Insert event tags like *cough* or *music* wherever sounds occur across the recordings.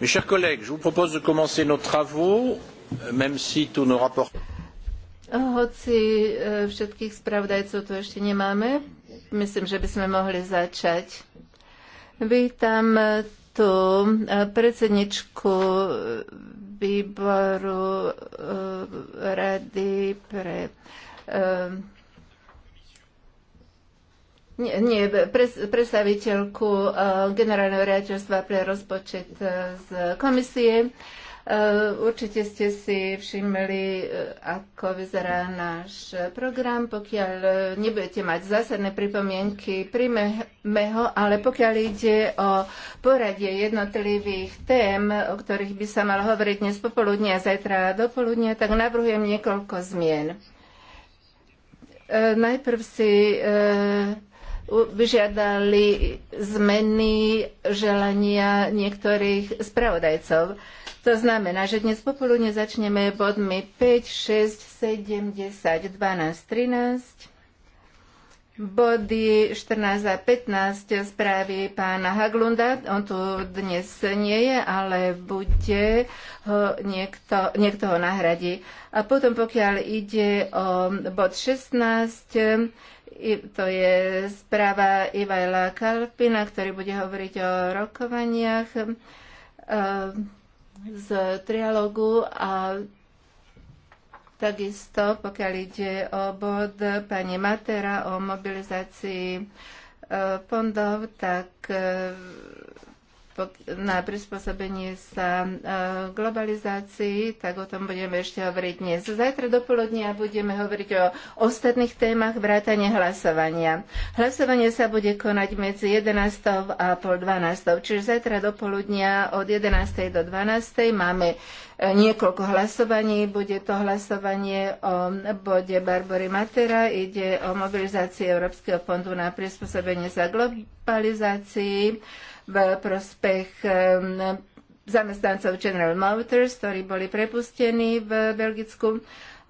Mes chers collègues, je vous propose de commencer nos travaux, même si tous nos rapporteurs. Hoci e, všetkých spravodajcov tu ešte nemáme, myslím, že by sme mohli začať. Vítam e, tu e, predsedničku výboru Rady pre nie, nie pres, predstaviteľku e, generálneho riaditeľstva pre rozpočet e, z komisie. E, určite ste si všimli, ako vyzerá náš program. Pokiaľ nebudete mať zásadné pripomienky, príjme ho, ale pokiaľ ide o poradie jednotlivých tém, o ktorých by sa mal hovoriť dnes popoludne a zajtra dopoludne, tak navrhujem niekoľko zmien. Najprv si vyžiadali zmeny želania niektorých spravodajcov. To znamená, že dnes popoludne začneme bodmi 5, 6, 7, 10, 12, 13, body 14 a 15 správy pána Haglunda. On tu dnes nie je, ale bude ho niekto, niekto ho nahradí. A potom, pokiaľ ide o bod 16, to je správa Ivajla Kalpina, ktorý bude hovoriť o rokovaniach e, z trialogu a takisto, pokiaľ ide o bod pani Matera o mobilizácii e, fondov, tak e, na prispôsobenie sa e, globalizácii, tak o tom budeme ešte hovoriť dnes. Zajtra do poludnia budeme hovoriť o ostatných témach vrátane hlasovania. Hlasovanie sa bude konať medzi 11. a pol 12. Čiže zajtra do poludnia od 11. do 12. máme e, niekoľko hlasovaní. Bude to hlasovanie o bode Barbory Matera. Ide o mobilizácii Európskeho fondu na prispôsobenie sa globalizácii v prospech zamestnancov General Motors, ktorí boli prepustení v Belgicku.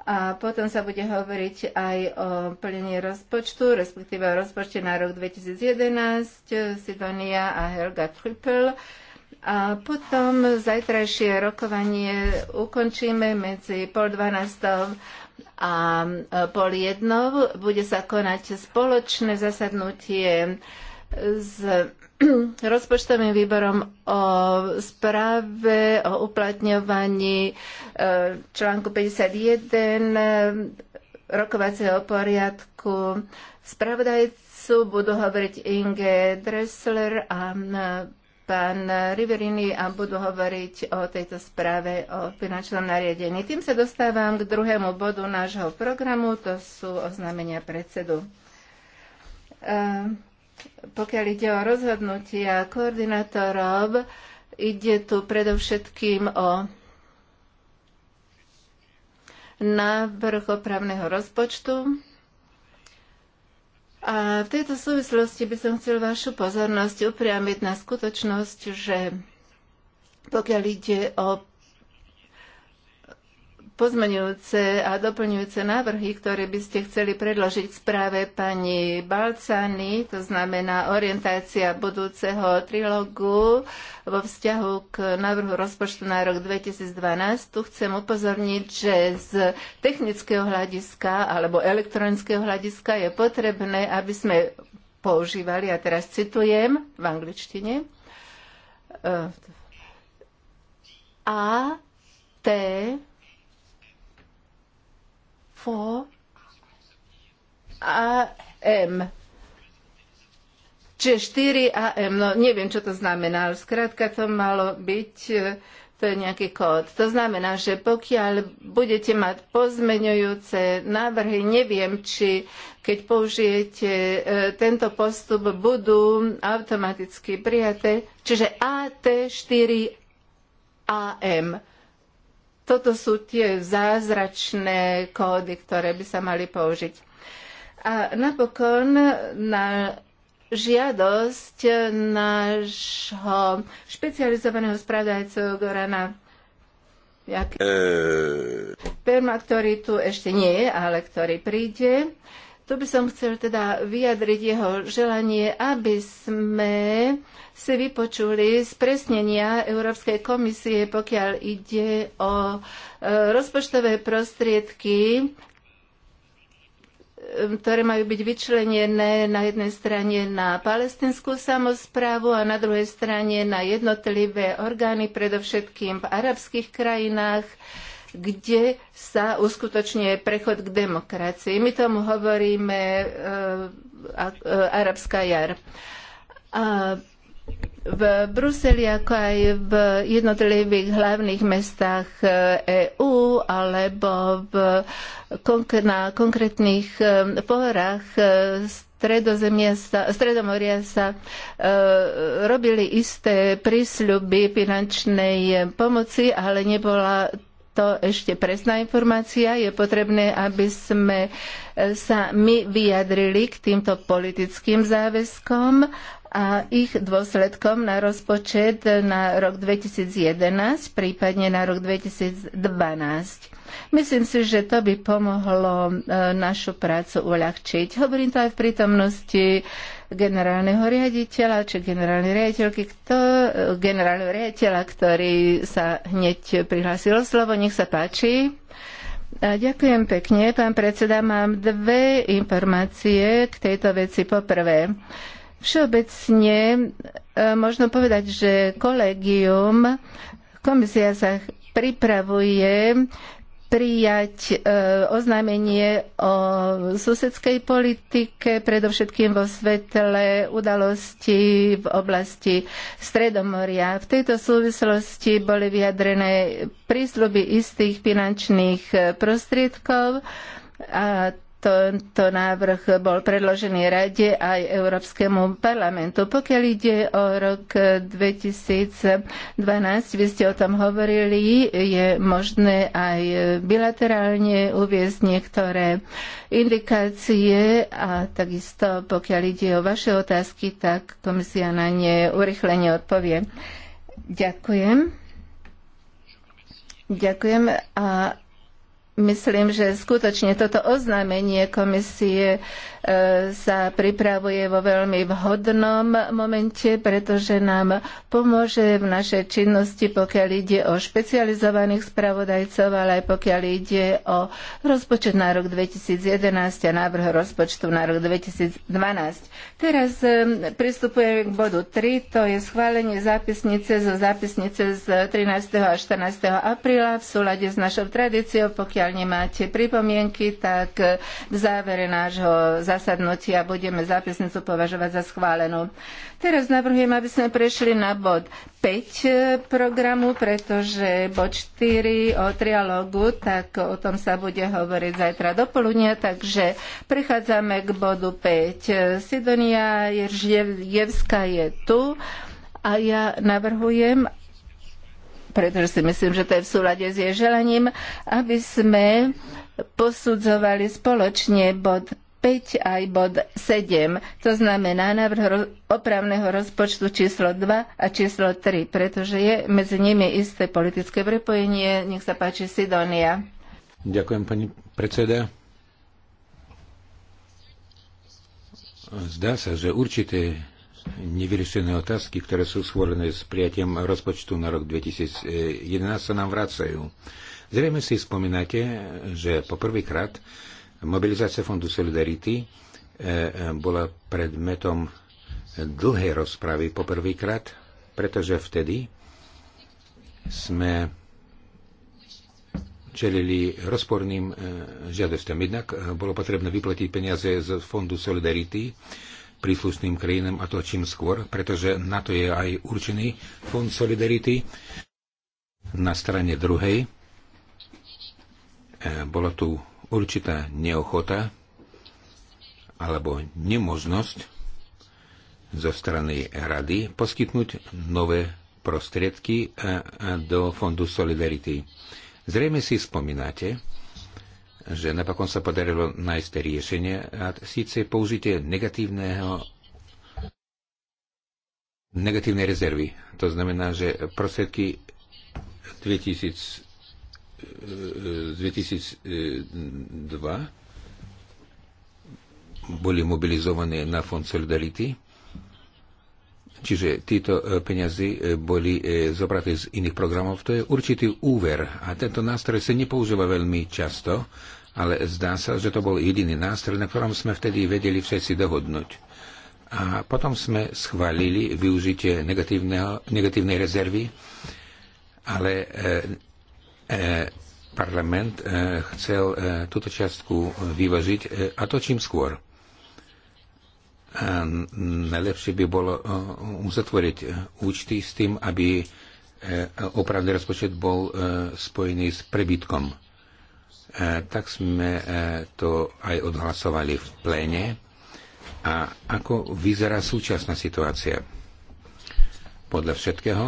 A potom sa bude hovoriť aj o plnení rozpočtu, respektíve o rozpočte na rok 2011, Sidonia a Helga Trippel. A potom zajtrajšie rokovanie ukončíme medzi pol dvanáctom a e, pol jednou. Bude sa konať spoločné zasadnutie s *clears throat* rozpočtovým výborom o správe o uplatňovaní e, článku 51 e, rokovacieho poriadku. Spravodajcu budú hovoriť Inge Dressler a e, pán Riverini a budú hovoriť o tejto správe o finančnom nariadení. Tým sa dostávam k druhému bodu nášho programu, to sú oznámenia predsedu pokiaľ ide o rozhodnutia koordinátorov, ide tu predovšetkým o návrh opravného rozpočtu. A v tejto súvislosti by som chcel vašu pozornosť upriamiť na skutočnosť, že pokiaľ ide o pozmeňujúce a doplňujúce návrhy, ktoré by ste chceli predložiť v správe pani Balcany, to znamená orientácia budúceho trilógu vo vzťahu k návrhu rozpočtu na rok 2012. Tu chcem upozorniť, že z technického hľadiska alebo elektronického hľadiska je potrebné, aby sme používali, a teraz citujem v angličtine, eh, a T AM. Čiže 4 AM, no neviem, čo to znamená, ale skrátka to malo byť, e, to je nejaký kód. To znamená, že pokiaľ budete mať pozmeňujúce návrhy, neviem, či keď použijete e, tento postup, budú automaticky prijaté. Čiže AT4 AM toto sú tie zázračné kódy, ktoré by sa mali použiť. A napokon na žiadosť nášho špecializovaného spravodajcu Gorana Jak... E- Perma, ktorý tu ešte nie je, ale ktorý príde, tu by som chcel teda vyjadriť jeho želanie, aby sme si vypočuli spresnenia Európskej komisie, pokiaľ ide o e, rozpočtové prostriedky e, ktoré majú byť vyčlenené na jednej strane na palestinskú samozprávu a na druhej strane na jednotlivé orgány, predovšetkým v arabských krajinách, kde sa uskutočňuje prechod k demokracii. My tomu hovoríme eh, eh, arabská jar. A v Bruseli, ako aj v jednotlivých hlavných mestách EÚ eh, e alebo v, na konkrétnych pohorách sa, Stredomoria sa e, robili isté prísľuby finančnej pomoci, ale nebola to ešte presná informácia. Je potrebné, aby sme sa my vyjadrili k týmto politickým záväzkom a ich dôsledkom na rozpočet na rok 2011, prípadne na rok 2012. Myslím si, že to by pomohlo e, našu prácu uľahčiť. Hovorím to aj v prítomnosti generálneho riaditeľa či generálnej riaditeľky, kto, e, generálneho riaditeľa, ktorý sa hneď prihlásil o slovo. Nech sa páči. A ďakujem pekne, pán predseda. Mám dve informácie k tejto veci. Poprvé, prvé, Všeobecne e, možno povedať, že kolegium, komisia sa pripravuje prijať e, oznámenie o susedskej politike, predovšetkým vo svetle udalosti v oblasti Stredomoria. V tejto súvislosti boli vyjadrené prísľuby istých finančných e, prostriedkov a tento návrh bol predložený Rade aj Európskemu parlamentu. Pokiaľ ide o rok 2012, vy ste o tom hovorili, je možné aj bilaterálne uviezť niektoré indikácie a takisto pokiaľ ide o vaše otázky, tak komisia na ne urychlenie odpovie. Ďakujem. Ďakujem a myslím, že skutočne toto oznámenie komisie sa pripravuje vo veľmi vhodnom momente, pretože nám pomôže v našej činnosti, pokiaľ ide o špecializovaných spravodajcov, ale aj pokiaľ ide o rozpočet na rok 2011 a návrh rozpočtu na rok 2012. Teraz e, pristupujeme k bodu 3, to je schválenie zápisnice zo zápisnice z 13. a 14. apríla v súlade s našou tradíciou. Pokiaľ nemáte pripomienky, tak v závere nášho zasadnutia a budeme zápisnicu považovať za schválenú. Teraz navrhujem, aby sme prešli na bod 5 e, programu, pretože bod 4 o trialógu, tak o tom sa bude hovoriť zajtra do poludnia, takže prechádzame k bodu 5. E, Sidonia Jeržjevská je tu a ja navrhujem, pretože si myslím, že to je v súlade s jej želaním, aby sme posudzovali spoločne bod 5 aj bod 7, to znamená návrh opravného rozpočtu číslo 2 a číslo 3, pretože je medzi nimi isté politické prepojenie. Nech sa páči Sidonia. Ďakujem, pani predseda. Zdá sa, že určité nevyriešené otázky, ktoré sú schválené s prijatím rozpočtu na rok 2011, sa nám vracajú. Zrejme si spomínate, že poprvýkrát Mobilizácia Fondu Solidarity e, e, bola predmetom dlhej rozpravy poprvýkrát, pretože vtedy sme čelili rozporným e, žiadostom. Jednak bolo potrebné vyplatiť peniaze z Fondu Solidarity príslušným krajinám a to čím skôr, pretože na to je aj určený Fond Solidarity. Na strane druhej bolo tu určitá neochota alebo nemožnosť zo strany rady poskytnúť nové prostriedky e, e, do Fondu Solidarity. Zrejme si spomínate, že napokon sa podarilo nájsť riešenie a síce použitie negatívneho negatívnej rezervy. To znamená, že prostriedky 2000 2002 eh, eh, eh, boli mobilizované na Fond Solidarity. Čiže títo peniaze boli zobraté z iných programov. To je určitý úver a tento nástroj sa nepoužíva veľmi často, ale zdá sa, že to bol jediný nástroj, na ktorom sme vtedy vedeli všetci dohodnúť. A potom sme schválili využitie negatívnej rezervy, ale E, parlament e, chcel e, túto čiastku vyvažiť a to čím skôr. najlepšie by bolo uzatvoriť účty s tým, aby opravný rozpočet bol spojený s prebytkom. Tak sme to aj odhlasovali v pléne. A ako vyzerá súčasná situácia? Podľa všetkého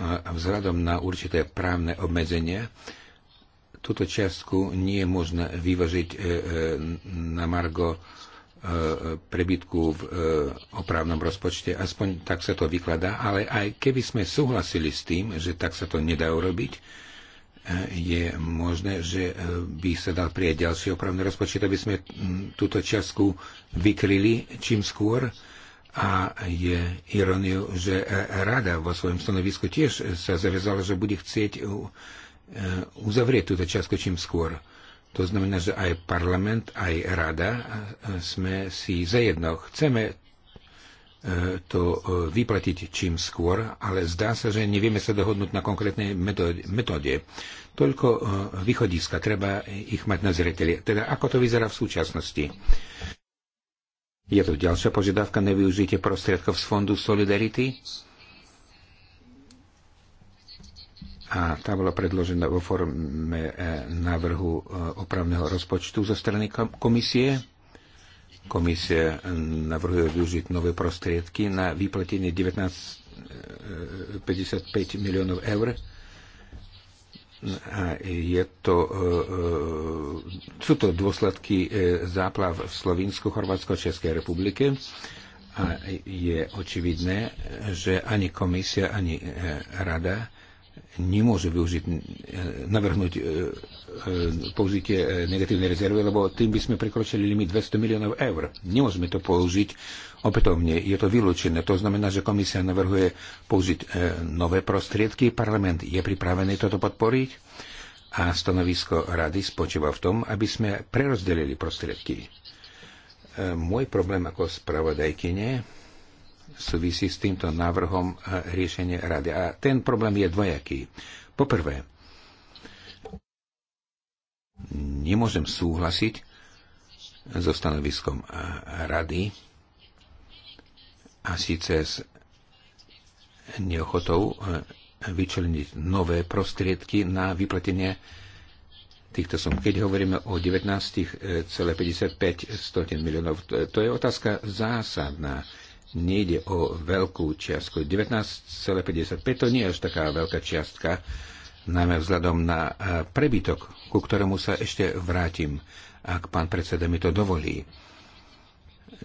a vzhľadom na určité právne obmedzenia túto čiastku nie je možné vyvažiť e, e, na margo e, prebytku v opravnom rozpočte, aspoň tak sa to vykladá, ale aj keby sme súhlasili s tým, že tak sa to nedá urobiť, je možné, že by sa dal prijať ďalší opravný rozpočet, aby sme túto čiastku vykryli čím skôr a je ironiou, že e, rada vo svojom stanovisku tiež sa zavezala, že bude chcieť e, uzavrieť túto čiastku čím skôr. To znamená, že aj parlament, aj rada e, sme si zajedno. Chceme to vyplatiť čím skôr, ale zdá sa, že nevieme sa dohodnúť na konkrétnej metóde. Toľko východiska, treba ich mať na zreteli. Teda ako to vyzerá v súčasnosti? Je tu ďalšia požiadavka na využitie prostriedkov z Fondu Solidarity. A tá bola predložená vo forme e, návrhu e, opravného rozpočtu zo strany komisie. Komisia e, navrhuje využiť nové prostriedky na vyplatenie 19,55 miliónov eur a je to, e, e, sú to dôsledky e, záplav v Slovinsku, Chorvátsko a Českej republike. A je očividné, že ani komisia, ani rada nemôžu využiť, eh, navrhnúť eh, eh, použitie negatívnej rezervy, lebo tým by sme prekročili limit 200 miliónov eur. Nemôžeme to použiť opätovne, je to vylúčené. To znamená, že komisia navrhuje použiť nové prostriedky, parlament je pripravený toto podporiť a stanovisko rady spočíva v tom, aby sme prerozdelili prostriedky. Môj problém ako spravodajkyne súvisí s týmto návrhom e, riešenie rady. A ten problém je dvojaký. Poprvé, nemôžem súhlasiť so stanoviskom e, rady a síce s neochotou e, vyčleniť nové prostriedky na vyplatenie týchto som. Keď hovoríme o 19,55 miliónov, to je otázka zásadná nejde o veľkú čiastku. 19,55 to nie je až taká veľká čiastka, najmä vzhľadom na e, prebytok, ku ktorému sa ešte vrátim, ak pán predseda mi to dovolí.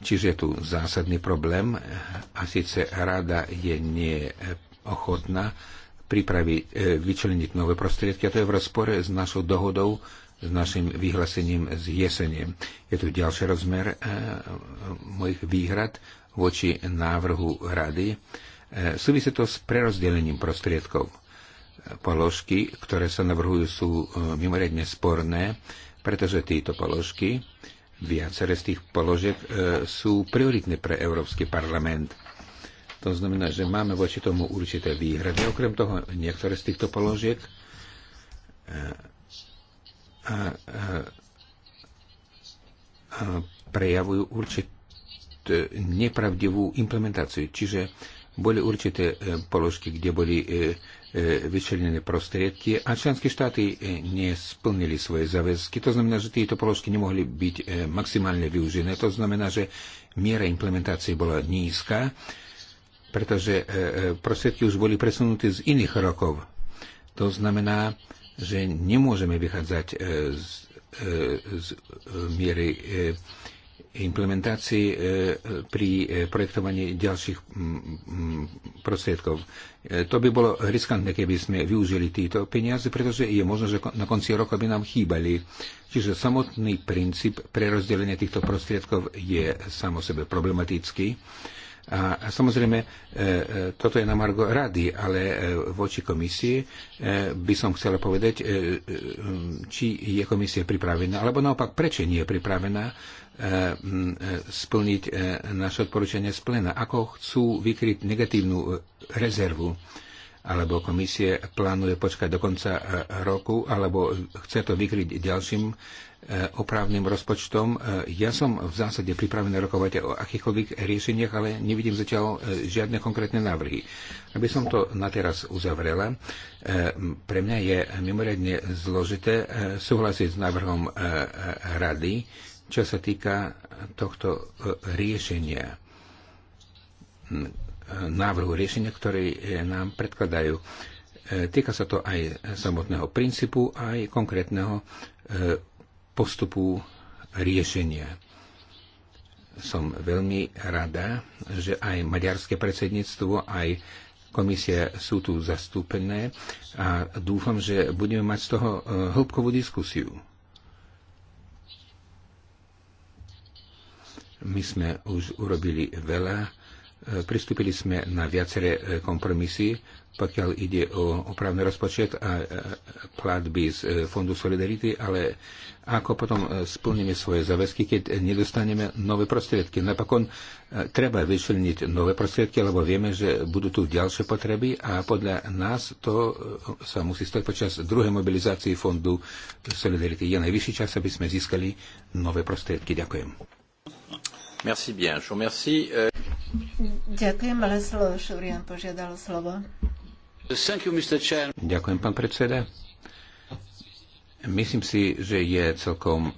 Čiže je tu zásadný problém a síce rada je neochotná pripraviť, e, vyčleniť nové prostriedky a to je v rozpore s našou dohodou, s našim vyhlásením z jesenie. Je tu ďalší rozmer e, mojich výhrad voči návrhu rady. E, súvisí to s prerozdelením prostriedkov. E, položky, ktoré sa navrhujú, sú e, mimoriadne sporné, pretože tieto položky, viacere z tých položiek, sú prioritné pre Európsky parlament. To znamená, že máme voči tomu určité výhrady. Okrem toho, niektoré z týchto položiek prejavujú určité Eh, nepravdivú implementáciu. Čiže boli určité eh, položky, kde boli eh, vyčlenené prostriedky a členské štáty nesplnili svoje záväzky. To znamená, že tieto položky nemohli byť maximálne využené. To znamená, že miera implementácie bola nízka, pretože prostriedky už boli presunuté z iných rokov. To znamená, že nemôžeme vychádzať z, z miery implementácii e, pri e, projektovaní ďalších prostriedkov. E, to by bolo riskantné, keby sme využili títo peniaze, pretože je možno, že na konci roka by nám chýbali. Čiže samotný princíp prerozdelenia týchto prostriedkov je samo sebe problematický. A samozrejme, toto je na Margo rady, ale voči komisii by som chcela povedať, či je komisia pripravená, alebo naopak, prečo nie je pripravená E, e, splniť e, naše odporúčanie z plena. Ako chcú vykryť negatívnu rezervu? Alebo komisie plánuje počkať do konca roku, alebo chce to vykryť ďalším opravným rozpočtom. Ja som v zásade pripravený rokovať o akýchkoľvek riešeniach, ale nevidím zatiaľ žiadne konkrétne návrhy. Aby som to na teraz uzavrela, pre mňa je mimoriadne zložité súhlasiť s návrhom rady, čo sa týka tohto e, riešenia, e, návrhu riešenia, ktorý e, nám predkladajú. Týka sa to aj samotného princípu, aj konkrétneho postupu riešenia. Som veľmi rada, že aj maďarské predsedníctvo, aj komisia sú tu zastúpené a dúfam, že budeme mať z toho hĺbkovú diskusiu. My sme už urobili veľa, e, pristúpili sme na viaceré e, kompromisy, pokiaľ ide o opravný rozpočet a e, platby z Fondu Solidarity, ale ako potom splníme svoje záväzky, keď nedostaneme nové prostriedky. Napokon treba vyčleniť nové prostriedky, lebo vieme, že budú tu ďalšie potreby a podľa nás to sa musí stať počas druhej mobilizácie Fondu Solidarity. Je najvyšší čas, aby sme získali nové prostriedky. Ďakujem. Merci bien, je vous remercie. Euh, Ďakujem, ale slovo Šurian požiadal slovo. Thank you, Mr. Chair. Ďakujem, pán predseda. Myslím si, že je celkom uh, uh,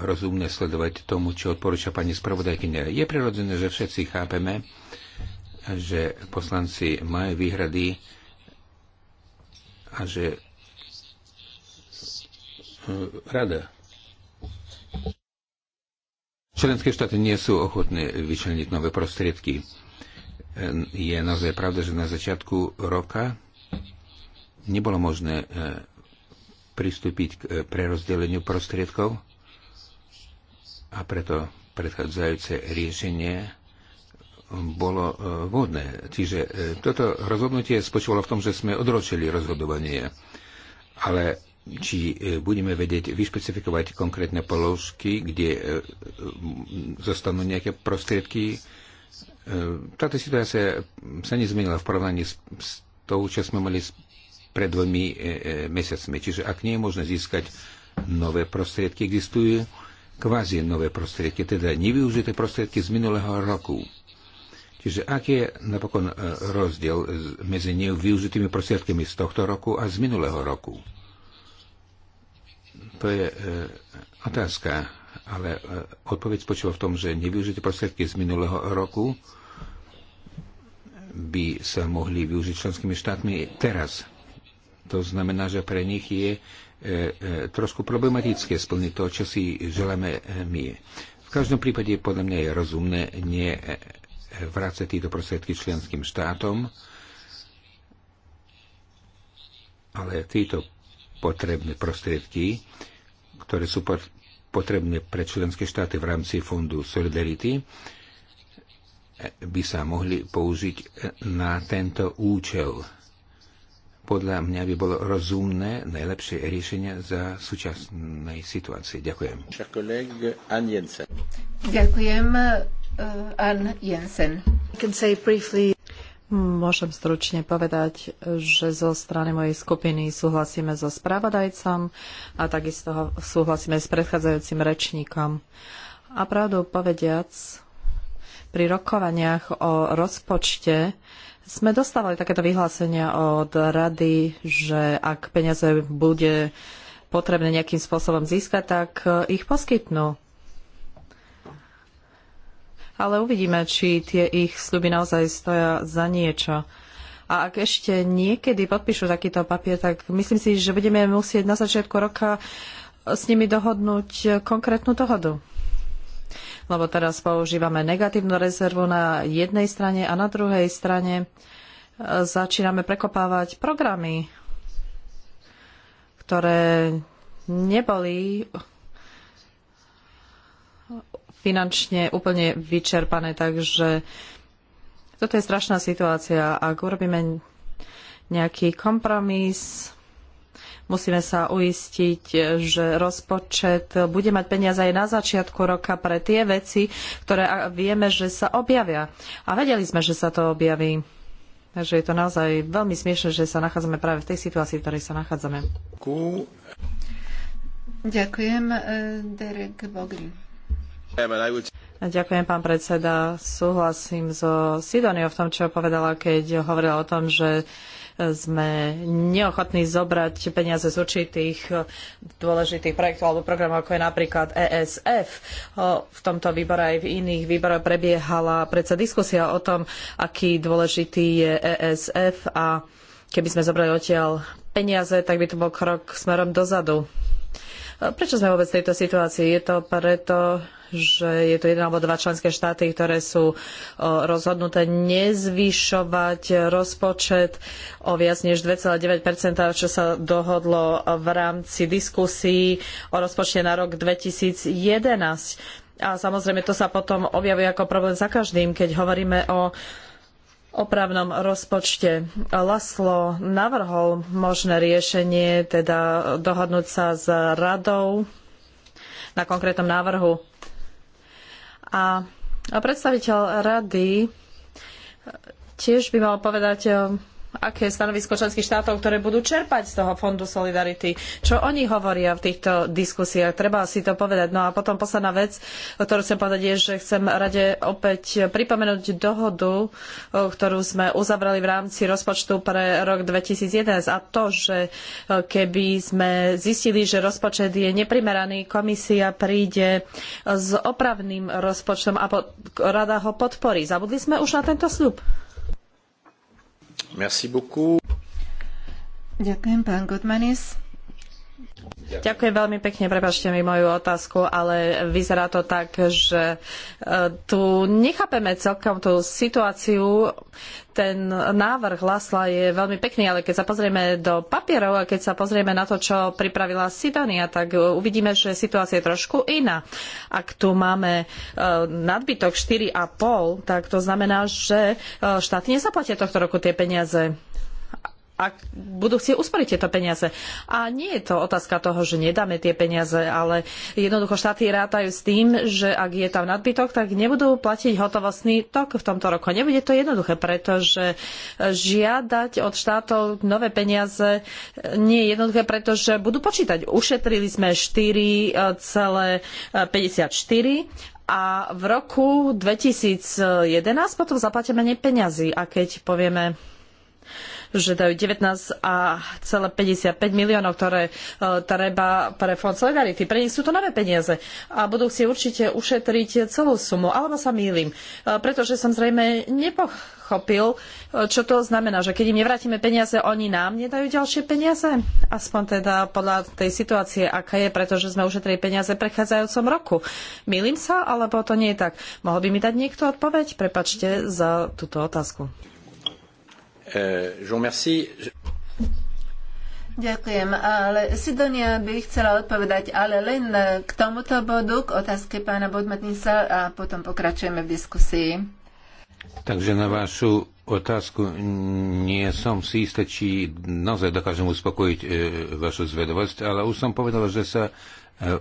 rozumné sledovať tomu, čo odporúča pani spravodajkyňa. Je prirodzené, že všetci chápeme, že poslanci majú výhrady a že uh, rada Členské štáty nie sú ochotné vyčleniť nové prostriedky. Je naozaj pravda, že na začiatku roka nebolo možné e, pristúpiť k e, prerozdeleniu prostriedkov a preto predchádzajúce riešenie bolo e, vhodné. Čiže toto rozhodnutie spočívalo v tom, že sme odročili rozhodovanie. Ale či e, budeme vedieť vyšpecifikovať konkrétne položky, kde e, zostanú nejaké prostriedky. E, táto situácia sa nezmenila v porovnaní s, tou, čo sme mali pred dvomi mesiacmi. Čiže ak nie je možné získať nové prostriedky, existujú kvázi nové prostriedky, teda nevyužité prostriedky z minulého roku. Čiže aký je napokon rozdiel medzi nevyužitými prostriedkami z tohto roku a z minulého roku? To je e, otázka, ale e, odpoveď spočíva v tom, že nevyužite prostriedky z minulého roku by sa mohli využiť členskými štátmi teraz. To znamená, že pre nich je e, trošku problematické splniť to, čo si želáme my. V každom prípade podľa mňa je rozumné nie vrácať tieto prostriedky členským štátom, ale tieto potrebné prostriedky, ktoré sú potrebné pre členské štáty v rámci Fondu Solidarity, by sa mohli použiť na tento účel. Podľa mňa by bolo rozumné najlepšie riešenie za súčasnej situácie. Ďakujem. Ďakujem, eh, Ann Jensen. Môžem stručne povedať, že zo strany mojej skupiny súhlasíme so spravodajcom a takisto súhlasíme s predchádzajúcim rečníkom. A pravdu povediac, pri rokovaniach o rozpočte sme dostávali takéto vyhlásenia od rady, že ak peniaze bude potrebné nejakým spôsobom získať, tak ich poskytnú ale uvidíme, či tie ich sľuby naozaj stoja za niečo. A ak ešte niekedy podpíšu takýto papier, tak myslím si, že budeme musieť na začiatku roka s nimi dohodnúť konkrétnu dohodu. Lebo teraz používame negatívnu rezervu na jednej strane a na druhej strane e, začíname prekopávať programy, ktoré neboli finančne úplne vyčerpané, takže toto je strašná situácia. Ak urobíme nejaký kompromis, musíme sa uistiť, že rozpočet bude mať peniaze aj na začiatku roka pre tie veci, ktoré vieme, že sa objavia. A vedeli sme, že sa to objaví. Takže je to naozaj veľmi smiešne, že sa nachádzame práve v tej situácii, v ktorej sa nachádzame. Ďakujem, eh, Derek Bogrin. Ďakujem, pán predseda. Súhlasím so Sidoniou v tom, čo povedala, keď hovorila o tom, že sme neochotní zobrať peniaze z určitých dôležitých projektov alebo programov, ako je napríklad ESF. V tomto výbore aj v iných výboroch prebiehala predsa diskusia o tom, aký dôležitý je ESF a keby sme zobrali odtiaľ peniaze, tak by to bol krok smerom dozadu. Prečo sme vôbec v tejto situácii? Je to preto, že je to jeden alebo dva členské štáty, ktoré sú rozhodnuté nezvyšovať rozpočet o viac než 2,9 čo sa dohodlo v rámci diskusí o rozpočte na rok 2011. A samozrejme to sa potom objavuje ako problém za každým, keď hovoríme o opravnom rozpočte. Laslo navrhol možné riešenie, teda dohodnúť sa s radou na konkrétnom návrhu a predstaviteľ rady tiež by mal povedať aké je stanovisko členských štátov, ktoré budú čerpať z toho fondu Solidarity. Čo oni hovoria v týchto diskusiách? Treba si to povedať. No a potom posledná vec, ktorú chcem povedať, je, že chcem rade opäť pripomenúť dohodu, ktorú sme uzavrali v rámci rozpočtu pre rok 2011 a to, že keby sme zistili, že rozpočet je neprimeraný, komisia príde s opravným rozpočtom a rada ho podporí. Zabudli sme už na tento sľub? Merci beaucoup. Ďakujem, pán Godmanis. Ďakujem veľmi pekne, prepačte mi moju otázku, ale vyzerá to tak, že e, tu nechápeme celkom tú situáciu. Ten návrh Lasla je veľmi pekný, ale keď sa pozrieme do papierov a keď sa pozrieme na to, čo pripravila Sidania, tak e, uvidíme, že situácia je trošku iná. Ak tu máme e, nadbytok 4,5, tak to znamená, že štáty nezaplatia tohto roku tie peniaze ak budú chcieť usporiť tieto peniaze. A nie je to otázka toho, že nedáme tie peniaze, ale jednoducho štáty rátajú s tým, že ak je tam nadbytok, tak nebudú platiť hotovostný tok v tomto roku. Nebude to jednoduché, pretože žiadať od štátov nové peniaze nie je jednoduché, pretože budú počítať. Ušetrili sme 4,54 a v roku 2011 potom zaplatíme menej peňazí. A keď povieme že dajú 19,55 miliónov, ktoré e, treba pre Fond Solidarity. Pre nich sú to nové peniaze a budú si určite ušetriť celú sumu. Alebo sa mýlim, e, pretože som zrejme nepochopil, e, čo to znamená, že keď im nevrátime peniaze, oni nám nedajú ďalšie peniaze? Aspoň teda podľa tej situácie, aká je, pretože sme ušetrili peniaze prechádzajúcom roku. Mýlim sa, alebo to nie je tak? Mohol by mi dať niekto odpoveď? Prepačte za túto otázku. Eh, Ďakujem, ale Sidonia by chcela odpovedať, ale len eh, k tomuto bodu, k otázke pána Bodmatnisa a potom pokračujeme v diskusii. Takže na vašu otázku nie som si istý, či naozaj dokážem uspokojiť e, vašu zvedavosť, ale už som povedal, že sa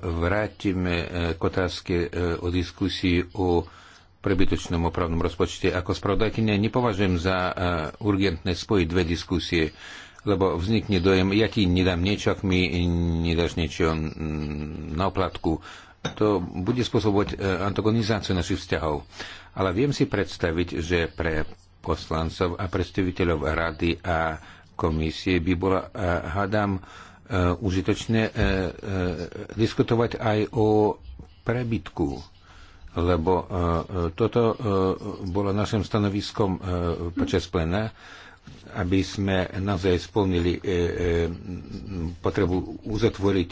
vrátime k otázke o diskusii o prebytočnom opravnom rozpočte. Ako spravodajkynia nepovažujem za eh, urgentné spojiť dve diskusie, lebo vznikne dojem, ja ti nedám niečo, ak mi nedáš niečo mm, na oplatku. To bude spôsobovať eh, antagonizáciu našich vzťahov. Ale viem si predstaviť, že pre poslancov a predstaviteľov rady a komisie by bola, eh, hádam, užitočné diskutovať aj o prebytku lebo e, e, toto e, bolo našim stanoviskom počas plena, aby sme naozaj splnili potrebu uzatvoriť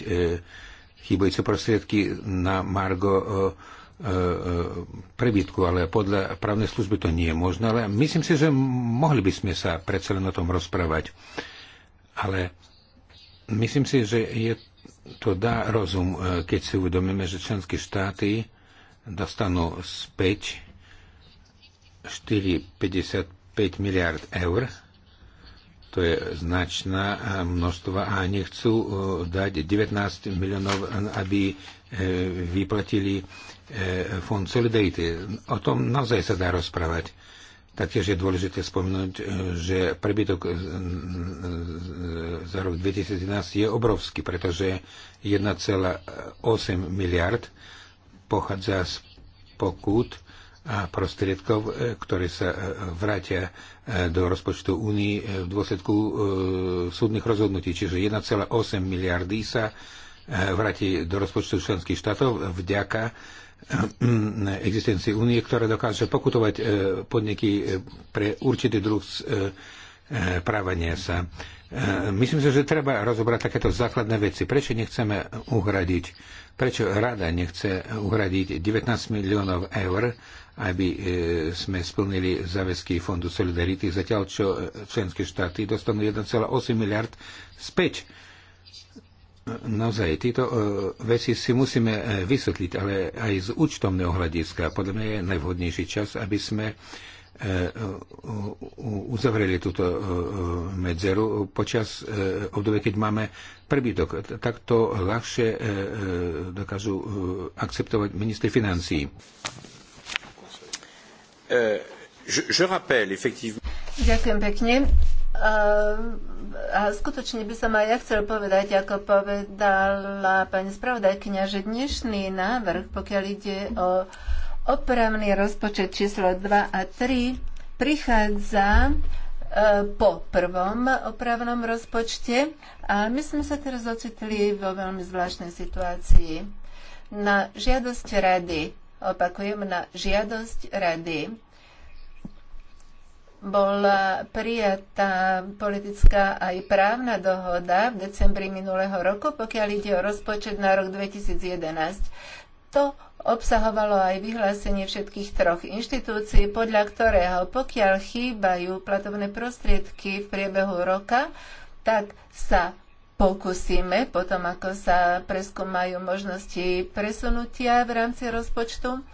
chýbajúce prostriedky na Margo prebytku, ale podľa právnej služby to nie je možné, ale myslím si, že mohli by sme sa predsa len o tom rozprávať. Ale myslím si, že je, to dá rozum, keď si uvedomíme, že členské štáty dostanú späť 4,55 miliard eur. To je značná množstva a nechcú e, dať 19 miliónov, aby e, vyplatili e, fond Solidarity. O tom naozaj sa dá rozprávať. Taktiež je dôležité spomenúť, že prebytok za rok 2011 je obrovský, pretože 1,8 miliard pochádza z pokút a prostriedkov, e, ktoré sa e, vrátia e, do rozpočtu únii v dôsledku súdnych rozhodnutí. Čiže 1,8 miliardy sa vráti do rozpočtu členských štátov vďaka *clears throat* existencii únie, ktorá dokáže pokutovať podniky pre určitý druh právania sa. Myslím si, že treba rozobrať takéto základné veci. Prečo nechceme uhradiť Prečo rada nechce uhradiť 19 miliónov eur, aby e, sme splnili záväzky Fondu Solidarity, zatiaľ čo e, členské štáty dostanú 1,8 miliard späť? Naozaj, tieto e, veci si musíme vysvetliť, ale aj z účtovného hľadiska. Podľa mňa je najvhodnejší čas, aby sme E, uzavreli túto e, e, medzeru počas obdobia, keď máme prebytok. Tak to ľahšie dokážu akceptovať ministri financií. Ďakujem pekne. A skutočne by som aj ja chcel povedať, ako povedala pani spravodajkňa, že dnešný návrh, pokiaľ ide o Opravný rozpočet číslo 2 a 3 prichádza e, po prvom opravnom rozpočte a my sme sa teraz ocitli vo veľmi zvláštnej situácii. Na žiadosť rady, opakujem, na žiadosť rady bola prijatá politická aj právna dohoda v decembri minulého roku, pokiaľ ide o rozpočet na rok 2011. To obsahovalo aj vyhlásenie všetkých troch inštitúcií, podľa ktorého pokiaľ chýbajú platovné prostriedky v priebehu roka, tak sa pokúsime, potom ako sa preskúmajú možnosti presunutia v rámci rozpočtu,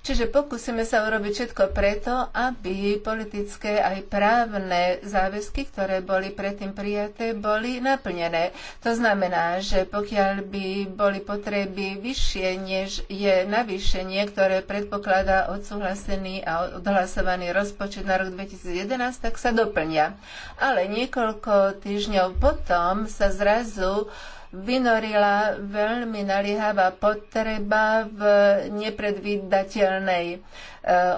Čiže pokúsime sa urobiť všetko preto, aby politické aj právne záväzky, ktoré boli predtým prijaté, boli naplnené. To znamená, že pokiaľ by boli potreby vyššie, než je navýšenie, ktoré predpokladá odsúhlasený a odhlasovaný rozpočet na rok 2011, tak sa doplnia. Ale niekoľko týždňov potom sa zrazu uh, vynorila veľmi naliehavá potreba v nepredvídateľnej e,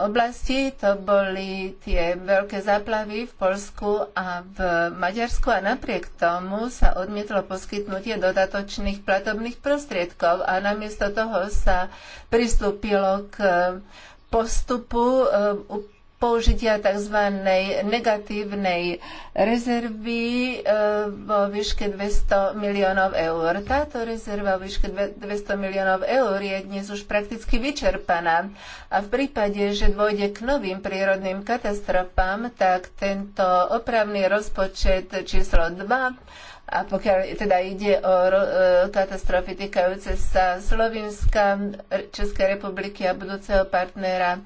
oblasti. To boli tie veľké záplavy v Polsku a v Maďarsku a napriek tomu sa odmietlo poskytnutie dodatočných platobných prostriedkov a namiesto toho sa pristúpilo k postupu e, použitia tzv. negatívnej rezervy e, vo výške 200 miliónov eur. Táto rezerva vo výške 200 miliónov eur je dnes už prakticky vyčerpaná a v prípade, že dôjde k novým prírodným katastrofám, tak tento opravný rozpočet číslo 2 a pokiaľ teda ide o e, katastrofy týkajúce sa Slovenska, Českej republiky a budúceho partnera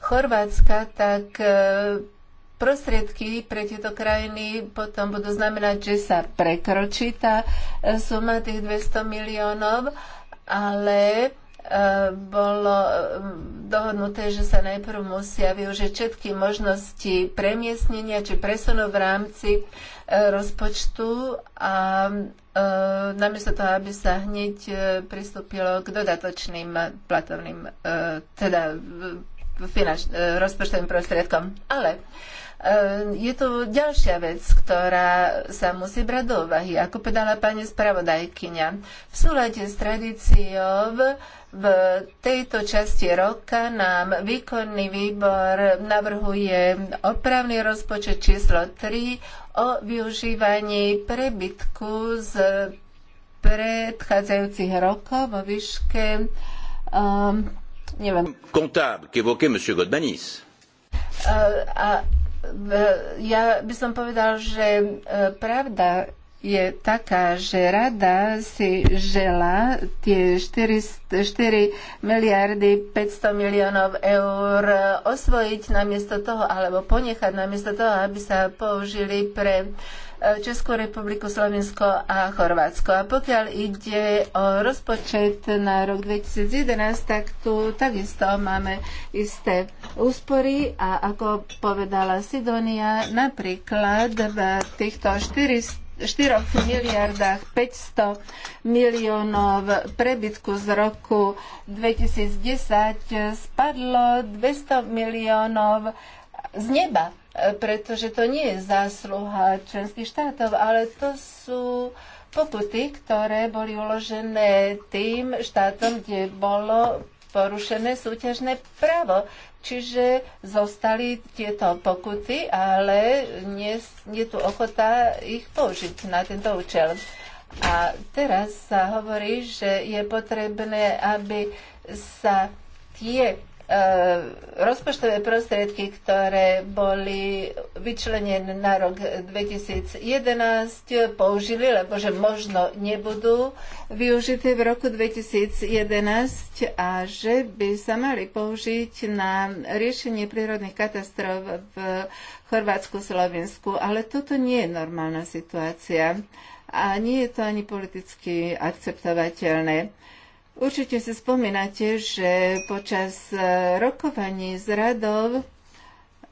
Chorvátska, tak e, prostriedky pre tieto krajiny potom budú znamenať, že sa prekročí tá e, suma tých 200 miliónov, ale e, bolo dohodnuté, že sa najprv musia využiť všetky možnosti premiestnenia či presunu v rámci rozpočtu a namiesto toho, aby sa hneď pristúpilo k dodatočným platovným, teda finanč, e, rozpočtovým prostriedkom. Ale e, je tu ďalšia vec, ktorá sa musí brať do úvahy. Ako povedala pani spravodajkyňa, v súlade s tradíciou v tejto časti roka nám výkonný výbor navrhuje opravný rozpočet číslo 3 o využívaní prebytku z predchádzajúcich rokov vo výške um, neviem. Comptable qu'évoquait M. Godmanis. Uh, a ja by som povedal, že uh, pravda je taká, že rada si žela tie 4, 4 miliardy 500 miliónov eur osvojiť namiesto toho, alebo ponechať namiesto toho, aby sa použili pre uh, Českú republiku, Slovensko a Chorvátsko. A pokiaľ ide o rozpočet na rok 2011, tak tu takisto máme isté úspory a ako povedala Sidonia, napríklad v týchto 400 4 miliardách 500 miliónov prebytku z roku 2010 spadlo 200 miliónov z neba. E, pretože to nie je zásluha členských štátov, ale to sú pokuty, ktoré boli uložené tým štátom, kde bolo porušené súťažné právo. Čiže zostali tieto pokuty, ale nie je tu ochota ich použiť na tento účel. A teraz sa hovorí, že je potrebné, aby sa tie E, rozpočtové prostriedky, ktoré boli vyčlenené na rok 2011, použili, lebo že možno nebudú využité v roku 2011 a že by sa mali použiť na riešenie prírodných katastrof v Chorvátsku, Slovensku. Ale toto nie je normálna situácia a nie je to ani politicky akceptovateľné. Určite si spomínate, že počas e, rokovaní s radov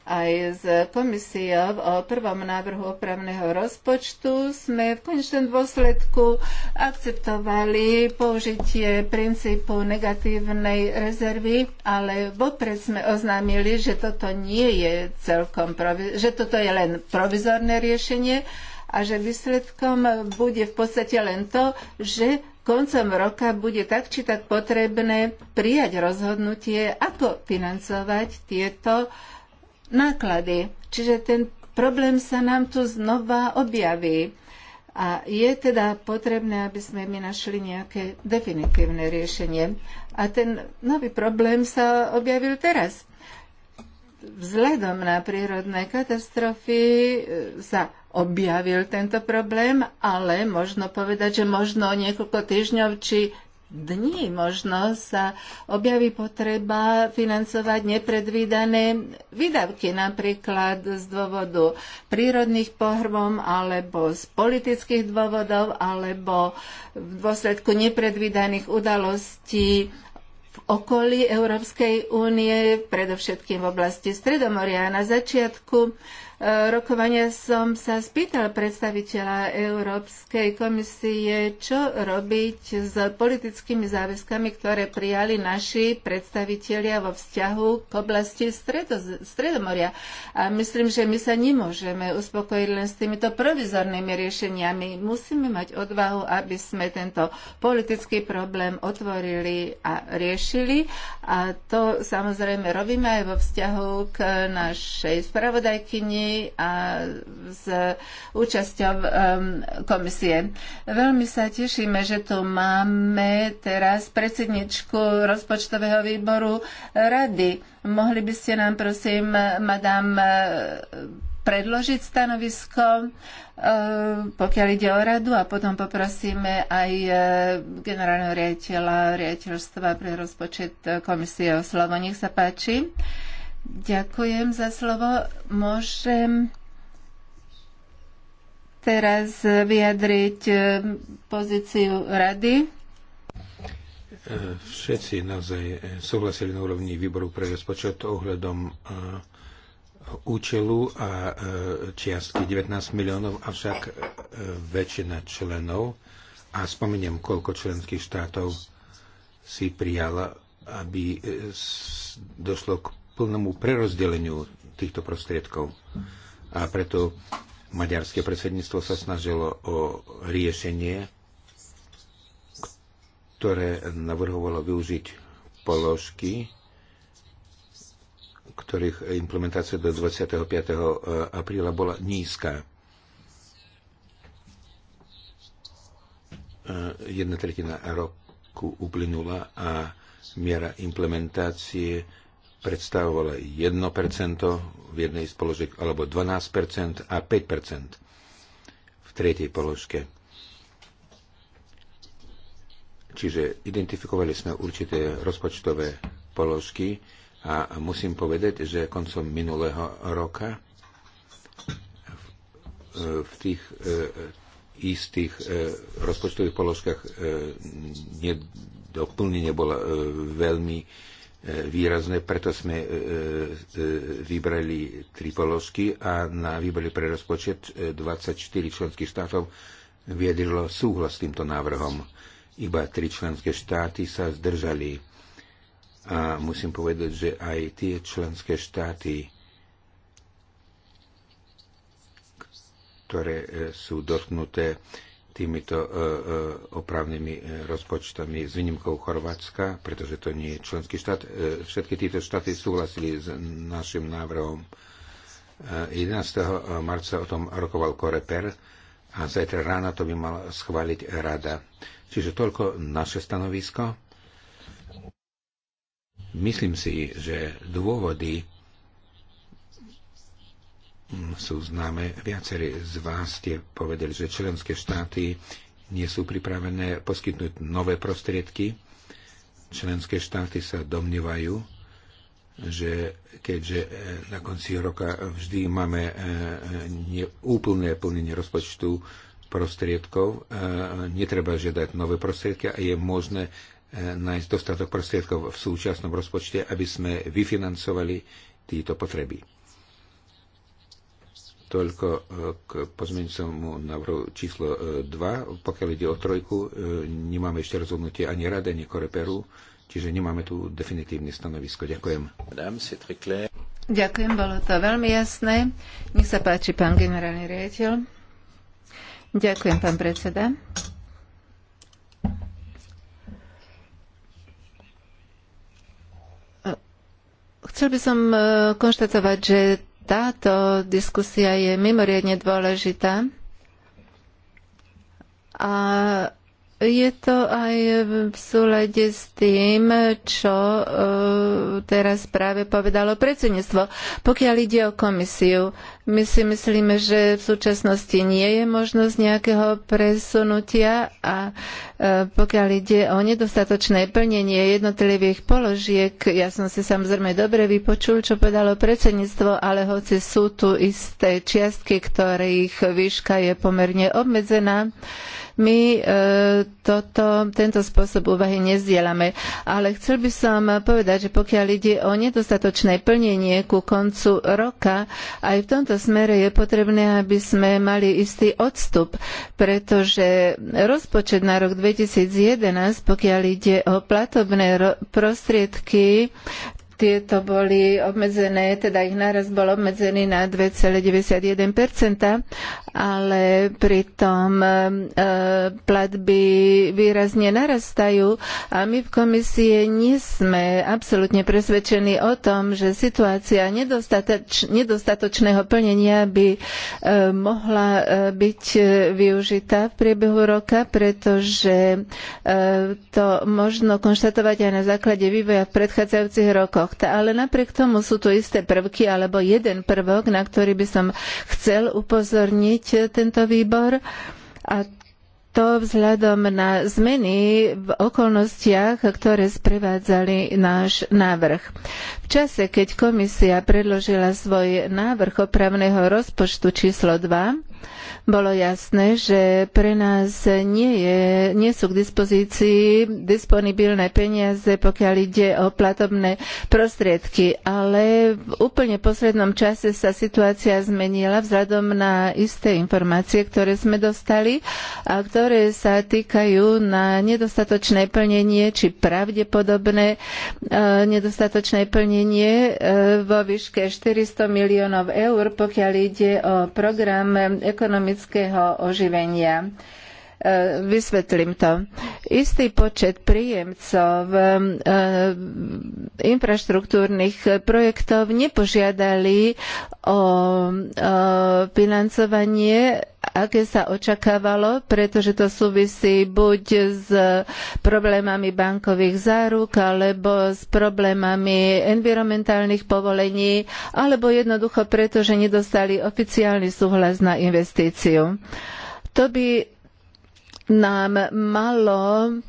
aj s komisiou o prvom návrhu opravného rozpočtu sme v konečnom dôsledku akceptovali použitie princípu negatívnej rezervy, ale vopred sme oznámili, že toto nie je celkom, že toto je len provizorné riešenie a že výsledkom bude v podstate len to, že koncom roka bude tak či tak potrebné prijať rozhodnutie, ako financovať tieto náklady. Čiže ten problém sa nám tu znova objaví. A je teda potrebné, aby sme my našli nejaké definitívne riešenie. A ten nový problém sa objavil teraz. Vzhľadom na prírodné katastrofy e, sa objavil tento problém, ale možno povedať, že možno niekoľko týždňov či dní možno sa objaví potreba financovať nepredvídané výdavky, napríklad z dôvodu prírodných pohrbom alebo z politických dôvodov, alebo v dôsledku nepredvídaných udalostí v okolí Európskej únie, predovšetkým v oblasti Stredomoria. Na začiatku Eh, rokovania som sa spýtal predstaviteľa Európskej komisie, čo robiť s politickými záväzkami, ktoré prijali naši predstavitelia vo vzťahu k oblasti Stredomoria. A myslím, že my sa nemôžeme uspokojiť len s týmito provizornými riešeniami. Musíme mať odvahu, aby sme tento politický problém otvorili a riešili. A to samozrejme robíme aj vo vzťahu k našej spravodajkyni a s účasťou um, komisie. Veľmi sa tešíme, že tu máme teraz predsedničku rozpočtového výboru rady. Mohli by ste nám, prosím, madam, uh, predložiť stanovisko, uh, pokiaľ ide o radu a potom poprosíme aj uh, generálneho riaditeľa riaditeľstva pre rozpočet komisie o slovo. Nech sa páči. Ďakujem za slovo. Môžem teraz vyjadriť eh, pozíciu rady. Eh, všetci naozaj eh, súhlasili na úrovni výboru pre rozpočet ohľadom účelu a čiastky 19 miliónov, avšak väčšina členov a spomeniem, koľko členských štátov si prijala, aby došlo k plnému prerozdeleniu týchto prostriedkov. A preto maďarské predsedníctvo sa snažilo o riešenie, ktoré navrhovalo využiť položky, ktorých implementácia do 25. E, apríla bola nízka. E, jedna tretina roku uplynula a miera implementácie predstavovala 1% v jednej z položiek, alebo 12% a 5% v tretej položke. Čiže identifikovali sme určité rozpočtové položky a musím povedať, že koncom minulého roka v tých e, istých e, rozpočtových položkách e, nedoplnenie bolo veľmi výrazné, preto sme e, e, e, vybrali tri položky a na výbore pre rozpočet 24 členských štátov vyjadrilo súhlas s týmto návrhom. Iba tri členské štáty sa zdržali. A musím povedať, že aj tie členské štáty, ktoré sú dotknuté týmito e, e, opravnými e, rozpočtami s výnimkou Chorvátska, pretože to nie je členský štát. Všetky tieto štáty súhlasili s našim návrhom. 11. marca o tom rokoval Koreper a zajtra ráno to by mala schváliť rada. Čiže toľko naše stanovisko. Myslím si, že dôvody sú známe. Viacerí z vás ste povedali, že členské štáty nie sú pripravené poskytnúť nové prostriedky. Členské štáty sa domnievajú, že keďže e, na konci roka vždy máme e, úplné plnenie rozpočtu prostriedkov, e, netreba žiadať nové prostriedky a je možné nájsť dostatok prostriedkov v súčasnom rozpočte, aby sme vyfinancovali tieto potreby. Toľko e, k pozmeňujúcemu návrhu číslo 2. E, Pokiaľ ide o trojku, e, nemáme ešte rozhodnutie ani rada, ani koreperu, čiže nemáme tu definitívne stanovisko. Ďakujem. Ďakujem, bolo to veľmi jasné. Nech sa páči, pán generálny riaditeľ. Ďakujem, pán predseda. Chcel by som konštatovať, že táto diskusia je mimoriadne dôležitá a je to aj v súlade s tým, čo e, teraz práve povedalo predsedníctvo. Pokiaľ ide o komisiu, my si myslíme, že v súčasnosti nie je možnosť nejakého presunutia a e, pokiaľ ide o nedostatočné plnenie jednotlivých položiek, ja som si samozrejme dobre vypočul, čo povedalo predsedníctvo, ale hoci sú tu isté čiastky, ktorých výška je pomerne obmedzená, my e, toto, tento spôsob úvahy nezdielame. Ale chcel by som povedať, že pokiaľ ide o nedostatočné plnenie ku koncu roka, aj v tomto smere je potrebné, aby sme mali istý odstup, pretože rozpočet na rok 2011, pokiaľ ide o platobné prostriedky, tieto boli obmedzené, teda ich náraz bol obmedzený na 2,91% ale pritom e, e, platby výrazne narastajú a my v komisie nie sme absolútne presvedčení o tom, že situácia nedostatočného plnenia by e, mohla byť využitá v priebehu roka, pretože to možno konštatovať aj na základe vývoja v predchádzajúcich rokoch. Ale napriek tomu sú tu isté prvky alebo jeden prvok, na ktorý by som chcel upozorniť zmeniť e, tento výbor a to vzhľadom na zmeny v okolnostiach, ktoré sprevádzali náš návrh. V čase, keď komisia predložila svoj návrh opravného rozpočtu číslo 2, bolo jasné, že pre nás nie, je, nie sú k dispozícii disponibilné peniaze, pokiaľ ide o platobné prostriedky. Ale v úplne poslednom čase sa situácia zmenila vzhľadom na isté informácie, ktoré sme dostali a ktoré sa týkajú na nedostatočné plnenie či pravdepodobné e, nedostatočné plnenie e, vo výške 400 miliónov eur, pokiaľ ide o program ekonomického ekonomického oživenia. E, vysvetlím to. Istý počet príjemcov e, e, infraštruktúrnych projektov nepožiadali o financovanie aké sa očakávalo, pretože to súvisí buď s problémami bankových záruk, alebo s problémami environmentálnych povolení, alebo jednoducho preto, že nedostali oficiálny súhlas na investíciu. To by nám malo e,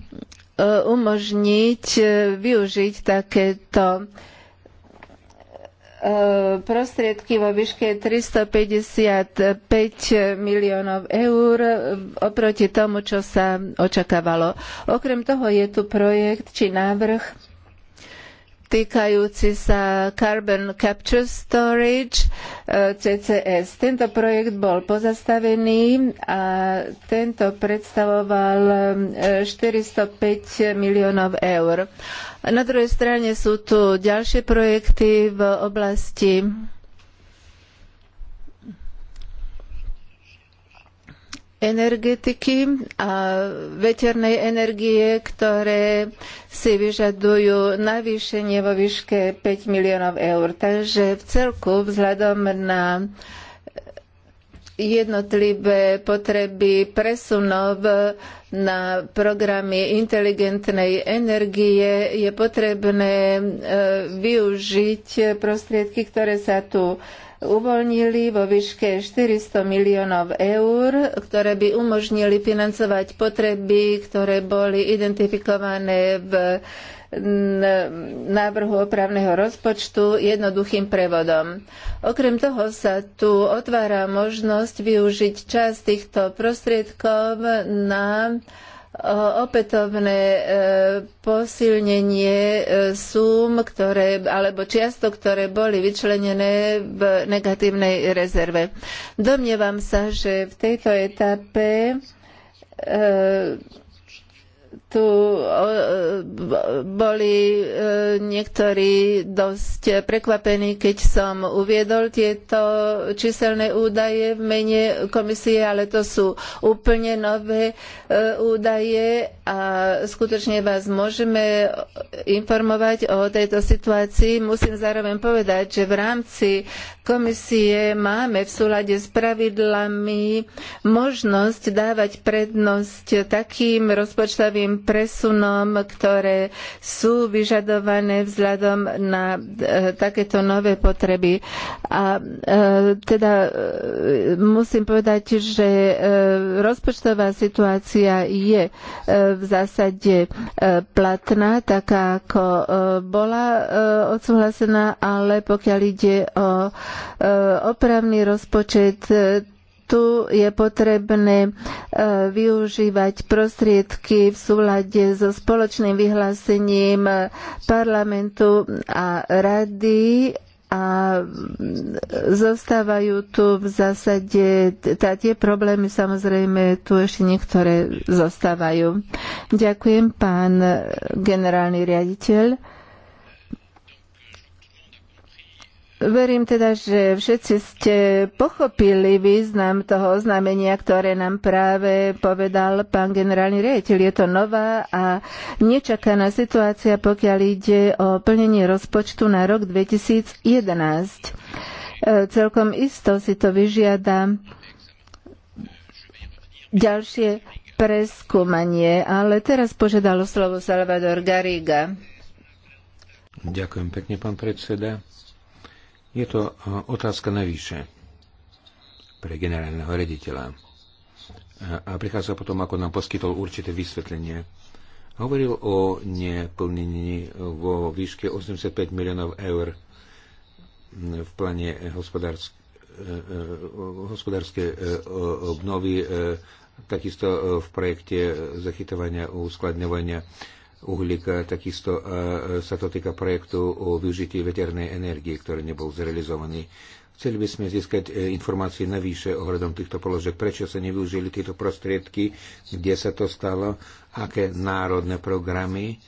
umožniť e, využiť takéto e, prostriedky vo výške 355 miliónov eur oproti tomu, čo sa očakávalo. Okrem toho je tu projekt či návrh týkajúci sa Carbon Capture Storage eh, CCS. Tento projekt bol pozastavený a tento predstavoval 405 eh, miliónov eur. Na druhej strane sú tu ďalšie projekty v oblasti energetiky a veternej energie, ktoré si vyžadujú navýšenie vo výške 5 miliónov eur. Takže v celku vzhľadom na jednotlivé potreby presunov na programy inteligentnej energie je potrebné e, využiť prostriedky, ktoré sa tu uvoľnili vo výške 400 miliónov eur, ktoré by umožnili financovať potreby, ktoré boli identifikované v návrhu opravného rozpočtu jednoduchým prevodom. Okrem toho sa tu otvára možnosť využiť časť týchto prostriedkov na opätovné e, posilnenie e, súm, ktoré, alebo čiastok, ktoré boli vyčlenené v negatívnej rezerve. Domnievam sa, že v tejto etape e, tu e, boli e, niektorí dosť prekvapení, keď som uviedol tieto číselné údaje v mene komisie, ale to sú úplne nové e, údaje a skutočne vás môžeme informovať o tejto situácii. Musím zároveň povedať, že v rámci komisie máme v súlade s pravidlami možnosť dávať prednosť takým rozpočtovým presunom, ktoré sú vyžadované vzhľadom na e, takéto nové potreby. A e, teda e, musím povedať, že rozpočtová situácia je v zásade platná, taká ako bola odsúhlasená, ale pokiaľ ide o opravný rozpočet, tu je potrebné e, využívať prostriedky v súlade so spoločným vyhlásením parlamentu a rady a zostávajú tu v zásade tá, tie problémy, samozrejme tu ešte niektoré zostávajú. Ďakujem, pán generálny riaditeľ. Verím teda, že všetci ste pochopili význam toho oznámenia, ktoré nám práve povedal pán generálny riaditeľ. Je to nová a nečakaná situácia, pokiaľ ide o plnenie rozpočtu na rok 2011. E, celkom isto si to vyžiada ďalšie preskúmanie, ale teraz požiadalo slovo Salvador Garriga. Ďakujem pekne, pán predseda. Je to e, otázka navyše pre generálneho rediteľa. E, a prichádza potom, ako nám poskytol určité vysvetlenie. Hovoril o neplnení vo výške 85 miliónov eur v pláne e, hospodárskej obnovy, takisto v projekte zachytovania a uskladňovania uhlíka, takisto e, e, sa to týka projektu o využití veternej energie, ktorý nebol zrealizovaný. Chceli by sme získať e, informácie navýše ohľadom týchto položiek, prečo sa nevyužili tieto prostriedky, kde sa to stalo, aké národné programy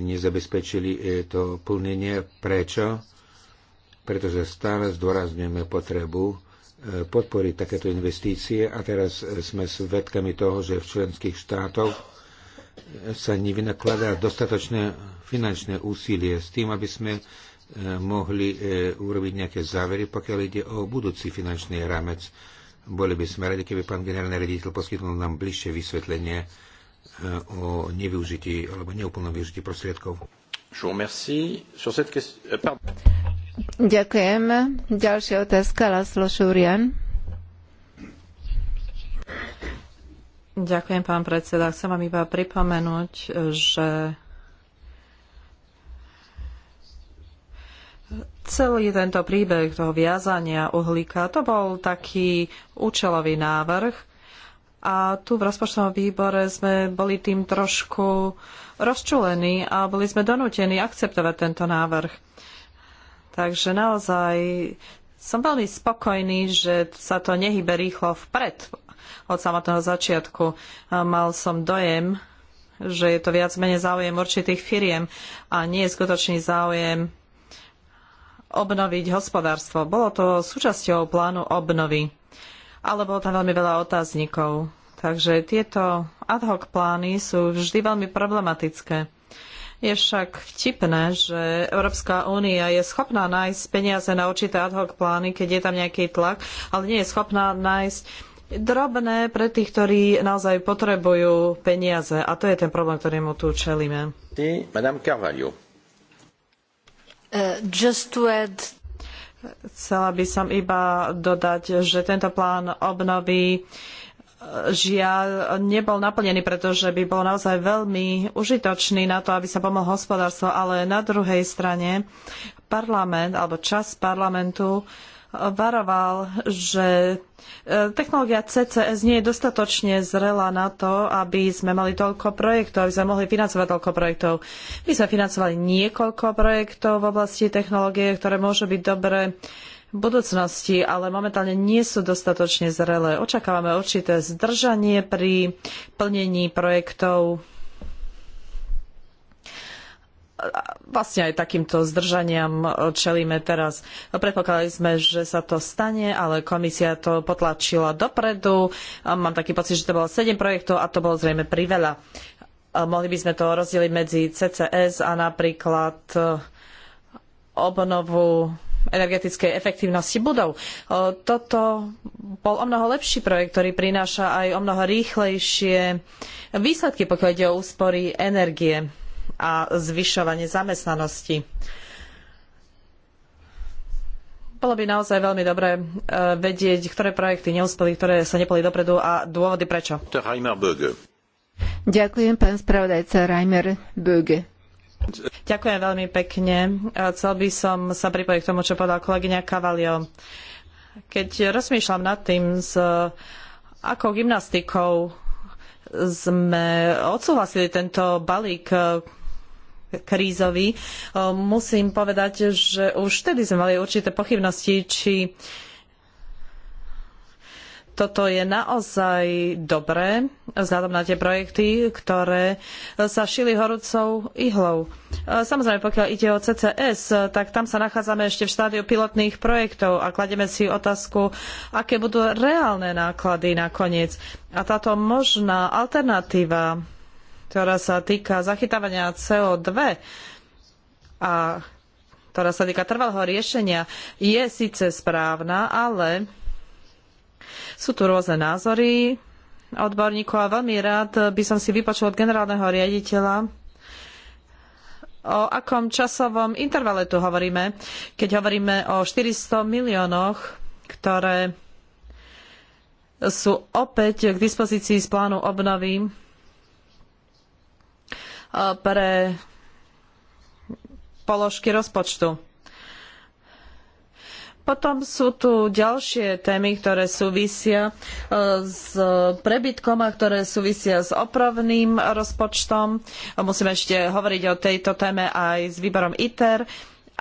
nezabezpečili to plnenie, prečo, pretože stále zdôrazňujeme potrebu podporiť takéto investície a teraz sme svedkami toho, že v členských štátoch sa nevynakladá dostatočné finančné úsilie s tým, aby sme e, mohli e, urobiť nejaké závery, pokiaľ ide o budúci finančný rámec. Boli by sme radi, keby pán generálny rediteľ poskytnul nám bližšie vysvetlenie e, o nevyužití alebo neúplnom využití prostriedkov. Euh, Ďakujem. Ďalšia otázka, Laszlo Šurian. Ďakujem, pán predseda. Chcem vám iba pripomenúť, že celý tento príbeh toho viazania uhlíka, to bol taký účelový návrh. A tu v rozpočtovom výbore sme boli tým trošku rozčulení a boli sme donútení akceptovať tento návrh. Takže naozaj som veľmi spokojný, že sa to nehybe rýchlo vpred od samotného začiatku. Mal som dojem, že je to viac menej záujem určitých firiem a nie je skutočný záujem obnoviť hospodárstvo. Bolo to súčasťou plánu obnovy, ale bolo tam veľmi veľa otáznikov. Takže tieto ad hoc plány sú vždy veľmi problematické. Je však vtipné, že Európska únia je schopná nájsť peniaze na určité ad hoc plány, keď je tam nejaký tlak, ale nie je schopná nájsť drobné pre tých, ktorí naozaj potrebujú peniaze. A to je ten problém, ktorému tu čelíme. Uh, Chcela by som iba dodať, že tento plán obnovy eh, žiaľ nebol naplnený, pretože by bol naozaj veľmi užitočný na to, aby sa pomohlo hospodárstvo, ale na druhej strane parlament alebo časť parlamentu uh, varoval, že e, technológia CCS nie je dostatočne zrelá na to, aby sme mali toľko projektov, aby sme mohli financovať toľko projektov. My sme financovali niekoľko projektov v oblasti technológie, ktoré môžu byť dobré v budúcnosti, ale momentálne nie sú dostatočne zrelé. Očakávame určité zdržanie pri plnení projektov vlastne aj takýmto zdržaniam e, čelíme teraz. Predpokladali sme, že sa to stane, ale komisia to potlačila dopredu. Mám taký pocit, že to bolo 7 projektov a to bolo zrejme priveľa. Mohli by sme to rozdeliť medzi CCS a napríklad e, obnovu energetickej efektívnosti budov. E, toto bol o mnoho lepší projekt, ktorý prináša aj o mnoho rýchlejšie výsledky, pokiaľ ide o úspory energie a zvyšovanie zamestnanosti. Bolo by naozaj veľmi dobre vedieť, ktoré projekty neúspeli, ktoré sa nepoli dopredu a dôvody prečo. Ďakujem, pán spravodajca Reimer Böge. Ďakujem veľmi pekne. E, chcel by som sa pripojiť k tomu, čo povedal kolegyňa Kavalio. Keď rozmýšľam nad tým, s akou gymnastikou sme odsúhlasili tento balík krízový. Musím povedať, že už vtedy sme mali určité pochybnosti, či toto je naozaj dobré, vzhľadom na tie projekty, ktoré sa šili horúcou ihlou. E, samozrejme, pokiaľ ide o CCS, tak tam sa nachádzame ešte v štádiu pilotných projektov a kladieme si otázku, aké budú reálne náklady nakoniec. A táto možná alternatíva ktorá sa týka zachytávania CO2 a ktorá sa týka trvalého riešenia, je síce správna, ale sú tu rôzne názory odborníkov a veľmi rád by som si vypočul od generálneho riaditeľa, o akom časovom intervale tu hovoríme, keď hovoríme o 400 miliónoch, ktoré sú opäť k dispozícii z plánu obnovy E, pre položky rozpočtu. Potom sú tu ďalšie témy, ktoré súvisia e, s prebytkom a ktoré súvisia s opravným rozpočtom. Musíme ešte hovoriť o tejto téme aj s výborom ITER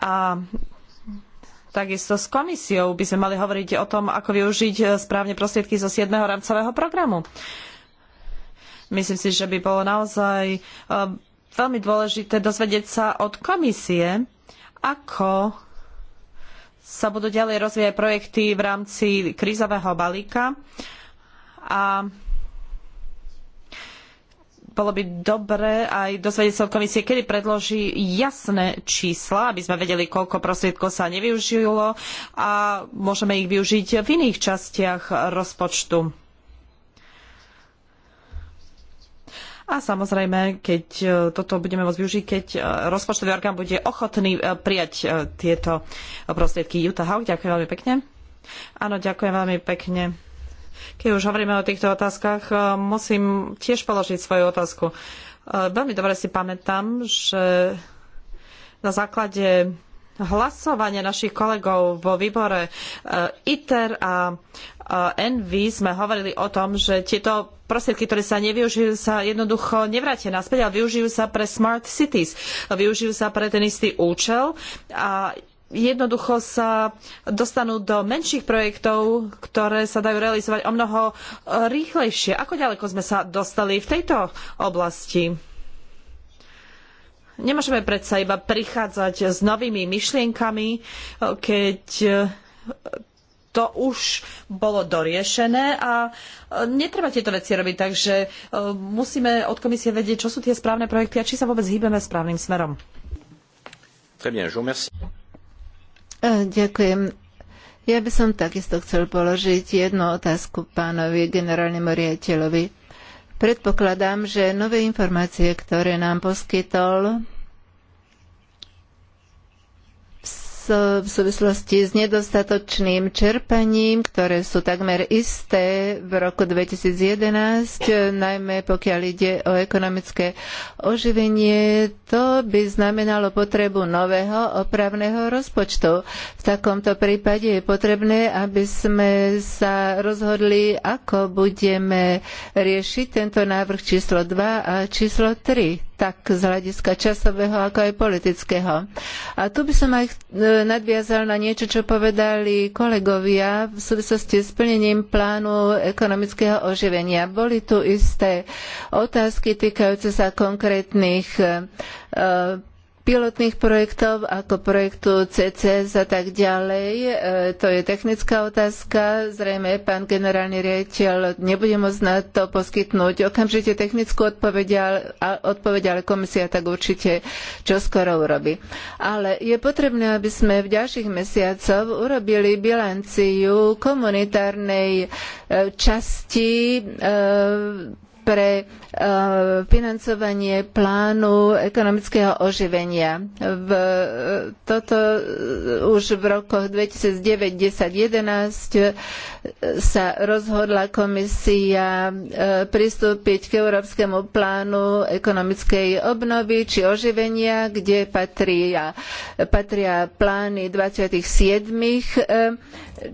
a takisto s komisiou by sme mali hovoriť o tom, ako využiť správne prostriedky zo 7. rámcového programu. Uh, Myslím si, že by bolo naozaj e, veľmi dôležité dozvedieť sa od komisie, ako sa budú ďalej rozvíjať projekty v rámci krízového balíka. A bolo by dobre aj dozvedieť sa od komisie, kedy predloží jasné čísla, aby sme vedeli, koľko prostriedkov sa nevyužilo a môžeme ich využiť v iných častiach rozpočtu A samozrejme, keď e, toto budeme môcť využiť, keď e, rozpočtový orgán bude ochotný e, prijať tieto prostriedky. Utah Hawk. ďakujem veľmi pekne. Áno, ďakujem veľmi pekne. Keď už hovoríme o týchto otázkach, musím tiež položiť svoju otázku. Veľmi dobre si pamätám, že na základe hlasovania našich kolegov vo výbore ITER a Envy sme hovorili o tom, že tieto prostriedky, ktoré sa nevyužijú, sa jednoducho nevrátia naspäť, ale využijú sa pre smart cities. Využijú sa pre ten istý účel a jednoducho sa dostanú do menších projektov, ktoré sa dajú realizovať o mnoho rýchlejšie. Ako ďaleko sme sa dostali v tejto oblasti? Nemôžeme predsa iba prichádzať s novými myšlienkami, keď to už bolo doriešené a e, netreba tieto veci robiť, takže e, musíme od komisie vedieť, čo sú tie správne projekty a či sa vôbec hýbeme správnym smerom. E, ďakujem. Ja by som takisto chcel položiť jednu otázku pánovi generálnemu riaditeľovi. Predpokladám, že nové informácie, ktoré nám poskytol v súvislosti s nedostatočným čerpaním, ktoré sú takmer isté v roku 2011, najmä pokiaľ ide o ekonomické oživenie, to by znamenalo potrebu nového opravného rozpočtu. V takomto prípade je potrebné, aby sme sa rozhodli, ako budeme riešiť tento návrh číslo 2 a číslo 3 tak z hľadiska časového, ako aj politického. A tu by som aj e, nadviazal na niečo, čo povedali kolegovia v súvislosti s plnením plánu ekonomického oživenia. Boli tu isté otázky týkajúce sa konkrétnych e, pilotných projektov, ako projektu CCS a tak ďalej. E, to je technická otázka. Zrejme pán generálny riaditeľ nebude môcť na to poskytnúť okamžite technickú odpoveď, ale, komisia tak určite čoskoro urobí. Ale je potrebné, aby sme v ďalších mesiacoch urobili bilanciu komunitárnej e, časti e, pre e, financovanie plánu ekonomického oživenia. V, e, toto e, už v rokoch 2009-2011 sa rozhodla komisia pristúpiť k Európskemu plánu ekonomickej obnovy či oživenia, kde patria, patria plány 27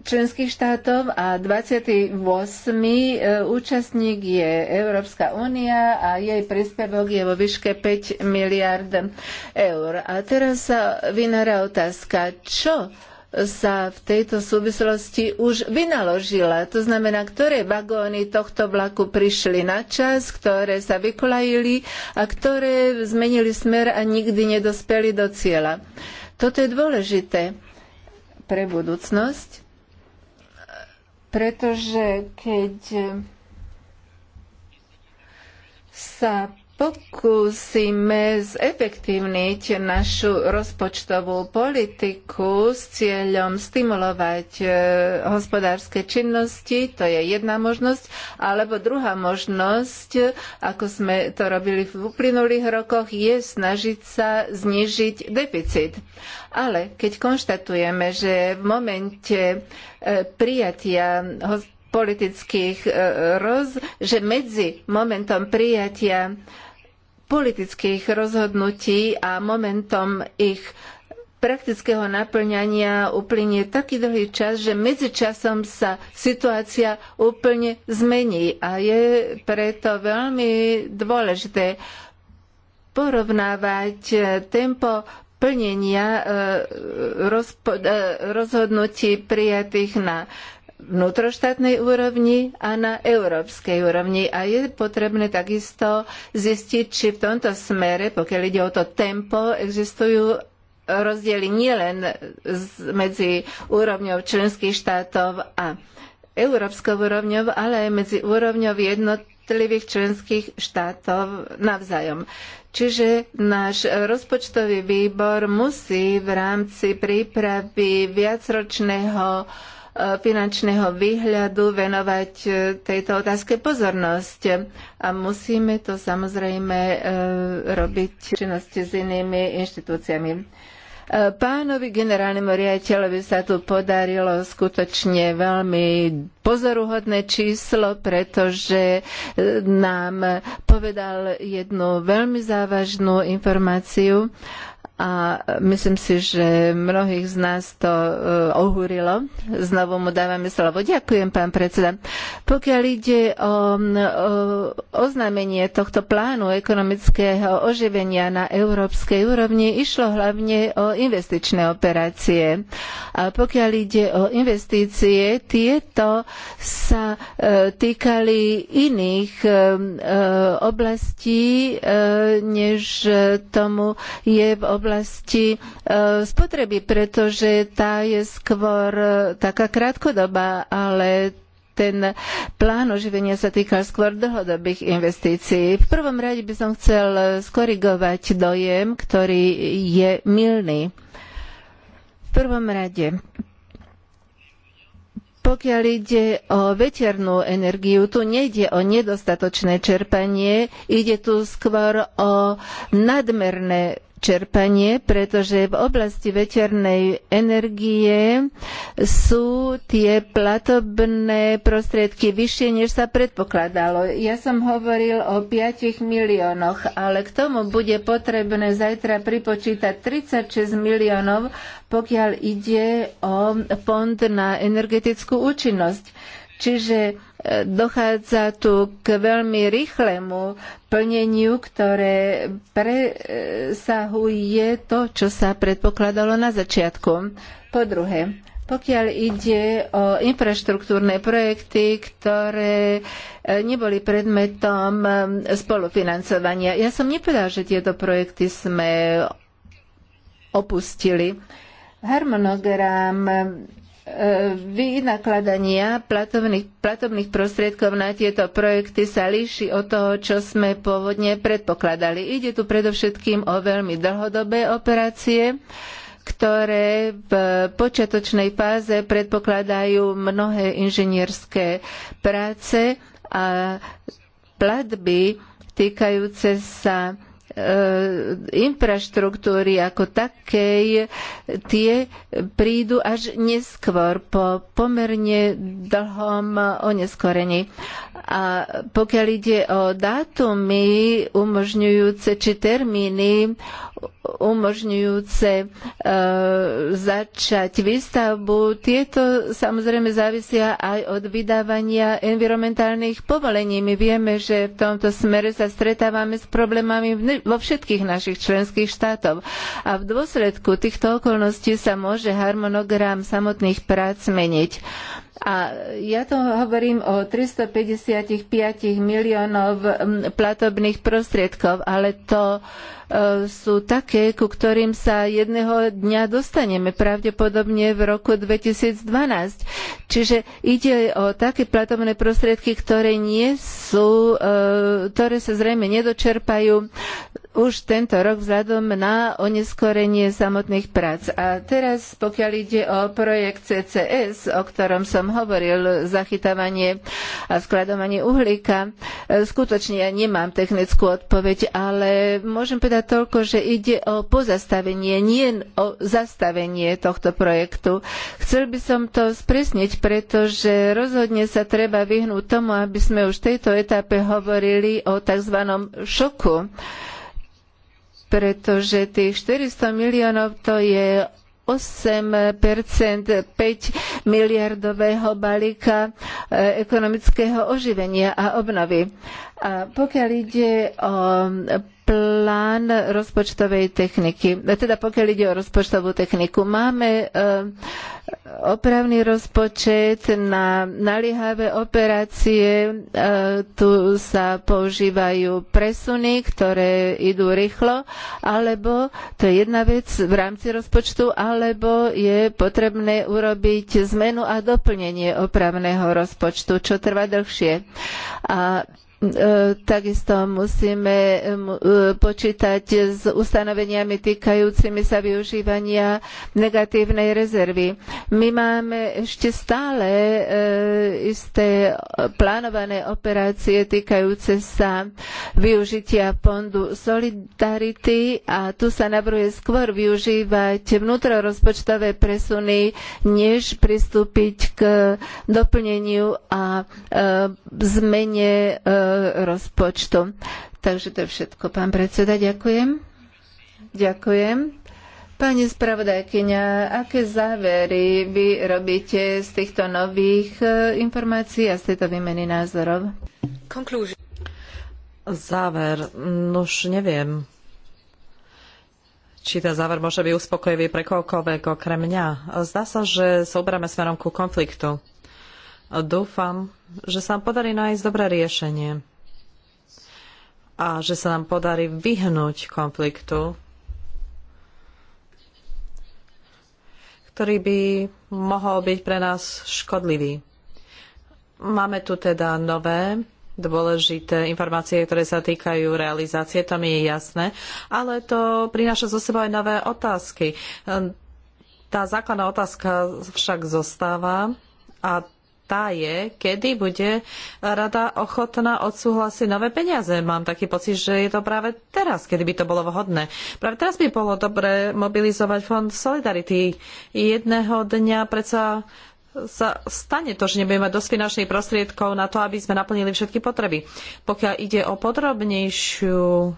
členských štátov a 28. E, účastník je Európska únia a jej príspevok je vo výške 5 miliard eur. A teraz sa vynára otázka, čo sa v tejto súvislosti už vynaložila. To znamená, ktoré vagóny tohto vlaku prišli na čas, ktoré sa vykolajili a ktoré zmenili smer a nikdy nedospeli do cieľa. Toto je dôležité pre budúcnosť pretože keď sa pokúsime zefektívniť našu rozpočtovú politiku s cieľom stimulovať e, hospodárske činnosti, to je jedna možnosť, alebo druhá možnosť, ako sme to robili v uplynulých rokoch, je snažiť sa znižiť deficit. Ale keď konštatujeme, že v momente e, prijatia politických e, roz, že medzi momentom prijatia politických rozhodnutí a momentom ich praktického naplňania uplynie taký dlhý čas, že medzičasom sa situácia úplne zmení a je preto veľmi dôležité porovnávať eh, tempo plnenia eh, eh, rozhodnutí prijatých na vnútroštátnej úrovni a na európskej úrovni. A je potrebné takisto zistiť, či v tomto smere, pokiaľ ide o to tempo, existujú rozdiely nielen medzi úrovňou členských štátov a európskou úrovňou, ale aj medzi úrovňou jednotlivých členských štátov navzájom. Čiže náš rozpočtový výbor musí v rámci prípravy viacročného finančného výhľadu venovať e, tejto otázke pozornosť. A musíme to samozrejme e, robiť v činnosti s inými inštitúciami. E, pánovi generálnemu riaditeľovi sa tu podarilo skutočne veľmi pozoruhodné číslo, pretože nám povedal jednu veľmi závažnú informáciu a myslím si, že mnohých z nás to e, ohúrilo. Znovu mu dávame slovo. Ďakujem, pán predseda. Pokiaľ ide o, o oznámenie tohto plánu ekonomického oživenia na európskej úrovni, išlo hlavne o investičné operácie. A pokiaľ ide o investície, tieto sa uh, týkali iných uh, oblastí, uh, než tomu je v oblasti oblasti e, spotreby, pretože tá je skôr e, taká krátkodobá, ale ten plán oživenia sa týkal skôr dlhodobých investícií. V prvom rade by som chcel skorigovať dojem, ktorý je mylný. V prvom rade pokiaľ ide o veternú energiu, tu nejde o nedostatočné čerpanie, ide tu skôr o nadmerné čerpanie, pretože v oblasti veternej energie sú tie platobné prostriedky vyššie, než sa predpokladalo. Ja som hovoril o 5 miliónoch, ale k tomu bude potrebné zajtra pripočítať 36 miliónov, pokiaľ ide o fond na energetickú účinnosť. Čiže Dochádza tu k veľmi rýchlemu plneniu, ktoré presahuje to, čo sa predpokladalo na začiatku. Po druhé, pokiaľ ide o infraštruktúrne projekty, ktoré e, neboli predmetom e, spolufinancovania. Ja som nepovedal, že tieto projekty sme opustili. Harmonogram vynakladania platovných, platobných prostriedkov na tieto projekty sa líši od toho, čo sme pôvodne predpokladali. Ide tu predovšetkým o veľmi dlhodobé operácie, ktoré v počiatočnej fáze predpokladajú mnohé inžinierské práce a platby týkajúce sa Eh, infraštruktúry ako takej, tie prídu až neskôr po pomerne dlhom oneskorení. A pokiaľ ide o dátumy umožňujúce či termíny umožňujúce e, začať výstavbu, tieto samozrejme závisia aj od vydávania environmentálnych povolení. My vieme, že v tomto smere sa stretávame s problémami vo všetkých našich členských štátov. A v dôsledku týchto okolností sa môže harmonogram samotných prác meniť. A ja to hovorím o 355 miliónov mm, platobných prostriedkov, ale to e, sú také, ku ktorým sa jedného dňa dostaneme, pravdepodobne v roku 2012. Čiže ide o také platobné prostriedky, ktoré nie sú, e, ktoré sa zrejme nedočerpajú už tento rok vzhľadom na oneskorenie samotných prác. A teraz, pokiaľ ide o projekt CCS, o ktorom som hovoril, zachytávanie a skladovanie uhlíka, e, skutočne ja nemám technickú odpoveď, ale môžem povedať toľko, že ide o pozastavenie, nie o zastavenie tohto projektu. Chcel by som to spresniť, pretože rozhodne sa treba vyhnúť tomu, aby sme už v tejto etape hovorili o tzv. šoku pretože tých 400 miliónov to je 8 5 miliardového balíka e, ekonomického oživenia a obnovy. A pokiaľ ide o e, plán rozpočtovej techniky, e, teda pokiaľ ide o rozpočtovú techniku, máme e, opravný rozpočet na naliehavé operácie. Tu sa používajú presuny, ktoré idú rýchlo, alebo to je jedna vec v rámci rozpočtu, alebo je potrebné urobiť zmenu a doplnenie opravného rozpočtu, čo trvá dlhšie. A E, takisto musíme e, počítať s ustanoveniami týkajúcimi sa využívania negatívnej rezervy. My máme ešte stále e, isté plánované operácie týkajúce sa využitia fondu Solidarity a tu sa navrhuje skôr využívať vnútrorozpočtové presuny, než pristúpiť k doplneniu a zmene rozpočtu. Takže to je všetko, pán predseda. Ďakujem. Ďakujem. Pani spravodajkyňa, aké závery vy robíte z týchto nových e, informácií a z tejto výmeny názorov? Conclusion. Záver, už neviem. Či ten záver môže byť uspokojivý pre koľkoľvek okrem mňa. Zdá sa, že sa uberáme smerom ku konfliktu. Dúfam, že sa nám podarí nájsť dobré riešenie a že sa nám podarí vyhnúť konfliktu, ktorý by mohol byť pre nás škodlivý. Máme tu teda nové dôležité informácie, ktoré sa týkajú realizácie, to mi je jasné, ale to prináša zo sebou aj nové otázky. Tá základná otázka však zostáva a tá je, kedy bude rada ochotná odsúhlasiť nové peniaze. Mám taký pocit, že je to práve teraz, kedy by to bolo vhodné. Práve teraz by bolo dobre mobilizovať fond Solidarity. Jedného dňa predsa sa stane to, že nebudeme mať dosť finančných prostriedkov na to, aby sme naplnili všetky potreby. Pokiaľ ide o podrobnejšiu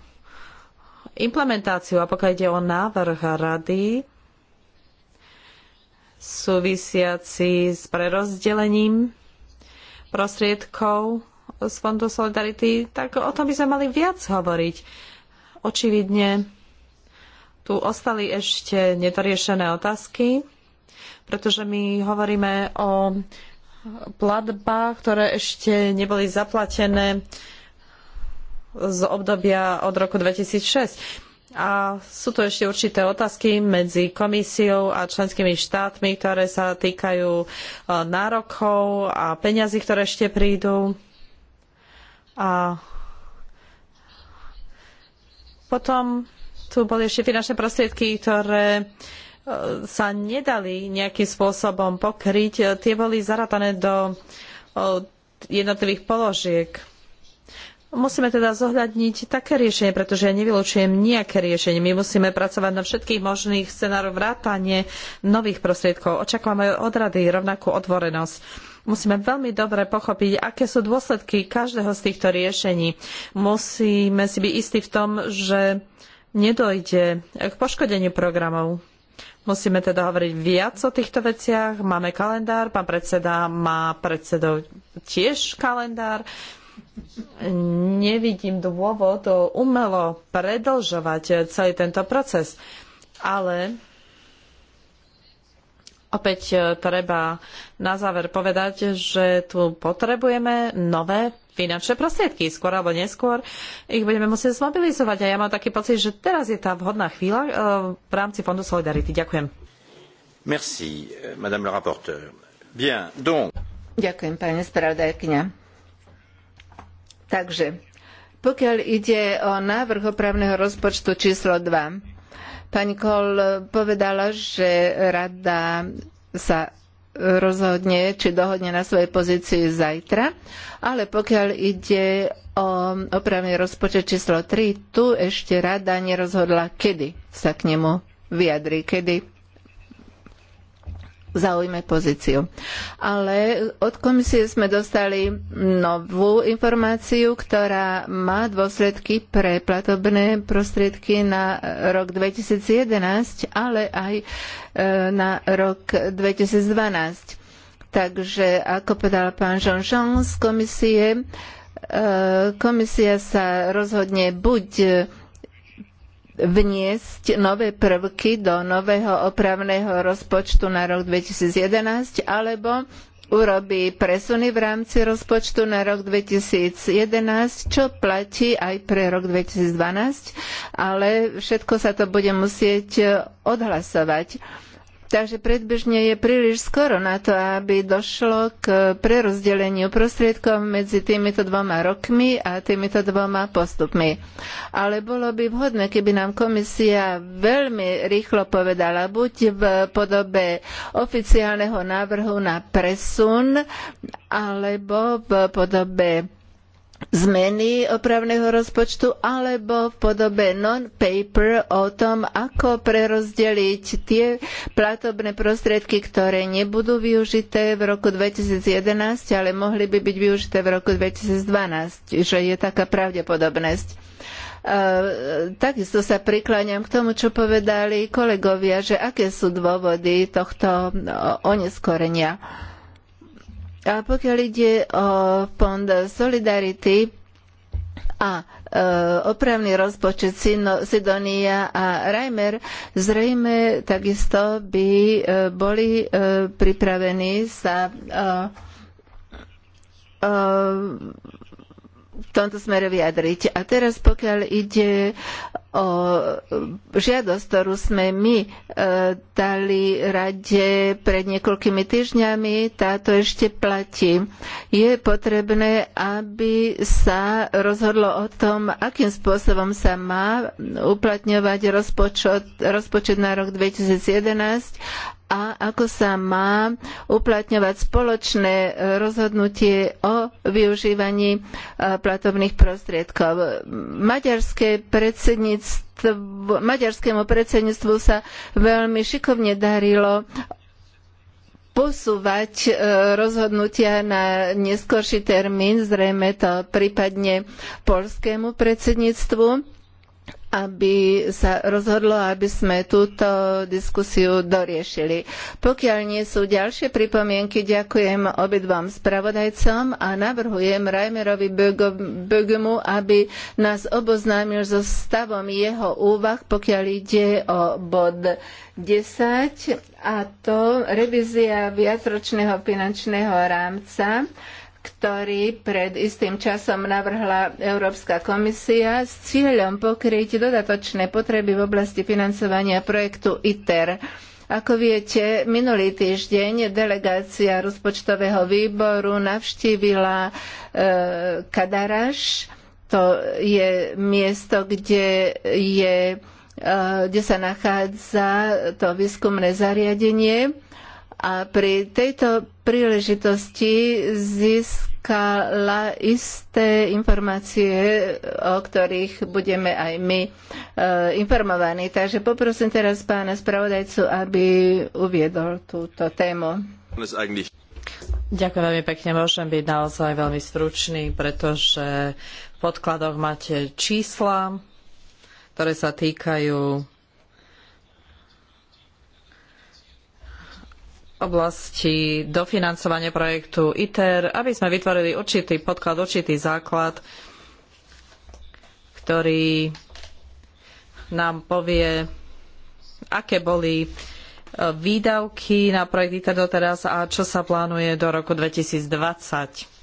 implementáciu a pokiaľ ide o návrh rady, súvisiaci s prerozdelením prostriedkov z Fondu Solidarity, tak o tom by sme mali viac hovoriť. Očividne tu ostali ešte nedoriešené otázky, pretože my hovoríme o platbách, ktoré ešte neboli zaplatené z obdobia od roku 2006 a sú tu ešte určité otázky medzi komisiou a členskými štátmi, ktoré sa týkajú e, nárokov a peňazí, ktoré ešte prídu. A potom tu boli ešte finančné prostriedky, ktoré e, sa nedali nejakým spôsobom pokryť. E, tie boli zaratané do jednotlivých položiek musíme teda zohľadniť také riešenie, pretože ja nevylučujem nejaké riešenie. My musíme pracovať na všetkých možných scenároch vrátane nových prostriedkov. Očakávame od rady rovnakú otvorenosť. Musíme veľmi dobre pochopiť, aké sú dôsledky každého z týchto riešení. Musíme si byť istí v tom, že nedojde k poškodeniu programov. Musíme teda hovoriť viac o týchto veciach. Máme kalendár, pán predseda má predsedov tiež kalendár nevidím dôvod umelo predlžovať celý tento proces. Ale opäť eh, treba na záver povedať, že tu potrebujeme nové finančné prostriedky. Skôr alebo neskôr ich budeme musieť zmobilizovať. A ja mám taký pocit, že teraz je tá vhodná chvíľa eh, v rámci Fondu Solidarity. Ďakujem. Merci, eh, madame la rapporteur. Bien, donc... Ďakujem, pani spravodajkyňa Takže, pokiaľ ide o návrh opravného rozpočtu číslo 2, pani Kol povedala, že rada sa rozhodne, či dohodne na svojej pozícii zajtra, ale pokiaľ ide o opravný rozpočet číslo 3, tu ešte rada nerozhodla, kedy sa k nemu vyjadri, kedy zaujme pozíciu. Ale od komisie sme dostali novú informáciu, ktorá má dôsledky pre platobné prostriedky na rok 2011, ale aj e, na rok 2012. Takže, ako povedal pán Jean-Jean z komisie, e, komisia sa rozhodne buď vniesť nové prvky do nového opravného rozpočtu na rok 2011 alebo urobí presuny v rámci rozpočtu na rok 2011, čo platí aj pre rok 2012, ale všetko sa to bude musieť odhlasovať. Takže predbežne je príliš skoro na to, aby došlo k prerozdeleniu prostriedkov medzi týmito dvoma rokmi a týmito dvoma postupmi. Ale bolo by vhodné, keby nám komisia veľmi rýchlo povedala, buď v podobe oficiálneho návrhu na presun, alebo v podobe zmeny opravného rozpočtu alebo v podobe non-paper o tom, ako prerozdeliť tie platobné prostriedky, ktoré nebudú využité v roku 2011, ale mohli by byť využité v roku 2012, že je taká pravdepodobnosť. E, takisto sa prikláňam k tomu, čo povedali kolegovia, že aké sú dôvody tohto oneskorenia. A pokiaľ ide o fond Solidarity a e, opravný rozpočet Sidonia a Reimer zrejme takisto by e, boli e, pripravení sa v tomto smere vyjadriť. A teraz pokiaľ ide o žiadosť, ktorú sme my e, dali rade pred niekoľkými týždňami, táto ešte platí. Je potrebné, aby sa rozhodlo o tom, akým spôsobom sa má uplatňovať rozpočet, rozpočet na rok 2011 a ako sa má uplatňovať spoločné e, rozhodnutie o využívaní e, platobných prostriedkov. Maďarské predsedníctvo, maďarskému predsedníctvu sa veľmi šikovne darilo posúvať e, rozhodnutia na neskorší termín, zrejme to prípadne poľskému predsedníctvu aby sa rozhodlo, aby sme túto diskusiu doriešili. Pokiaľ nie sú ďalšie pripomienky, ďakujem obidvom spravodajcom a navrhujem Reimerovi Bögemu, aby nás oboznámil so stavom jeho úvah, pokiaľ ide o bod 10 a to revízia viacročného finančného rámca ktorý pred istým časom navrhla Európska komisia s cieľom pokryť dodatočné potreby v oblasti financovania projektu ITER. Ako viete, minulý týždeň delegácia rozpočtového výboru navštívila e, Kadaraš. To je miesto, kde, je, e, kde sa nachádza to výskumné zariadenie a pri tejto príležitosti získala isté informácie, o ktorých budeme aj my e, informovaní. Takže poprosím teraz pána spravodajcu, aby uviedol túto tému. Ďakujem veľmi pekne, môžem byť naozaj veľmi stručný, pretože v podkladoch máte čísla, ktoré sa týkajú oblasti dofinancovania projektu ITER, aby sme vytvorili určitý podklad, určitý základ, ktorý nám povie, aké boli e, výdavky na projekt ITER doteraz a čo sa plánuje do roku 2020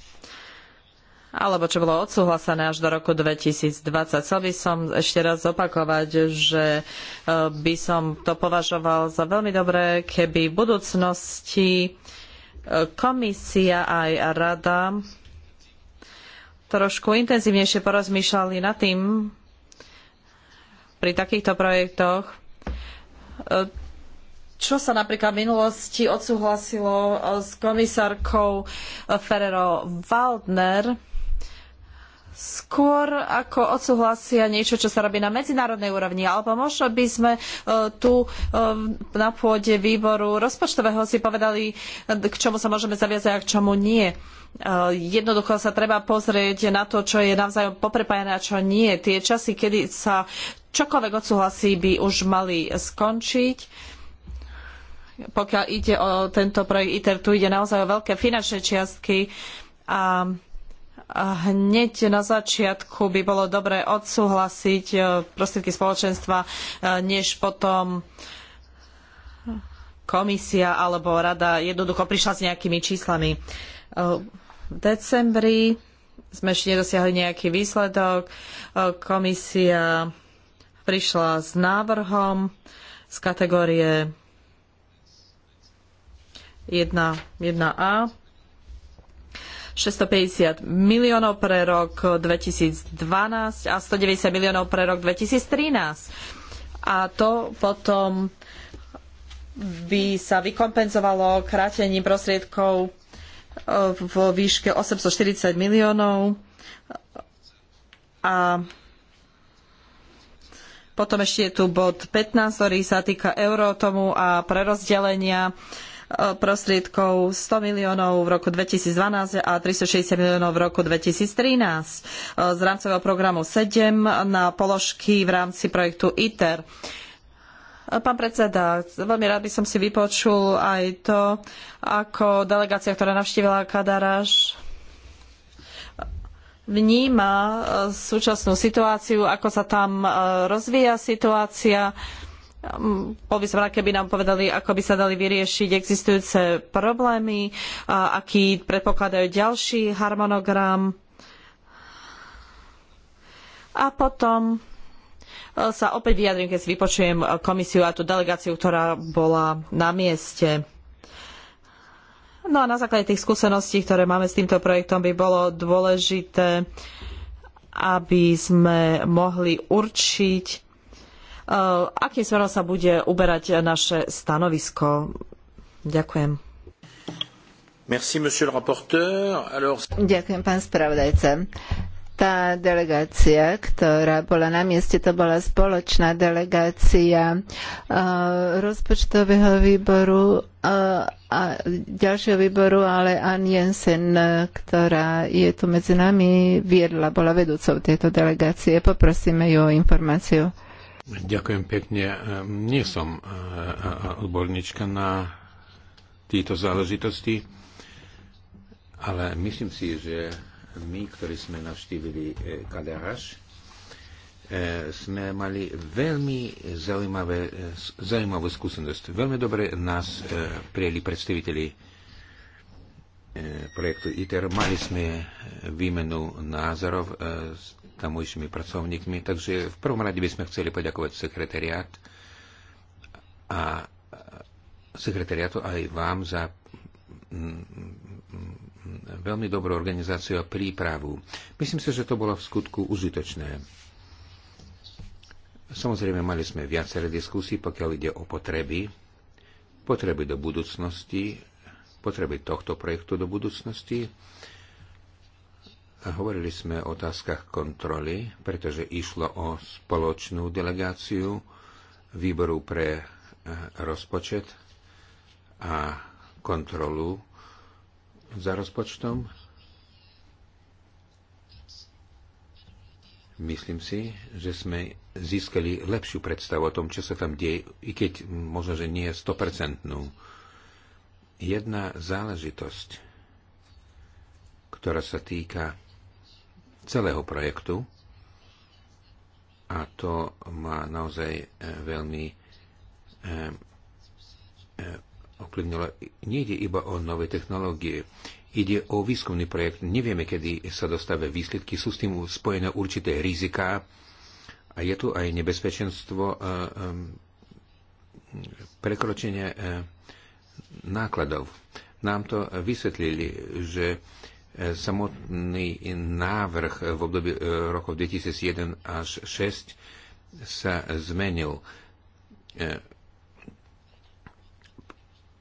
alebo čo bolo odsúhlasené až do roku 2020. Chcel by som ešte raz opakovať, že e, by som to považoval za veľmi dobré, keby v budúcnosti e, komisia aj rada trošku intenzívnejšie porozmýšľali nad tým pri takýchto projektoch, e, čo sa napríklad v minulosti odsúhlasilo s komisárkou Ferrero Waldner, skôr ako odsúhlasia niečo, čo sa robí na medzinárodnej úrovni. Alebo možno by sme e, tu e, na pôde výboru rozpočtového si povedali, e, k čomu sa môžeme zaviazať a k čomu nie. Jednoducho sa treba pozrieť na to, čo je navzájom poprepájané a čo nie. Tie časy, kedy sa čokoľvek odsúhlasí, by už mali skončiť pokiaľ ide o tento projekt ITER, tu ide naozaj o veľké finančné čiastky a hneď na začiatku by bolo dobré odsúhlasiť e, prostriedky spoločenstva, e, než potom komisia alebo rada jednoducho prišla s nejakými číslami. E, v decembri sme ešte nedosiahli nejaký výsledok. Komisia prišla s návrhom z kategórie 1, 1A 650 miliónov pre rok 2012 a 190 miliónov pre rok 2013. A to potom by sa vykompenzovalo krátením prostriedkov e, vo výške 840 miliónov a potom ešte je tu bod 15, ktorý sa týka eurotomu a prerozdelenia uh, Eh, prostriedkov 100 miliónov v roku 2012 a 360 miliónov v roku 2013 eh, z rámcového programu 7 na položky v rámci projektu ITER. Eh, pán predseda, veľmi rád by som si vypočul aj to, ako delegácia, ktorá navštívila Kadaráš, vníma súčasnú situáciu, ako sa tam rozvíja situácia, Ehm, bol by som keby nám povedali, ako by sa dali vyriešiť existujúce problémy, aký predpokladajú ďalší harmonogram. A potom e, sa opäť vyjadrím, keď si vypočujem komisiu a tú delegáciu, ktorá bola na mieste. No a na základe tých skúseností, ktoré máme s týmto projektom, by bolo dôležité, aby sme mohli určiť, Eh, akým smerom sa bude uberať naše stanovisko. Ďakujem. Merci, Alors... Ďakujem, pán spravodajca tá delegácia, ktorá bola na mieste, to bola spoločná delegácia eh, rozpočtového výboru eh, a ďalšieho výboru, ale Ann Jensen, ktorá je tu medzi nami, viedla, bola vedúcou tejto delegácie. Poprosíme ju o informáciu. Ďakujem pekne. Nie som e, e, e, odborníčka na tieto záležitosti, ale myslím si, že my, ktorí sme navštívili Kadáš, sme mali veľmi zaujímavé, zaujímavú skúsenosť. Veľmi dobre nás prijeli predstaviteľi projektu ITER. Mali sme výmenu názorov s tamojšími pracovníkmi. Takže v prvom rade by sme chceli poďakovať sekretariát a sekretariátu aj vám za mm, veľmi dobrú organizáciu a prípravu. Myslím si, že to bolo v skutku užitočné. Samozrejme, mali sme viaceré diskusí, pokiaľ ide o potreby, potreby do budúcnosti, potreby tohto projektu do budúcnosti Hovorili sme o otázkach kontroly, pretože išlo o spoločnú delegáciu výboru pre e, rozpočet a kontrolu za rozpočtom. Myslím si, že sme získali lepšiu predstavu o tom, čo sa tam deje, i keď možno, že nie je 100%. Jedna záležitosť, ktorá sa týka celého projektu a to ma naozaj e, veľmi e, e, ovplyvnilo. Nejde iba o nové technológie, ide o výskumný projekt. Nevieme, kedy sa dostavia výsledky, sú s tým spojené určité rizika a je tu aj nebezpečenstvo prekročenia nákladov. Nám to vysvetlili, že Samotný návrh v období e, rokov 2001 až 2006 sa zmenil e,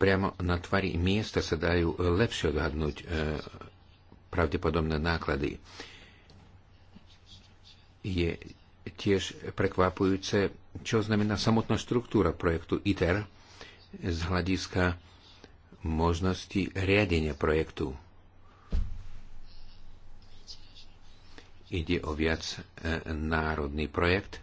priamo na tvári miesta sa dajú lepšie odhadnúť e, pravdepodobné náklady. Je tiež prekvapujúce, čo znamená samotná štruktúra projektu ITER z hľadiska možnosti riadenia projektu. Ide o viac e, národný projekt.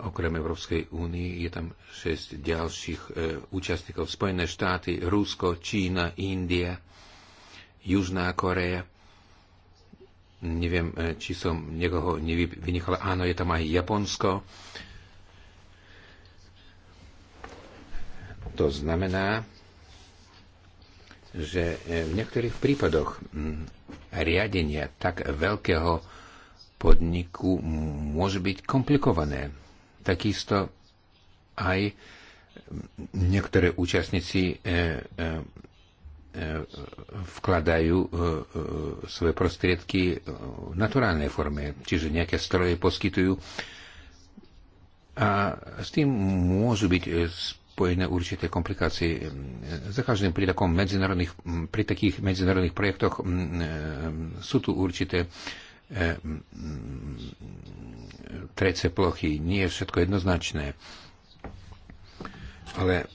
Okrem Európskej únie je tam 6 ďalších e, účastníkov. Spojené štáty, Rusko, Čína, India, Južná Korea. Neviem, e, či som niekoho nevynechal. Áno, je tam aj Japonsko. To znamená, že e, v niektorých prípadoch riadenie tak veľkého podniku môže byť komplikované. Takisto aj niektoré účastníci e, e, vkladajú svoje prostriedky v naturálnej forme, čiže nejaké stroje poskytujú a s tým môžu byť spojené určité komplikácie. Za každým pri, takom medzinárodných, pri takých medzinárodných projektoch mm, e, sú tu určité e, mm, trece plochy. Nie je všetko jednoznačné. Ale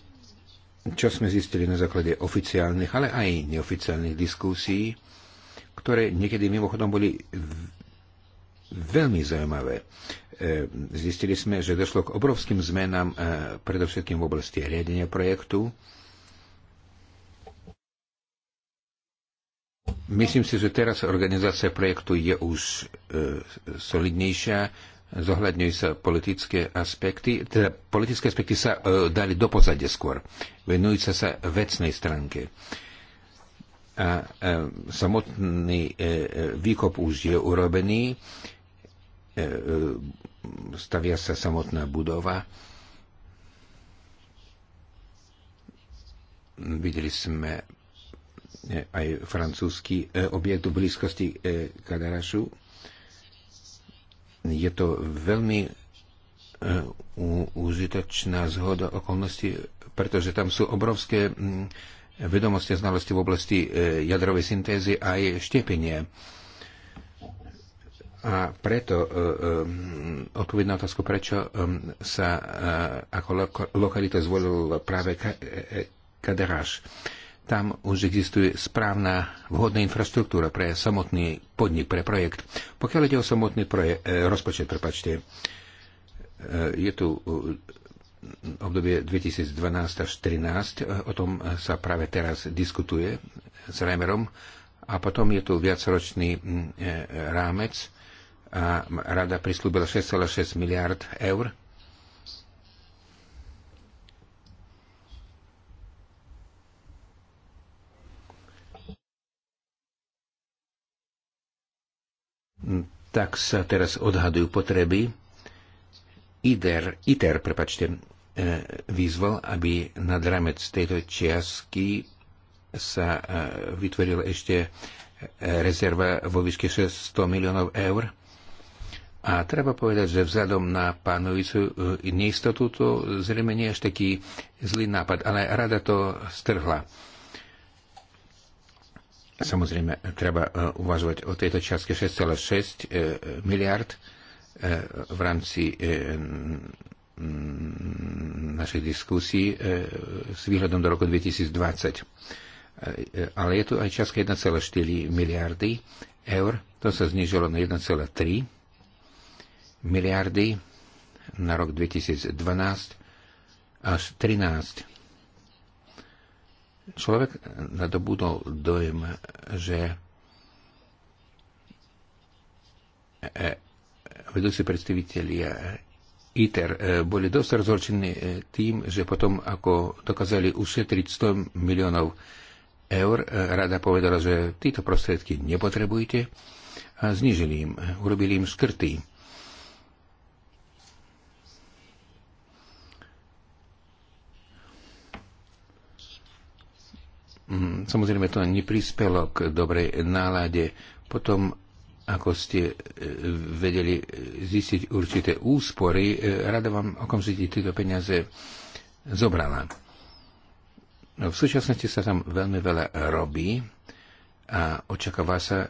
čo sme zistili na základe oficiálnych, ale aj neoficiálnych diskusí, ktoré niekedy mimochodom boli veľmi zaujímavé. E, zistili sme, že došlo k obrovským zmenám e, predovšetkým v oblasti riadenia projektu. Myslím si, že teraz organizácia projektu je už e, solidnejšia, zohľadňujú sa politické aspekty, teda politické aspekty sa e, dali do pozadia skôr. Venujú sa sa vecnej stránke. A e, samotný e, výkop už je urobený. E, e, stavia sa samotná budova. Videli sme e, aj francúzsky e, objekt v blízkosti e, Kadarašu. Je to veľmi užitočná zhoda okolností, pretože tam sú obrovské mm, vedomosti a znalosti v oblasti jadrovej syntézy a aj štepenie. A preto e, e, odpoveď na otázku, prečo e, sa ako lokalita zvolil práve Kaderáš. Tam už existuje správna, vhodná infraštruktúra pre samotný podnik, pre projekt. Pokiaľ ide o samotný projekt, rozpočet, prepačte, je tu obdobie 2012 až 2013, o tom sa práve teraz diskutuje s Remerom, a potom je tu viacročný rámec, a rada prislúbila 6,6 miliard eur. Tak sa teraz odhadujú potreby. IDER, ITER, prepačte, e, vyzval, aby nad ramec tejto čiastky sa e, vytvorila ešte rezerva vo výške 600 miliónov eur a treba povedať, že vzhľadom na pánujúcu e, neistotu to zrejme nie je až taký zlý nápad, ale rada to strhla. Samozrejme, treba e, uvažovať o tejto čiastke 6,6 e, miliard v rámci našej diskusí s výhľadom do roku 2020. Ale je tu aj čiastka 1,4 miliardy eur, to sa znižilo na 1,3 miliardy na rok 2012 až 13. Človek nadobudol dojem, že e, e, vedúci predstavitelia ITER e, boli dosť rozhorčení tým, že potom, ako dokázali ušetriť 100 miliónov eur, rada povedala, že títo prostriedky nepotrebujete a znižili im, urobili im škrty. Mhm. Samozrejme, to neprispelo k dobrej nálade. Potom, ako ste e, vedeli zistiť určité úspory, e, rada vám okamžite tieto peniaze zobrala. No, v súčasnosti sa tam veľmi veľa robí a očakáva sa,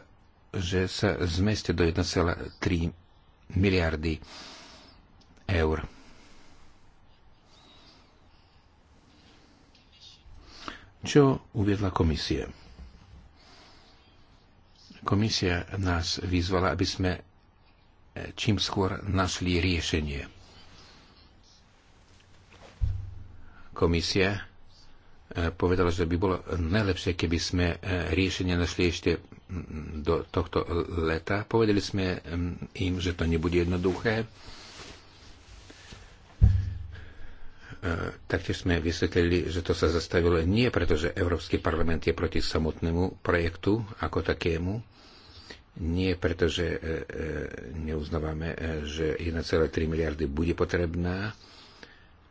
že sa zmeste do 1,3 miliardy eur. čo uviedla komisie. Komisia nás vyzvala, aby sme e, čím skôr našli riešenie. Komisia e, povedala, že by bolo najlepšie, keby sme e, riešenie našli ešte do tohto leta. Povedali sme im, že to nebude jednoduché, E, taktiež sme vysvetlili, že to sa zastavilo nie preto, že Európsky parlament je proti samotnému projektu ako takému, nie preto, že e, e, neuznávame, že 1,3 miliardy bude potrebná,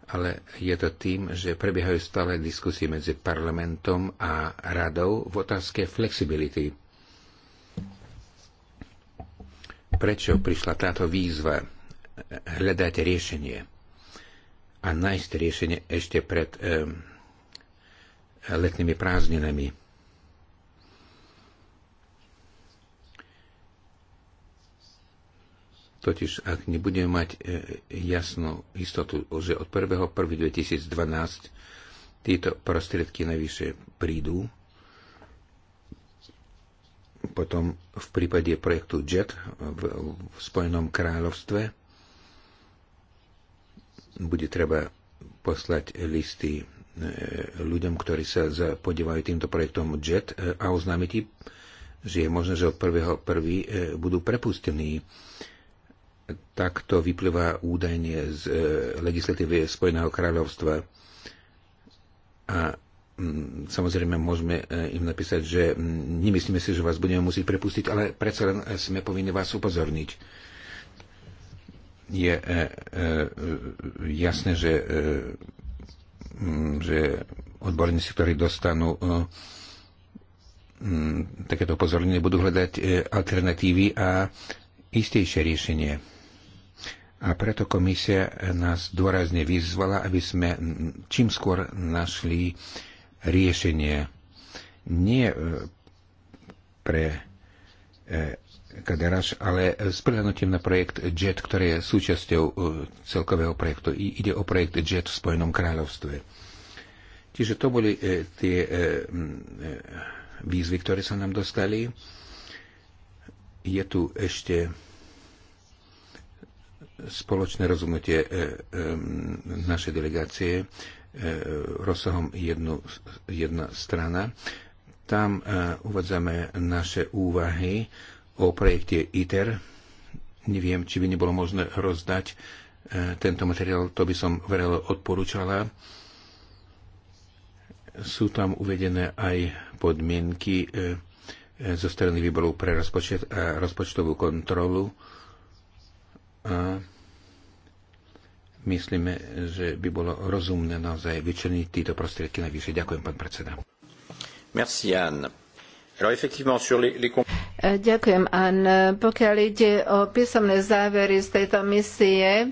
ale je to tým, že prebiehajú stále diskusie medzi parlamentom a radou v otázke flexibility. Prečo prišla táto výzva hľadať riešenie? a nájsť riešenie ešte pred e, letnými prázdninami. Totiž, ak nebudeme mať e, jasnú istotu, že od 1.1.2012 tieto prostriedky najvyššie prídu, potom v prípade projektu JET v, v Spojenom kráľovstve bude treba poslať listy e, ľuďom, ktorí sa podievajú týmto projektom JET e, a oznámiť že je možné, že od 1.1. E, budú prepustení. Takto vyplýva údajne z legislatívy Spojeného kráľovstva. A samozrejme môžeme im napísať, že nemyslíme si, že vás budeme musieť prepustiť, ale predsa len sme povinni vás upozorniť je e, e, e, jasné, že, že odborníci, ktorí dostanú takéto upozornenie, budú hľadať alternatívy a istejšie riešenie. A preto komisia nás dôrazne vyzvala, aby sme čím skôr našli riešenie. Nie pre Kaderaš, ale s prihľadnutím na projekt JET, ktorý je súčasťou e, celkového projektu. I ide o projekt JET v Spojenom kráľovstve. Čiže to boli e, tie e, výzvy, ktoré sa nám dostali. Je tu ešte spoločné rozhodnutie našej delegácie rozsahom jednu, jedna strana. Tam uvádzame naše úvahy o projekte ITER. Neviem, či by nebolo možné rozdať e, tento materiál, to by som verejne odporúčala. Sú tam uvedené aj podmienky e, e, zo strany výboru pre rozpočet a rozpočtovú kontrolu. A myslíme, že by bolo rozumné naozaj vyčleniť tieto prostriedky najvyššie. Ďakujem, pán predseda. Merci, Anne. E, ďakujem, An. Pokiaľ ide o písomné závery z tejto misie,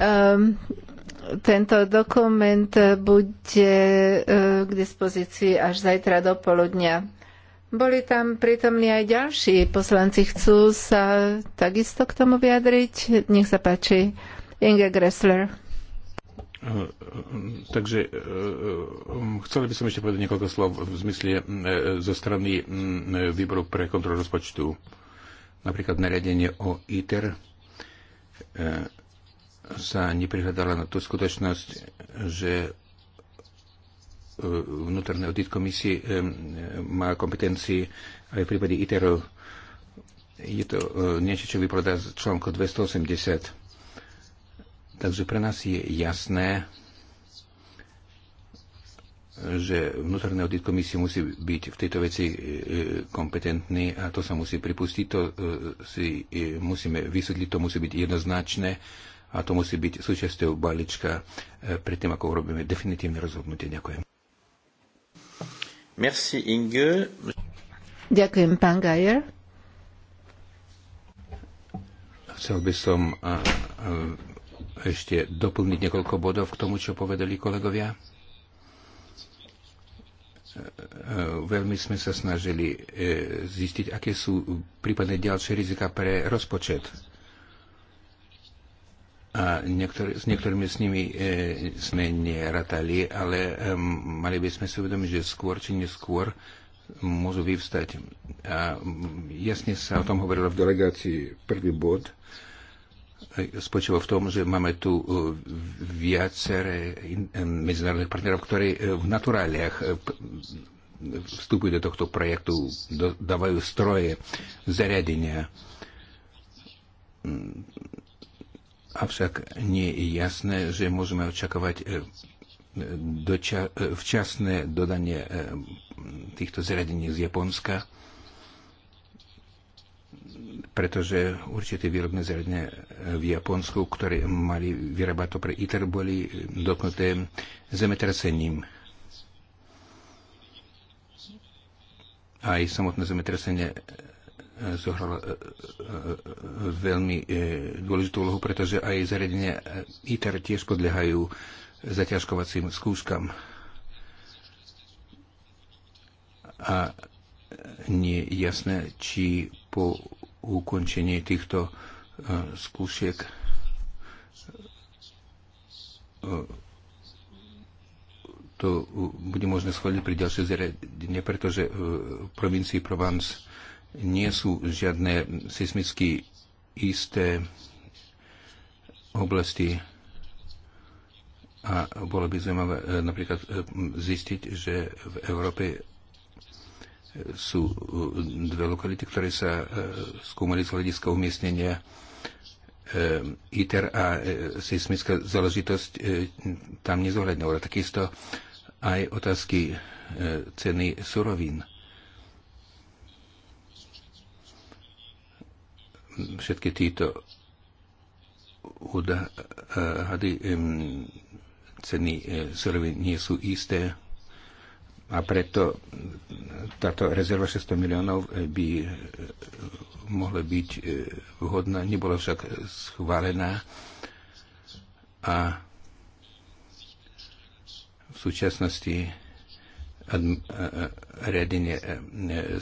um, tento dokument bude e, k dispozícii až zajtra do poludnia. Boli tam prítomní aj ďalší poslanci. Chcú sa takisto k tomu vyjadriť? Nech sa páči. Inge Gressler. Hm, takže eh, hm, chcel by som ešte povedať niekoľko slov v zmysle eh, zo strany hm, výboru pre kontrolu rozpočtu. Napríklad nariadenie o ITER eh, sa neprihľadala na tú skutočnosť, že vnútorné audit komisie má kompetencii aj v prípade ITER-u Je to niečo, čo vypadá z článku 280 Takže pre nás je jasné, že vnútorný audit komisie musí byť v tejto veci e, kompetentný a to sa musí pripustiť, to e, si e, musíme vysvetliť, to musí byť jednoznačné a to musí byť súčasťou balíčka predtým, ako urobíme definitívne rozhodnutie. Ďakujem. Merci Inge. Ďakujem, pán Geier. Chcel by som ešte doplniť niekoľko bodov k tomu, čo povedali kolegovia? Veľmi sme sa snažili e, zistiť, aké sú prípadne ďalšie rizika pre rozpočet. A niektor- s niektorými s nimi e, sme neratali, ale e, mali by sme si uvedomiť, že skôr či neskôr môžu vyvstať. A jasne sa o tom hovorilo v delegácii prvý bod – spočíva v tom, že máme tu e, viaceré e, medzinárodných partnerov, ktorí e, v naturáliach vstupujú do tohto projektu, dávajú stroje, zariadenia. Mm. Avšak nie je jasné, že môžeme očakávať doča- včasné dodanie týchto zariadení z Japonska pretože určité výrobné zariadenia v Japonsku, ktoré mali vyrábať to pre ITER, boli dotknuté zemetrasením. Aj samotné zemetrasenie e, e, zohralo e, veľmi dôležitú úlohu, pretože aj zariadenia ITER tiež podliehajú zaťažkovacím skúškam. A nie je jasné, či po ukončenie týchto e, skúšiek e, to bude možné schváliť pri ďalšej zariadenie, pretože e, v provincii Provence nie sú žiadne seismicky isté oblasti a bolo by zaujímavé napríklad zistiť, že v Európe sú uh, dve lokality, ktoré sa uh, skúmali z hľadiska umiestnenia uh, ITER a seismická záležitosť tam nezohľadňovala. Takisto aj otázky ceny surovín. Všetky títo odhady um, ceny surovín nie sú isté. A preto táto rezerva 600 miliónov eh, by eh, mohla byť eh, vhodná, nebola však schválená a v súčasnosti riadenie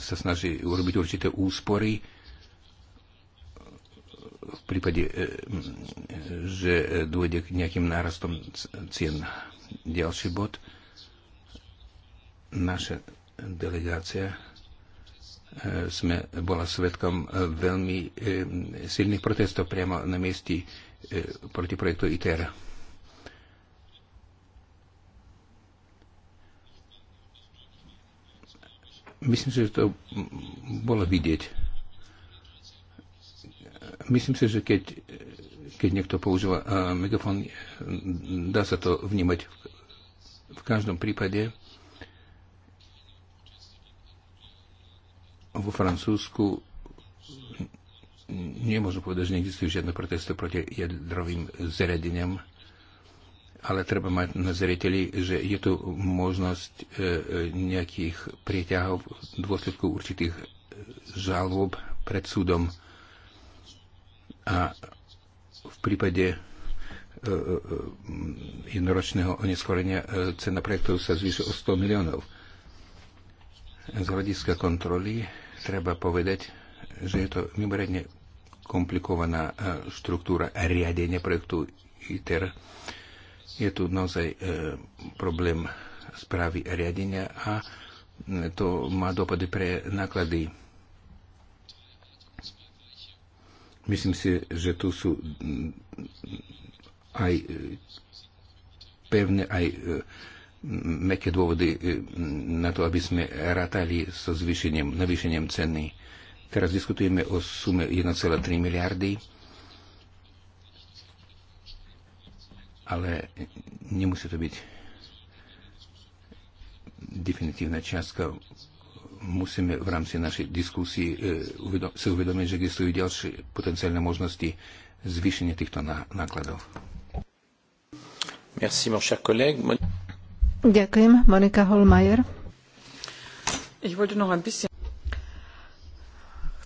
sa snaží urobiť určité úspory v prípade, že dôjde k nejakým nárastom cien. Ďalší bod – Naša delegácia e, sme bola svetkom e, veľmi e, silných protestov priamo na mieste proti projektu ITER. Myslím si, že to bolo vidieť. Myslím si, že keď, keď niekto používa megafón, dá sa to vnímať. V každom prípade vo Francúzsku nemôžu povedať, že neexistujú žiadne protesty proti jadrovým zariadeniam, ale treba mať na zreteli, že je tu možnosť e, e, nejakých prieťahov v dôsledku určitých žalob pred súdom. A v prípade e, jednoročného oneskorenia cena projektov sa zvýši o 100 miliónov. Z hľadiska kontroly Treba povedať, že je to mimoriadne komplikovaná e, štruktúra riadenia projektu ITER. Je tu naozaj e, problém správy riadenia a to má dopady pre náklady. Myslím si, že tu sú aj e, pevné, aj meké dôvody e, na to, aby sme rátali so zvýšením, navýšením ceny. Teraz diskutujeme o sume 1,3 miliardy, ale nemusí to byť definitívna čiastka. Musíme v rámci našej diskusii e, si uvedomiť, že existujú ďalšie potenciálne možnosti zvýšenia týchto nákladov. Merci, mon cher collègue. Ďakujem. Monika Holmajer.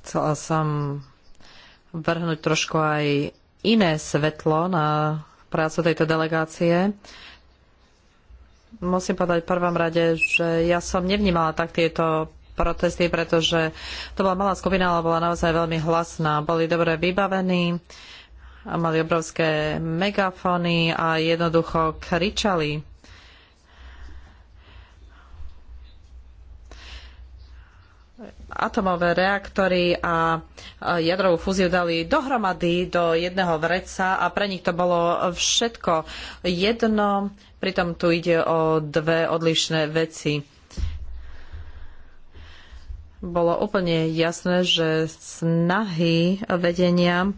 Chcela som vrhnúť trošku aj iné svetlo na prácu tejto delegácie. Musím povedať v prvom rade, že ja som nevnímala tak tieto protesty, pretože to bola malá skupina, ale bola naozaj veľmi hlasná. Boli dobre vybavení a mali obrovské megafóny a jednoducho kričali. atomové reaktory a jadrovú fúziu dali dohromady do jedného vreca a pre nich to bolo všetko jedno, pritom tu ide o dve odlišné veci. Bolo úplne jasné, že snahy vedenia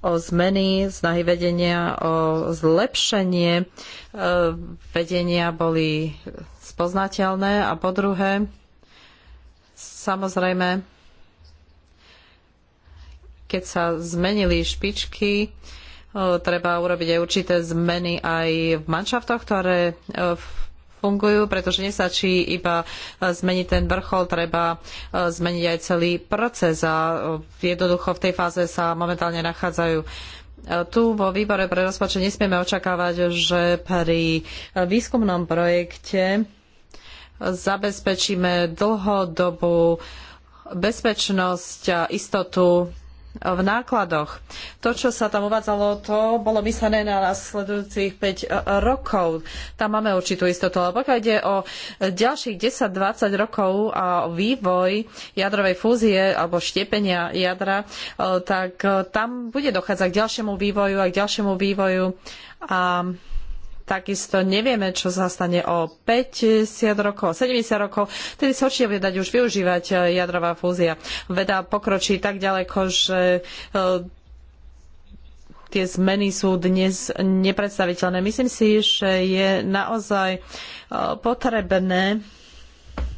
o zmeny, snahy vedenia o zlepšenie e, vedenia boli spoznateľné a po druhé Samozrejme, keď sa zmenili špičky, e, treba urobiť aj určité zmeny aj v manšaftoch, ktoré e, fungujú, pretože nestačí iba e, zmeniť ten vrchol, treba zmeniť aj celý proces a jednoducho v tej fáze sa momentálne nachádzajú. Tu vo výbore pre rozpočet nesmieme očakávať, že pri výskumnom projekte zabezpečíme dlhodobú bezpečnosť a istotu v nákladoch. To, čo sa tam uvádzalo, to bolo myslené na nasledujúcich 5 rokov. Tam máme určitú istotu. Ale pokiaľ ide o ďalších 10-20 rokov a vývoj jadrovej fúzie alebo štiepenia jadra, eh, tak eh, tam bude dochádzať k ďalšiemu vývoju a k ďalšiemu vývoju a takisto nevieme, čo sa stane o 50 rokov, 70 rokov, tedy sa určite bude dať už využívať eh, jadrová fúzia. Veda pokročí tak ďaleko, že eh, tie zmeny sú dnes nepredstaviteľné. Myslím si, že je naozaj eh, potrebné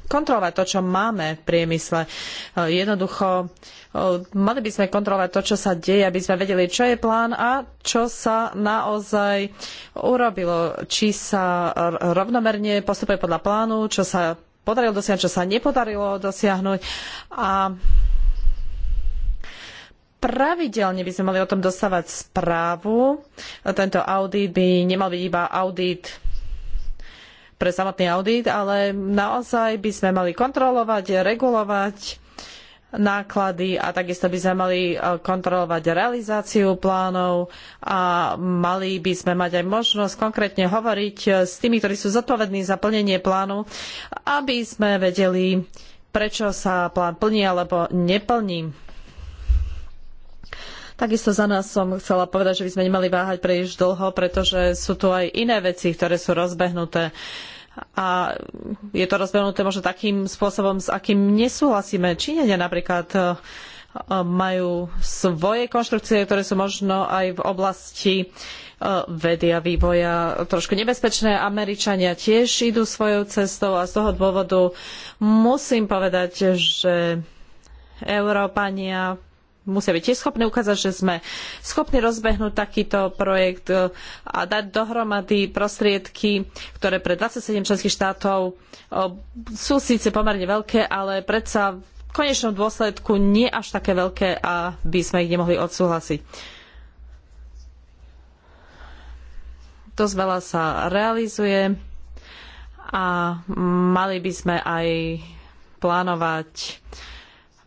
kontrolovať to, čo máme v priemysle. E, jednoducho, e, mali by sme kontrolovať to, čo sa deje, aby sme vedeli, čo je plán a čo sa naozaj urobilo. Či sa rovnomerne postupuje podľa plánu, čo sa podarilo dosiahnuť, čo sa nepodarilo dosiahnuť. A pravidelne by sme mali o tom dostávať správu. Tento audit by nemal byť iba audit pre samotný audit, ale naozaj by sme mali kontrolovať, regulovať náklady a takisto by sme mali e, kontrolovať realizáciu plánov a mali by sme mať aj možnosť konkrétne hovoriť e, s tými, ktorí sú zodpovední za plnenie plánu, aby sme vedeli, prečo sa plán plní alebo neplní Takisto za nás som chcela povedať, že by sme nemali váhať príliš dlho, pretože sú tu aj iné veci, ktoré sú rozbehnuté. A je to rozbehnuté možno takým spôsobom, s akým nesúhlasíme. Čínenia napríklad eh, majú svoje konštrukcie, ktoré sú možno aj v oblasti eh, vedy a vývoja trošku nebezpečné. Američania tiež idú svojou cestou a z toho dôvodu musím povedať, že Európania musia byť tiež schopné ukázať, že sme schopní rozbehnúť takýto projekt e, a dať dohromady prostriedky, ktoré pre 27 členských štátov e, sú síce pomerne veľké, ale predsa v konečnom dôsledku nie až také veľké, aby sme ich nemohli odsúhlasiť. Dosť veľa sa realizuje a mali by sme aj plánovať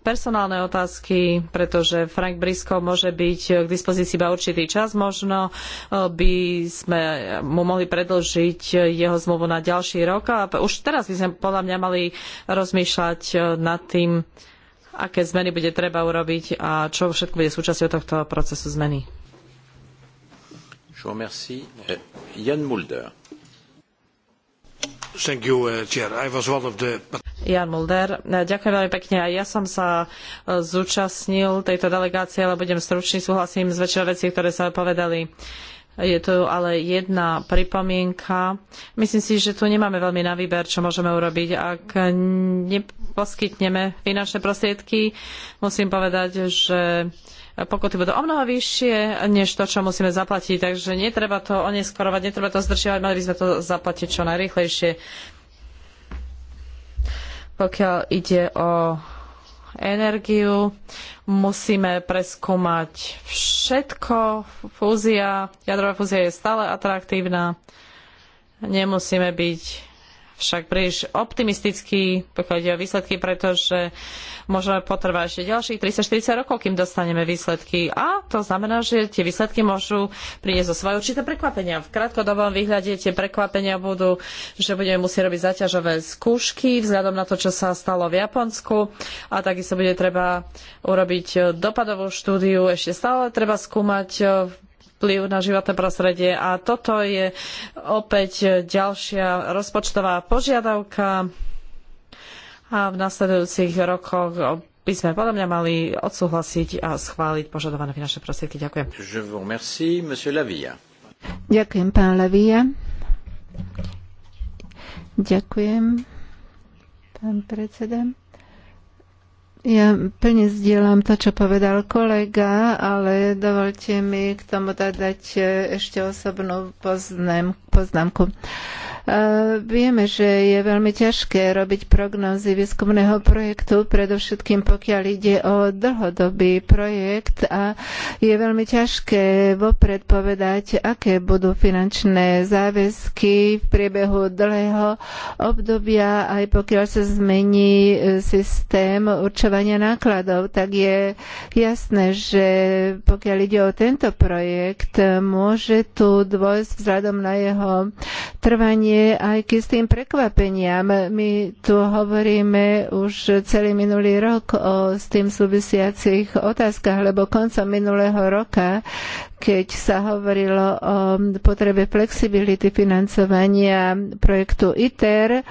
personálne otázky, pretože Frank Brisko môže byť k dispozícii iba určitý čas. Možno eh, by sme mu mohli predlžiť jeho zmluvu na ďalší rok. A už teraz by sme podľa mňa mali rozmýšľať eh, nad tým, aké zmeny bude treba urobiť a čo všetko bude súčasťou tohto procesu zmeny. Eh, Jan Mulder. Uh, Jan Mulder. Ďakujem veľmi pekne. Aj ja som sa uh, zúčastnil tejto delegácie, ale budem stručný, súhlasím s väčšinou vecí, ktoré sa povedali. Je tu ale jedna pripomienka. Myslím si, že tu nemáme veľmi na výber, čo môžeme urobiť. Ak neposkytneme finančné prostriedky, musím povedať, že pokuty budú omnoho vyššie, než to, čo musíme zaplatiť. Takže netreba to oneskorovať, netreba to zdržiavať, mali by sme to zaplatiť čo najrychlejšie. Pokiaľ ide o energiu, musíme preskúmať všetko. Fúzia, jadrová fúzia je stále atraktívna. Nemusíme byť však príliš optimistický, pokiaľ ide o výsledky, pretože môže potrvať ešte ďalších 340 rokov, kým dostaneme výsledky. A to znamená, že tie výsledky môžu priniesť zo svoje určité prekvapenia. V krátkodobom výhľade tie prekvapenia budú, že budeme musieť robiť zaťažové skúšky vzhľadom na to, čo sa stalo v Japonsku a takisto bude treba urobiť dopadovú štúdiu. Ešte stále treba skúmať vplyv na životné prostredie. A toto je opäť ďalšia rozpočtová požiadavka a v nasledujúcich rokoch by sme podľa mňa mali odsúhlasiť a schváliť požadované finančné prostriedky. Ďakujem. Remercie, Ďakujem, pán Lavia. Ďakujem, pán predseda. Ja plne zdieľam to, čo povedal kolega, ale dovolte mi k tomu dať eh, ešte osobnú poznámku. Vieme, že je veľmi ťažké robiť prognózy výskumného projektu, predovšetkým pokiaľ ide o dlhodobý projekt a je veľmi ťažké vopred povedať, aké budú finančné záväzky v priebehu dlhého obdobia, aj pokiaľ sa zmení e, systém určovania nákladov, tak je jasné, že pokiaľ ide o tento projekt, e, môže tu dôjsť vzhľadom na jeho trvanie nie, aj s tým prekvapeniam. My tu hovoríme už celý minulý rok o s tým súvisiacich otázkach, lebo koncom minulého roka, keď sa hovorilo o potrebe flexibility financovania projektu ITER,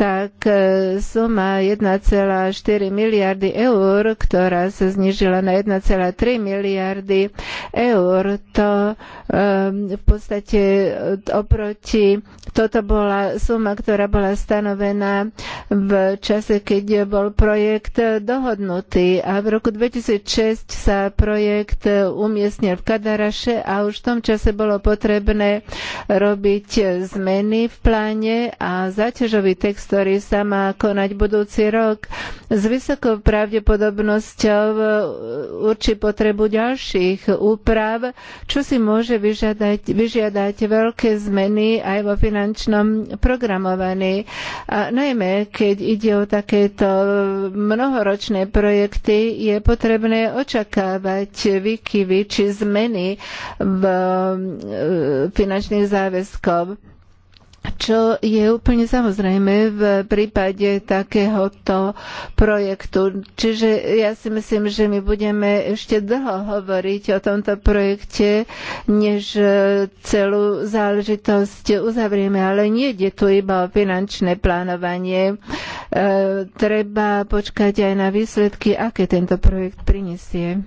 tak e, suma 1,4 miliardy eur, ktorá sa znížila na 1,3 miliardy eur, to v podstate e, oproti, toto bola suma, ktorá bola stanovená v čase, keď bol projekt dohodnutý a v roku 2006 sa projekt e, umiestnil v Kadaraše a už v tom čase bolo potrebné robiť zmeny v pláne a záťažový text ktorý sa má konať budúci rok, s vysokou pravdepodobnosťou e, určí potrebu ďalších úprav, čo si môže vyžiadať, vyžiadať veľké zmeny aj vo finančnom programovaní. A najmä, keď ide o takéto mnohoročné projekty, je potrebné očakávať výkyvy či zmeny v e, finančných záväzkov čo je úplne samozrejme v prípade takéhoto projektu. Čiže ja si myslím, že my budeme ešte dlho hovoriť o tomto projekte, než celú záležitosť uzavrieme, ale nie je tu iba o finančné plánovanie. E, treba počkať aj na výsledky, aké tento projekt prinesie.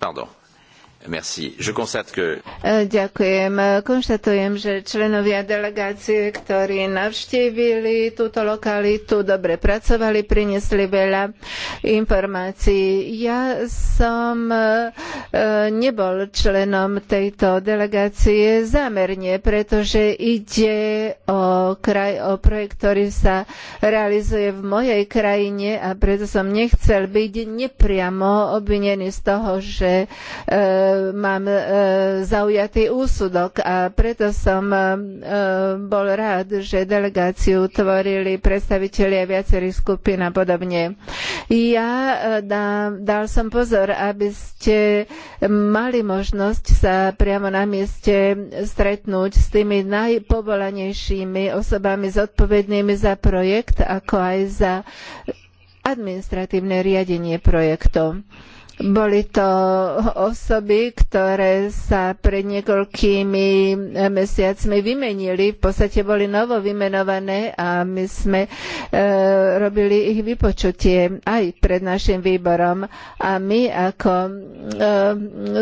Pardon Que... E, ďakujem. Konštatujem, že členovia delegácie, ktorí navštívili túto lokalitu, dobre pracovali, priniesli veľa informácií. Ja som e, nebol členom tejto delegácie zámerne, pretože ide o, kraj, o projekt, ktorý sa realizuje v mojej krajine a preto som nechcel byť nepriamo obvinený z toho, že e, mám e, zaujatý úsudok a preto som e, e, bol rád, že delegáciu tvorili predstavitelia viacerých skupín a podobne. Ja dal som pozor, aby ste mali možnosť sa priamo na mieste stretnúť s tými najpovolanejšími osobami zodpovednými za projekt, ako aj za administratívne riadenie projektu. Boli to osoby, ktoré sa pred niekoľkými eh, mesiacmi vymenili, v podstate boli novo vymenované a my sme e, robili ich vypočutie aj pred našim výborom. A my ako, e,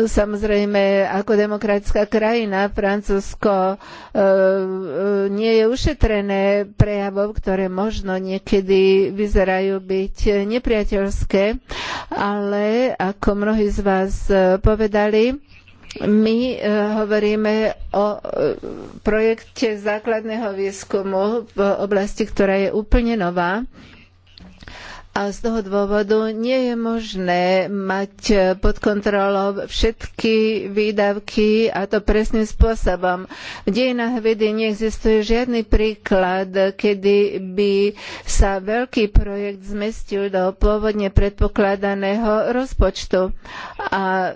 samozrejme, ako demokratická krajina, Francúzsko e, nie je ušetrené prejavov, ktoré možno niekedy vyzerajú byť nepriateľské, ale ako mnohí z vás e, povedali, my e, hovoríme o e, projekte základného výskumu v oblasti, ktorá je úplne nová a z toho dôvodu nie je možné mať e, pod kontrolou všetky výdavky a to presným spôsobom. V dejinách vedy neexistuje žiadny príklad, kedy by sa veľký projekt zmestil do pôvodne predpokladaného rozpočtu. A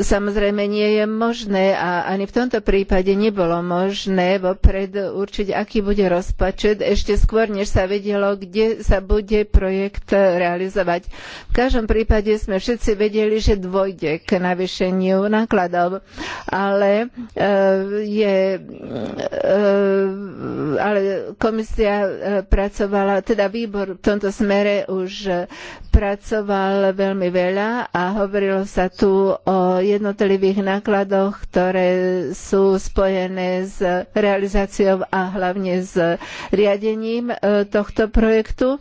samozrejme nie je možné a ani v tomto prípade nebolo možné vopred určiť, aký bude rozpočet ešte skôr, než sa vedelo, kde sa bude projekt realizovať. V každom prípade sme všetci vedeli, že dôjde k navýšeniu nákladov, ale eh, je eh, ale komisia eh, pracovala, teda výbor v tomto smere už pracoval veľmi veľa a hovorilo sa tu o jednotlivých nákladoch, ktoré sú spojené s realizáciou a hlavne s riadením e, tohto projektu.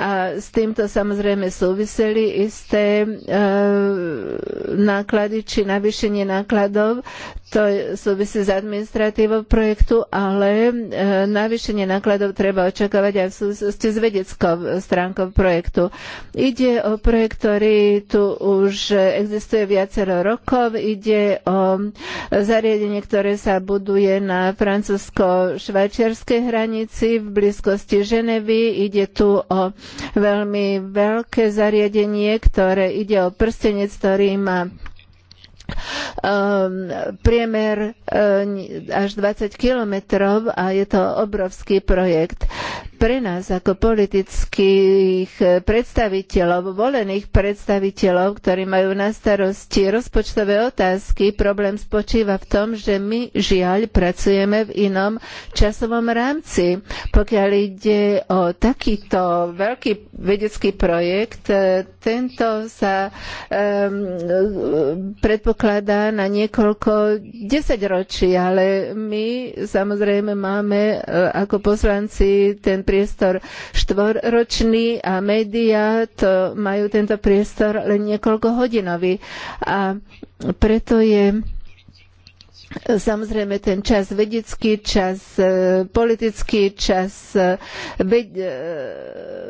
A s týmto samozrejme súviseli isté e, náklady či navýšenie nákladov. To súvisí s administratívou projektu, ale e, navýšenie nákladov treba očakávať aj v súvislosti s vedeckou stránkou projektu. Ide o projekt, ktorý tu už existuje viacero rokov rokov. Ide o zariadenie, ktoré sa buduje na francúzsko-švajčiarskej hranici v blízkosti Ženevy. Ide tu o veľmi veľké zariadenie, ktoré ide o prstenec, ktorý má um, priemer uh, až 20 kilometrov a je to obrovský projekt pre nás ako politických eh, predstaviteľov, volených predstaviteľov, ktorí majú na starosti rozpočtové otázky, problém spočíva v tom, že my žiaľ pracujeme v inom časovom rámci. Pokiaľ ide o takýto veľký vedecký projekt, eh, tento sa um, predpokladá na niekoľko desaťročí, ale my samozrejme máme eh, ako poslanci tento priestor štvorročný a médiá to majú tento priestor len niekoľko hodinový. A preto je Samozrejme ten čas vedecký, čas e, politický, čas e, ved, e,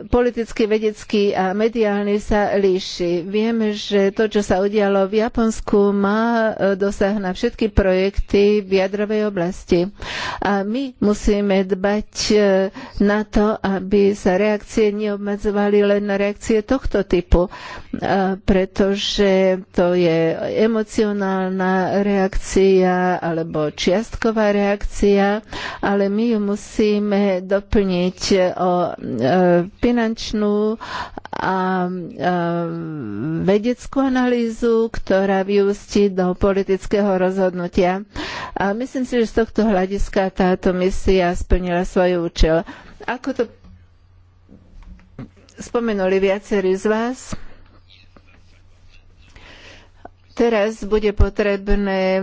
politický, vedecký a mediálny sa líši. Vieme, že to, čo sa udialo v Japonsku, má dosah na všetky projekty v jadrovej oblasti. A my musíme dbať na to, aby sa reakcie neobmedzovali len na reakcie tohto typu, pretože to je emocionálna reakcia, alebo čiastková reakcia, ale my ju musíme doplniť o e, finančnú a e, vedeckú analýzu, ktorá vyústi do politického rozhodnutia. A myslím si, že z tohto hľadiska táto misia splnila svoj účel. Ako to spomenuli viacerí z vás, Teraz bude potrebné e,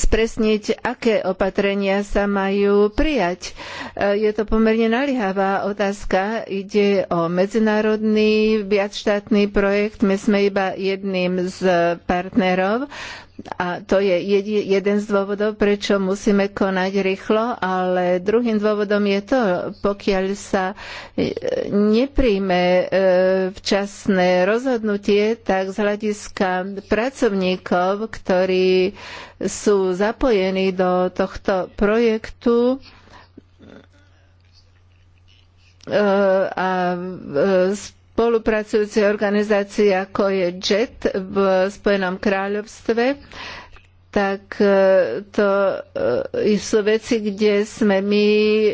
spresniť, aké opatrenia sa majú prijať. E, je to pomerne naliehavá otázka. Ide o medzinárodný viacštátny projekt. My sme iba jedným z partnerov a to je jeden z dôvodov, prečo musíme konať rýchlo, ale druhým dôvodom je to, pokiaľ sa e, nepríjme e, včasné rozhodnutie, tak z hľadiska pracovníkov, ktorí sú zapojení do tohto projektu, e, a spolupracujúcej organizácii, ako je JET v Spojenom kráľovstve tak e, to e, sú veci, kde sme my,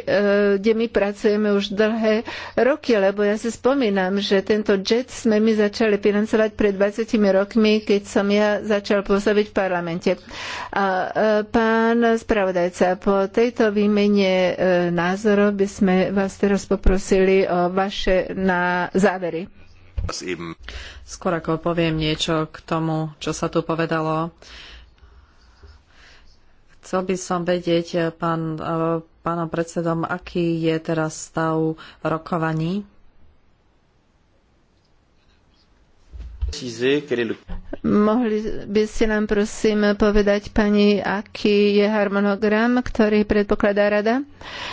e, kde my pracujeme už dlhé roky, lebo ja si spomínam, že tento jet sme my začali financovať pred 20 rokmi, keď som ja začal pôsobiť v parlamente. A pán spravodajca, po tejto výmene názorov by sme vás teraz poprosili o vaše na závery. Skôr ako poviem niečo k tomu, čo sa tu povedalo, Chcel by som vedieť, eh, pán, eh, pánom predsedom, aký je teraz stav rokovaní. Mohli by ste nám prosím povedať, pani, aký je harmonogram, ktorý predpokladá rada?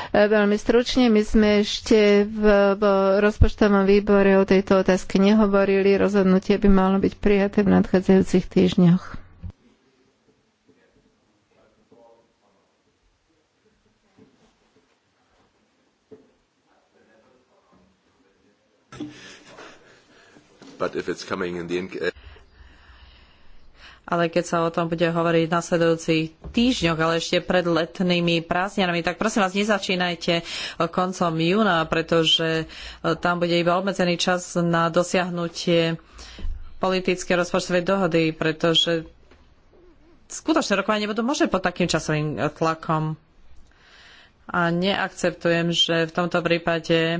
Eh, veľmi stručne, my sme ešte v, v rozpočtovom výbore o tejto otázke nehovorili. Rozhodnutie by malo byť prijaté v nadchádzajúcich týždňoch. but if it's coming in the uh, ale keď sa o tom bude hovoriť v nasledujúcich týždňoch, ale ešte pred letnými prázdninami, tak prosím vás, nezačínajte koncom júna, pretože e, tam bude iba obmedzený čas na dosiahnutie politické rozpočtovej dohody, pretože skutočné rokovanie nebudú možné pod takým časovým tlakom a neakceptujem, že v tomto prípade e,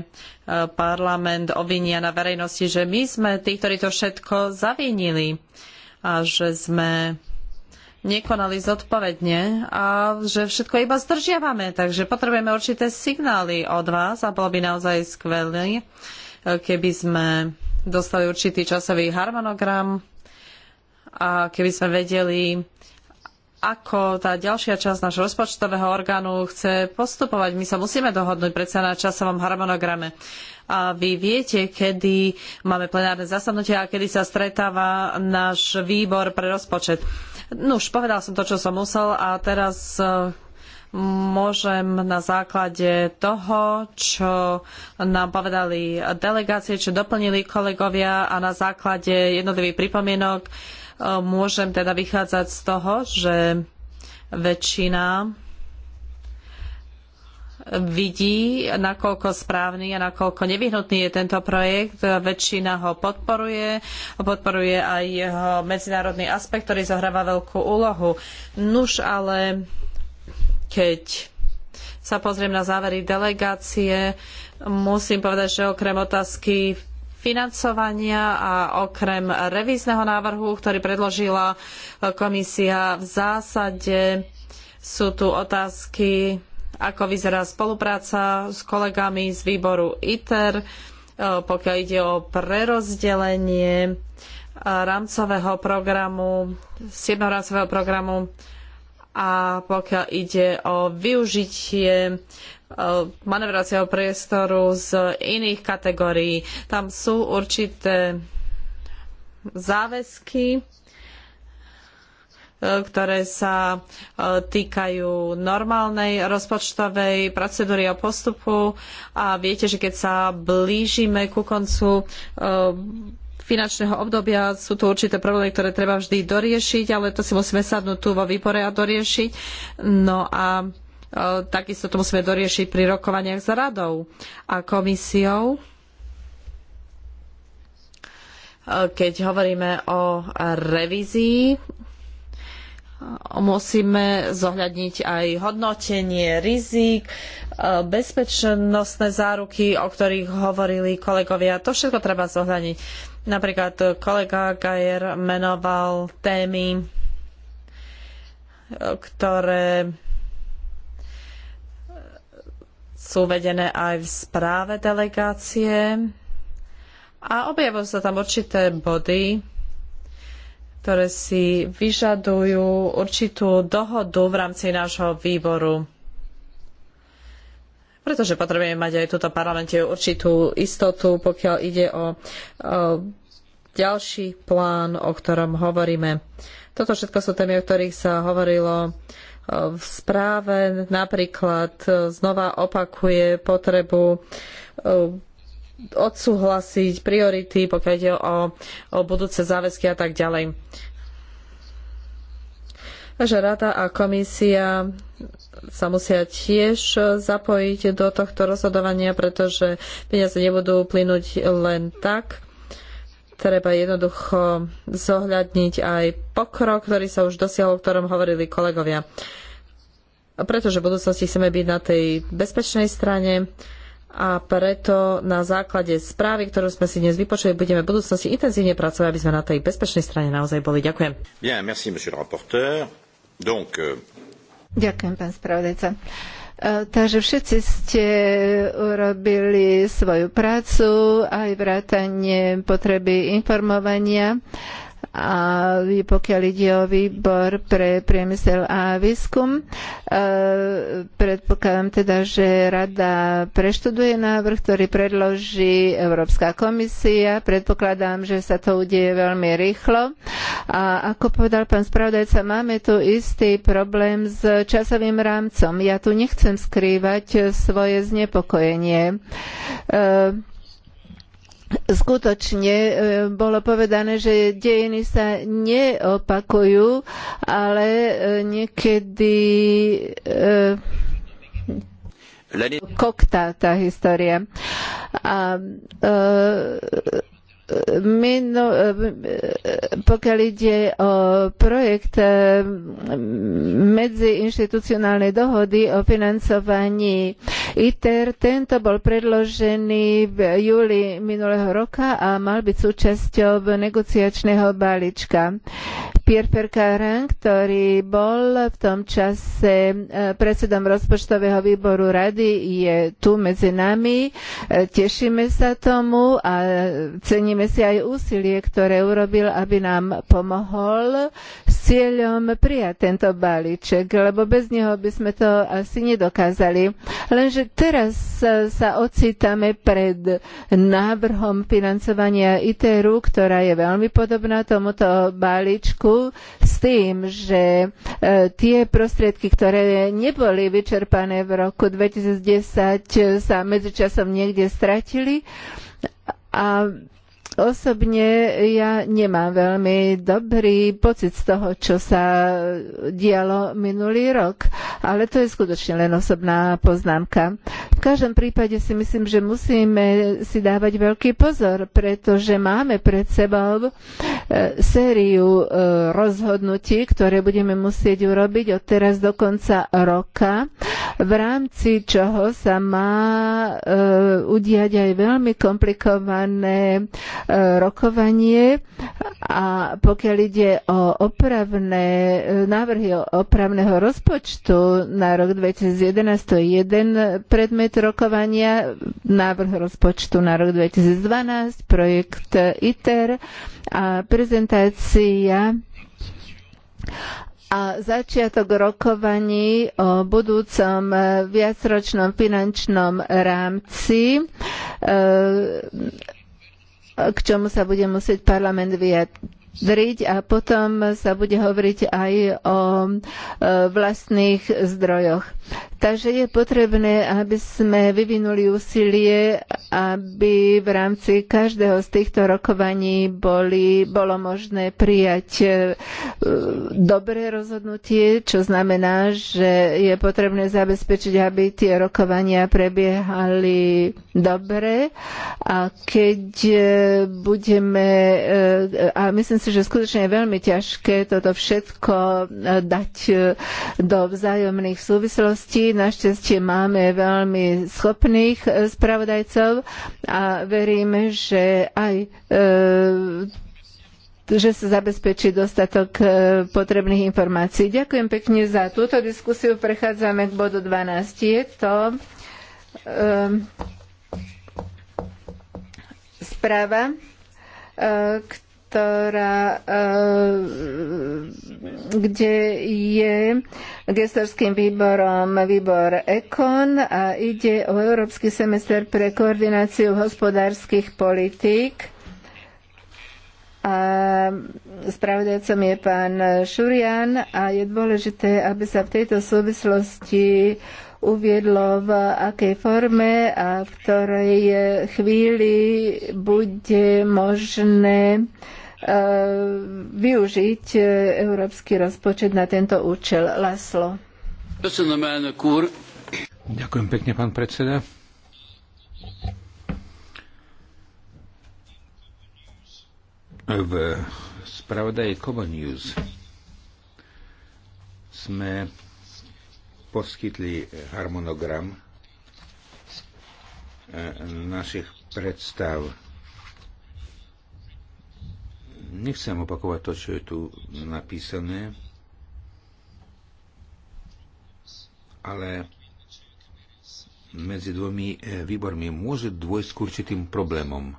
parlament obvinia na verejnosti, že my sme tí, ktorí to všetko zavinili a že sme nekonali zodpovedne a že všetko iba zdržiavame. Takže potrebujeme určité signály od vás a bolo by naozaj skvelé, e, keby sme dostali určitý časový harmonogram a keby sme vedeli, ako tá ďalšia časť nášho rozpočtového orgánu chce postupovať. My sa musíme dohodnúť predsa na časovom harmonograme. A vy viete, kedy máme plenárne zasadnutie a kedy sa stretáva náš výbor pre rozpočet. No už povedal som to, čo som musel a teraz eh, môžem na základe toho, čo nám povedali delegácie, čo doplnili kolegovia a na základe jednotlivých pripomienok Môžem teda vychádzať z toho, že väčšina vidí, nakoľko správny a nakoľko nevyhnutný je tento projekt. Väčšina ho podporuje, podporuje aj jeho medzinárodný aspekt, ktorý zohráva veľkú úlohu. Nuž ale, keď sa pozriem na závery delegácie, musím povedať, že okrem otázky financovania a okrem revízneho návrhu, ktorý predložila e, komisia, v zásade sú tu otázky, ako vyzerá spolupráca s kolegami z výboru ITER, e, pokiaľ ide o prerozdelenie e, rámcového programu, 7. rámcového programu a pokiaľ ide o využitie Eh, manevrovacieho priestoru z iných kategórií. Tam sú určité záväzky, eh, ktoré sa eh, týkajú normálnej rozpočtovej procedúry a postupu a viete, že keď sa blížime ku koncu finančného obdobia sú tu určité problémy, ktoré treba vždy doriešiť, ale to si musíme sadnúť tu vo výbore a doriešiť. No a E, takisto to musíme doriešiť pri rokovaniach s radou a komisiou. E, keď hovoríme o revízii, e, musíme zohľadniť aj hodnotenie rizik, bezpečnostné záruky, o ktorých hovorili kolegovia. To všetko treba zohľadniť. Napríklad kolega Gajer menoval témy, ktoré sú vedené aj v správe delegácie a objavujú sa tam určité body, ktoré si vyžadujú určitú dohodu v rámci nášho výboru. Pretože potrebujeme mať aj túto v parlamente určitú istotu, pokiaľ ide o, o ďalší plán, o ktorom hovoríme. Toto všetko sú témy, o ktorých sa hovorilo v správe napríklad e, znova opakuje potrebu e, odsúhlasiť priority, pokiaľ ide o, o budúce záväzky a tak ďalej. Takže rada a komisia sa musia tiež zapojiť do tohto rozhodovania, pretože peniaze nebudú plynúť len tak treba jednoducho zohľadniť aj pokrok, ktorý sa už dosiahol, o ktorom hovorili kolegovia. Pretože v budúcnosti chceme byť na tej bezpečnej strane a preto na základe správy, ktorú sme si dnes vypočuli, budeme v budúcnosti intenzívne pracovať, aby sme na tej bezpečnej strane naozaj boli. Ďakujem. Bien, merci, Donc, euh, Ďakujem, pán spravodajca. E, takže všetci ste urobili svoju prácu, aj vrátanie potreby informovania a pokiaľ ide o výbor pre priemysel a výskum, e, predpokladám teda, že rada preštuduje návrh, ktorý predloží Európska komisia. Predpokladám, že sa to udeje veľmi rýchlo. A ako povedal pán spravodajca, máme tu istý problém s časovým rámcom. Ja tu nechcem skrývať svoje znepokojenie e, skutočne e, bolo povedané, že dejiny sa neopakujú, ale e, niekedy e, koktá tá história. A e, Minu, pokiaľ ide o projekt e, medziinštitucionálnej dohody o financovaní ITER, tento bol predložený v júli minulého roka a mal byť súčasťou negociačného balíčka. Pierre Percarin, ktorý bol v tom čase e, predsedom rozpočtového výboru rady, je tu medzi nami. E, tešíme sa tomu a ceníme ceníme si aj úsilie, ktoré urobil, aby nám pomohol s cieľom prijať tento balíček, lebo bez neho by sme to asi nedokázali. Lenže teraz sa ocitáme pred návrhom financovania ITERu, ktorá je veľmi podobná tomuto balíčku s tým, že e, tie prostriedky, ktoré neboli vyčerpané v roku 2010, sa medzičasom niekde stratili a Osobne ja nemám veľmi dobrý pocit z toho, čo sa dialo minulý rok, ale to je skutočne len osobná poznámka. V každom prípade si myslím, že musíme si dávať veľký pozor, pretože máme pred sebou e, sériu e, rozhodnutí, ktoré budeme musieť urobiť od teraz do konca roka, v rámci čoho sa má e, udiať aj veľmi komplikované rokovanie a pokiaľ ide o opravné, návrhy opravného rozpočtu na rok 2011, to je jeden predmet rokovania, návrh rozpočtu na rok 2012, projekt ITER a prezentácia a začiatok rokovaní o budúcom viacročnom finančnom rámci e, k čomu sa bude musieť parlament vyjadriť a potom sa bude hovoriť aj o e, vlastných zdrojoch. Takže je potrebné, aby sme vyvinuli úsilie, aby v rámci každého z týchto rokovaní boli, bolo možné prijať e, dobré rozhodnutie, čo znamená, že je potrebné zabezpečiť, aby tie rokovania prebiehali dobre a keď e, budeme, e, a myslím si, že skutočne je veľmi ťažké toto všetko dať do vzájomných súvislostí, Našťastie máme veľmi schopných e, spravodajcov a veríme, že aj e, že sa zabezpečí dostatok e, potrebných informácií. Ďakujem pekne za túto diskusiu. Prechádzame k bodu 12. Je to um, správa, uh, ktorá, eh, kde je gestorským výborom výbor EKON a ide o Európsky semester pre koordináciu hospodárskych politík. A spravodajcom je pán Šurian a je dôležité, aby sa v tejto súvislosti uviedlo, v akej forme a v ktorej chvíli bude možné uh, E, využiť e, európsky rozpočet na tento účel. Laslo. Ďakujem pekne, pán predseda. V spravodaji Common News sme poskytli harmonogram e, našich predstav Nechcem opakovať to, čo je tu napísané, ale medzi dvomi e, výbormi môže dôjsť k určitým problémom.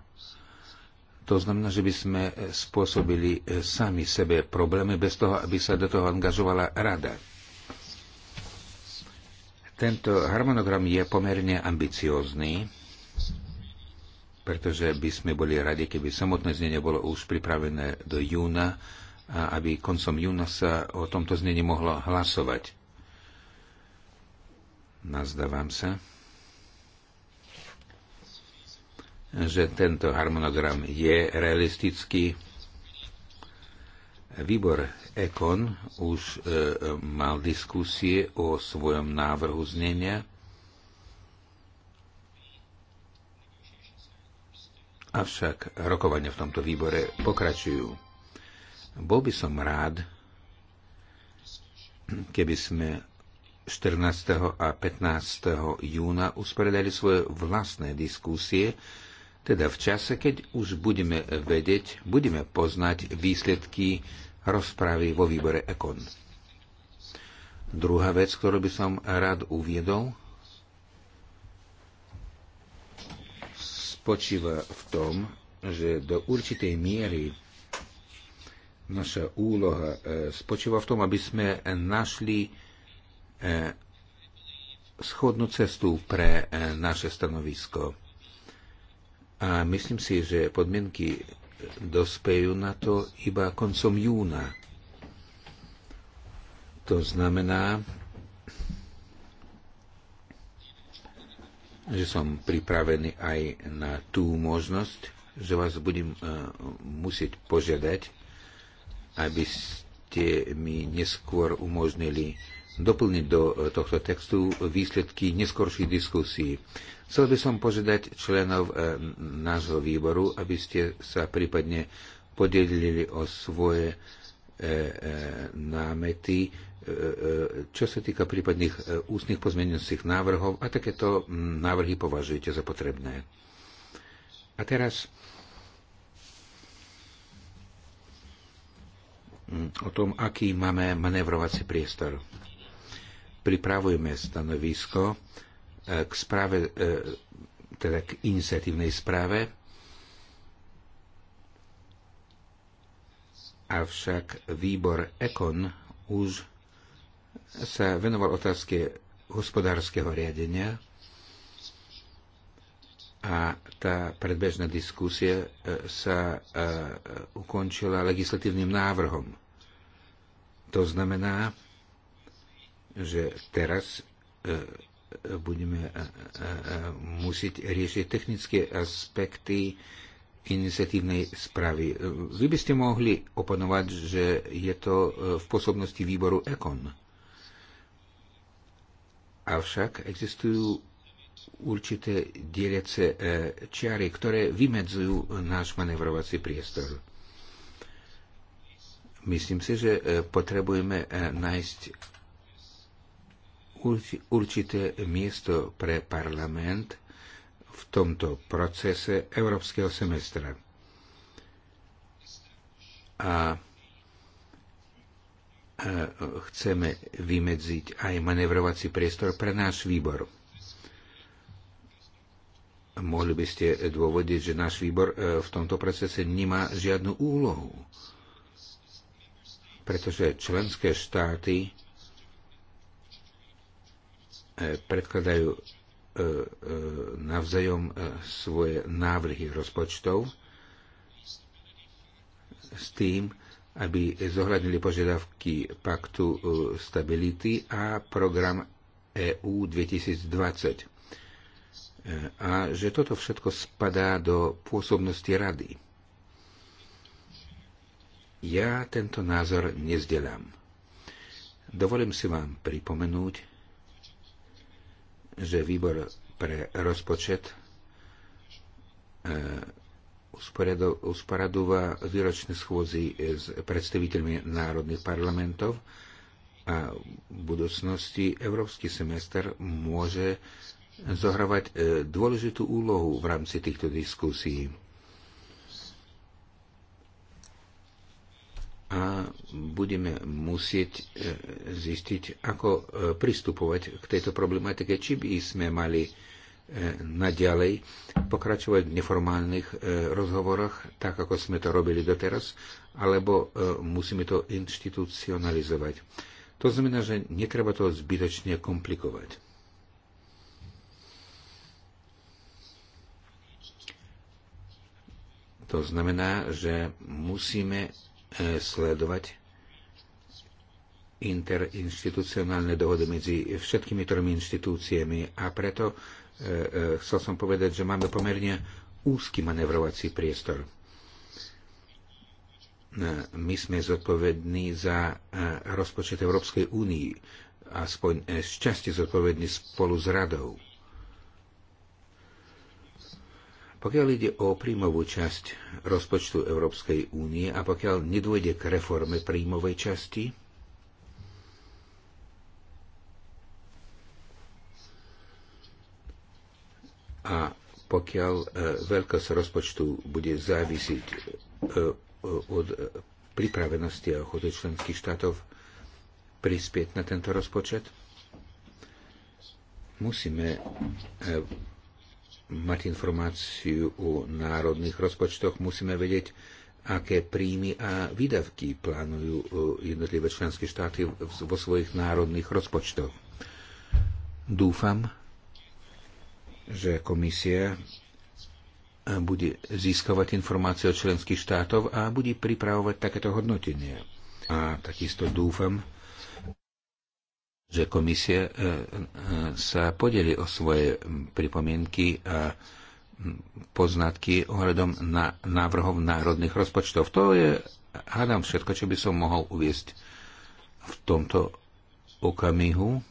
To znamená, že by sme e, spôsobili e, sami sebe problémy bez toho, aby sa do toho angažovala rada. Tento harmonogram je pomerne ambiciózny pretože by sme boli radi, keby samotné znenie bolo už pripravené do júna, a aby koncom júna sa o tomto znení mohlo hlasovať. Nazdávam sa, že tento harmonogram je realistický. Výbor Ekon už e, e mal diskusie o svojom návrhu znenia Avšak rokovania v tomto výbore pokračujú. Bol by som rád, keby sme 14. a 15. júna usporiadali svoje vlastné diskusie, teda v čase, keď už budeme vedieť, budeme poznať výsledky rozpravy vo výbore Ekon. Druhá vec, ktorú by som rád uviedol, spočíva v tom, že do určitej miery naša úloha e, spočíva v tom, aby sme našli e, schodnú cestu pre e, naše stanovisko. A myslím si, že podmienky dospejú na to iba koncom júna. To znamená, že som pripravený aj na tú možnosť, že vás budem e, musieť požiadať, aby ste mi neskôr umožnili doplniť do e, tohto textu výsledky neskorších diskusí. Chcel by som požiadať členov e, nášho výboru, aby ste sa prípadne podelili o svoje námety čo sa týka prípadných e, ústnych pozmeňujúcich návrhov a takéto návrhy považujete za potrebné. A teraz o tom, aký máme manevrovací priestor. Pripravujeme stanovisko e, k správe, e, teda k iniciatívnej správe, avšak výbor EKON už sa venoval otázke hospodárskeho riadenia a tá predbežná diskusia e, sa e, ukončila legislatívnym návrhom. To znamená, že teraz e, budeme musieť riešiť technické aspekty iniciatívnej správy. Vy by ste mohli opanovať, že je to v pôsobnosti výboru EKON. Avšak existujú určité dieliace e, čiary, ktoré vymedzujú náš manevrovací priestor. Myslím si, že e, potrebujeme e, nájsť určité miesto pre parlament v tomto procese európskeho semestra. A E, chceme vymedziť aj manevrovací priestor pre náš výbor. Mohli by ste dôvodiť, že náš výbor e, v tomto procese nemá žiadnu úlohu, pretože členské štáty e, predkladajú navzájom svoje návrhy rozpočtov s tým, aby zohľadnili požiadavky paktu e, stability a program EU 2020 e, a že toto všetko spadá do pôsobnosti rady. Ja tento názor nezdelám. Dovolím si vám pripomenúť, že výbor pre rozpočet e, usporadúva výročné schôzy e, s predstaviteľmi národných parlamentov a v budúcnosti európsky semester môže zohrávať e, dôležitú úlohu v rámci týchto diskusí. a budeme musieť e, zistiť, ako pristupovať k tejto problematike, či by sme mali E, naďalej pokračovať v neformálnych e, rozhovoroch, tak ako sme to robili doteraz, alebo e, musíme to inštitucionalizovať. To znamená, že netreba to zbytočne komplikovať. To znamená, že musíme sledovať interinstitucionálne dohody medzi všetkými tromi inštitúciami a preto E, e, chcel som povedať, že máme pomerne úzky manevrovací priestor. E, my sme zodpovední za rozpočet Európskej únii, aspoň z časti zodpovední spolu s radou. Pokiaľ ide o príjmovú časť rozpočtu Európskej únie a pokiaľ nedôjde k reforme príjmovej časti, a pokiaľ e, veľkosť rozpočtu bude závisiť e, e, od pripravenosti a ochoty členských štátov prispieť na tento rozpočet, musíme mať informáciu o národných rozpočtoch, musíme vedieť, aké príjmy a výdavky plánujú jednotlivé členské štáty vo svojich národných rozpočtoch. Dúfam, že komisia bude získavať informácie od členských štátov a bude pripravovať takéto hodnotenie. A takisto dúfam, že komisia e, e, sa podeli o svoje pripomienky a poznatky ohľadom na návrhov národných rozpočtov. To je, hádam, všetko, čo by som mohol uviesť v tomto okamihu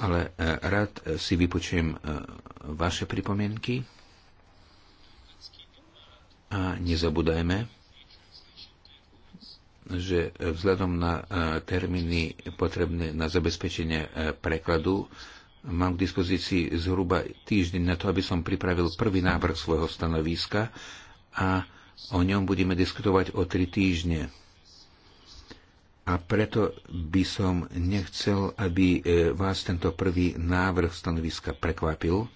ale e, rád e, si vypočujem e, vaše pripomienky a nezabúdajme, že vzhľadom na termíny potrebné na zabezpečenie prekladu mám k dispozícii zhruba týždeň na to, aby som pripravil prvý návrh svojho stanoviska a o ňom budeme diskutovať o tri týždne. A preto by som nechcel, aby e, vás tento prvý návrh stanoviska prekvapil.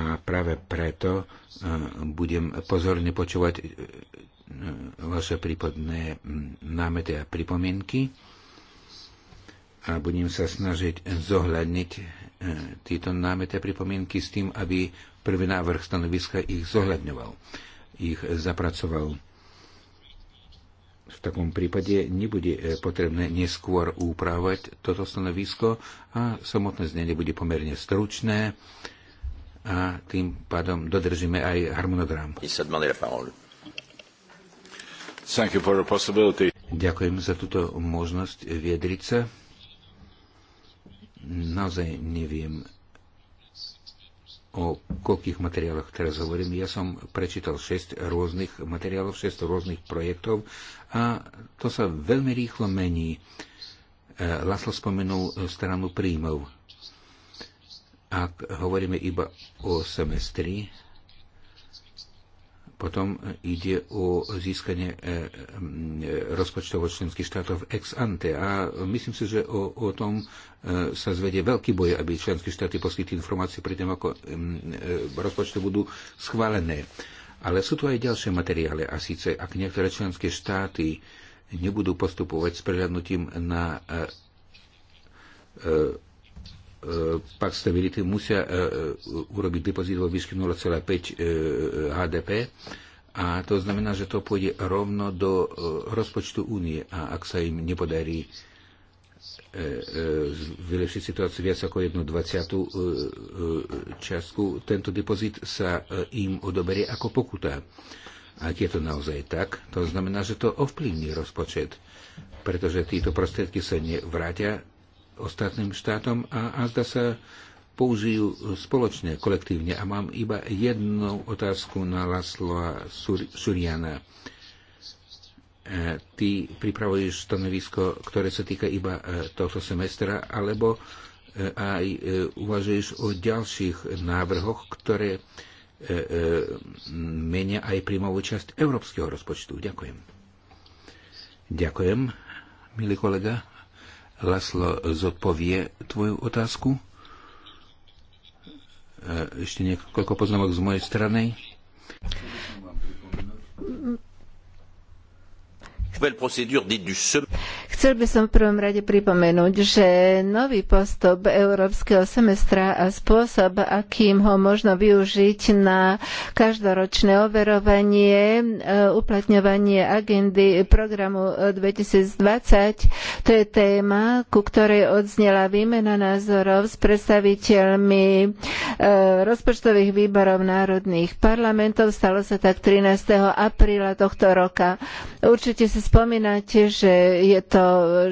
A práve preto e, budem pozorne počúvať e, vaše prípadné námety a pripomienky a budem sa snažiť zohľadniť tieto námety a pripomienky s tým, aby prvý návrh stanoviska ich zohľadňoval, ich zapracoval. V takom prípade nebude e, potrebné neskôr úpravať toto stanovisko a samotné znenie bude pomerne stručné a tým pádom dodržíme aj harmonogram. Ďakujem za túto možnosť viedriť sa. Naozaj neviem, o koľkých materiáloch teraz hovorím. Ja som prečítal 6 rôznych materiálov, 6 rôznych projektov a to sa veľmi rýchlo mení. E, Laslo spomenul e, stranu príjmov. Ak hovoríme iba o semestri, potom e, ide o získanie e, e, rozpočtov od členských štátov ex ante. A myslím si, že o, o tom sa zvedie veľký boj, aby členské štáty poskytli informácie pri tom, ako rozpočty budú schválené. Ale sú tu aj ďalšie materiály. A síce, ak niektoré členské štáty nebudú postupovať s prehľadnutím na E, pak stability musia e, e, urobiť depozit vo výške 0,5 HDP a to znamená, že to pôjde rovno do rozpočtu únie a ak sa im nepodarí vylepšiť situáciu viac ako 1,20 čiastku, tento depozit sa im odoberie ako pokuta. Ak je to naozaj tak, to znamená, že to ovplyvní rozpočet, pretože títo prostriedky sa nevrátia ostatným štátom a, a zda sa použijú spoločne, kolektívne. A mám iba jednu otázku na Lasloa Sur- Suriana. E, ty pripravuješ stanovisko, ktoré sa týka iba e, tohto semestra, alebo e, aj uvažuješ o ďalších návrhoch, ktoré menia aj príjmovú časť európskeho rozpočtu. Ďakujem. Ďakujem, milý kolega. Laslo zodpovie tvoju otázku. E, ešte niekoľko poznámok z mojej strany. Nouvelle procédure dite du Chcel by som v prvom rade pripomenúť, že nový postup európskeho semestra a spôsob, akým ho možno využiť na každoročné overovanie, e, uplatňovanie agendy programu 2020, to je téma, ku ktorej odznela výmena názorov s predstaviteľmi e, rozpočtových výborov národných parlamentov. Stalo sa tak 13. apríla tohto roka. Určite si spomínate, že je to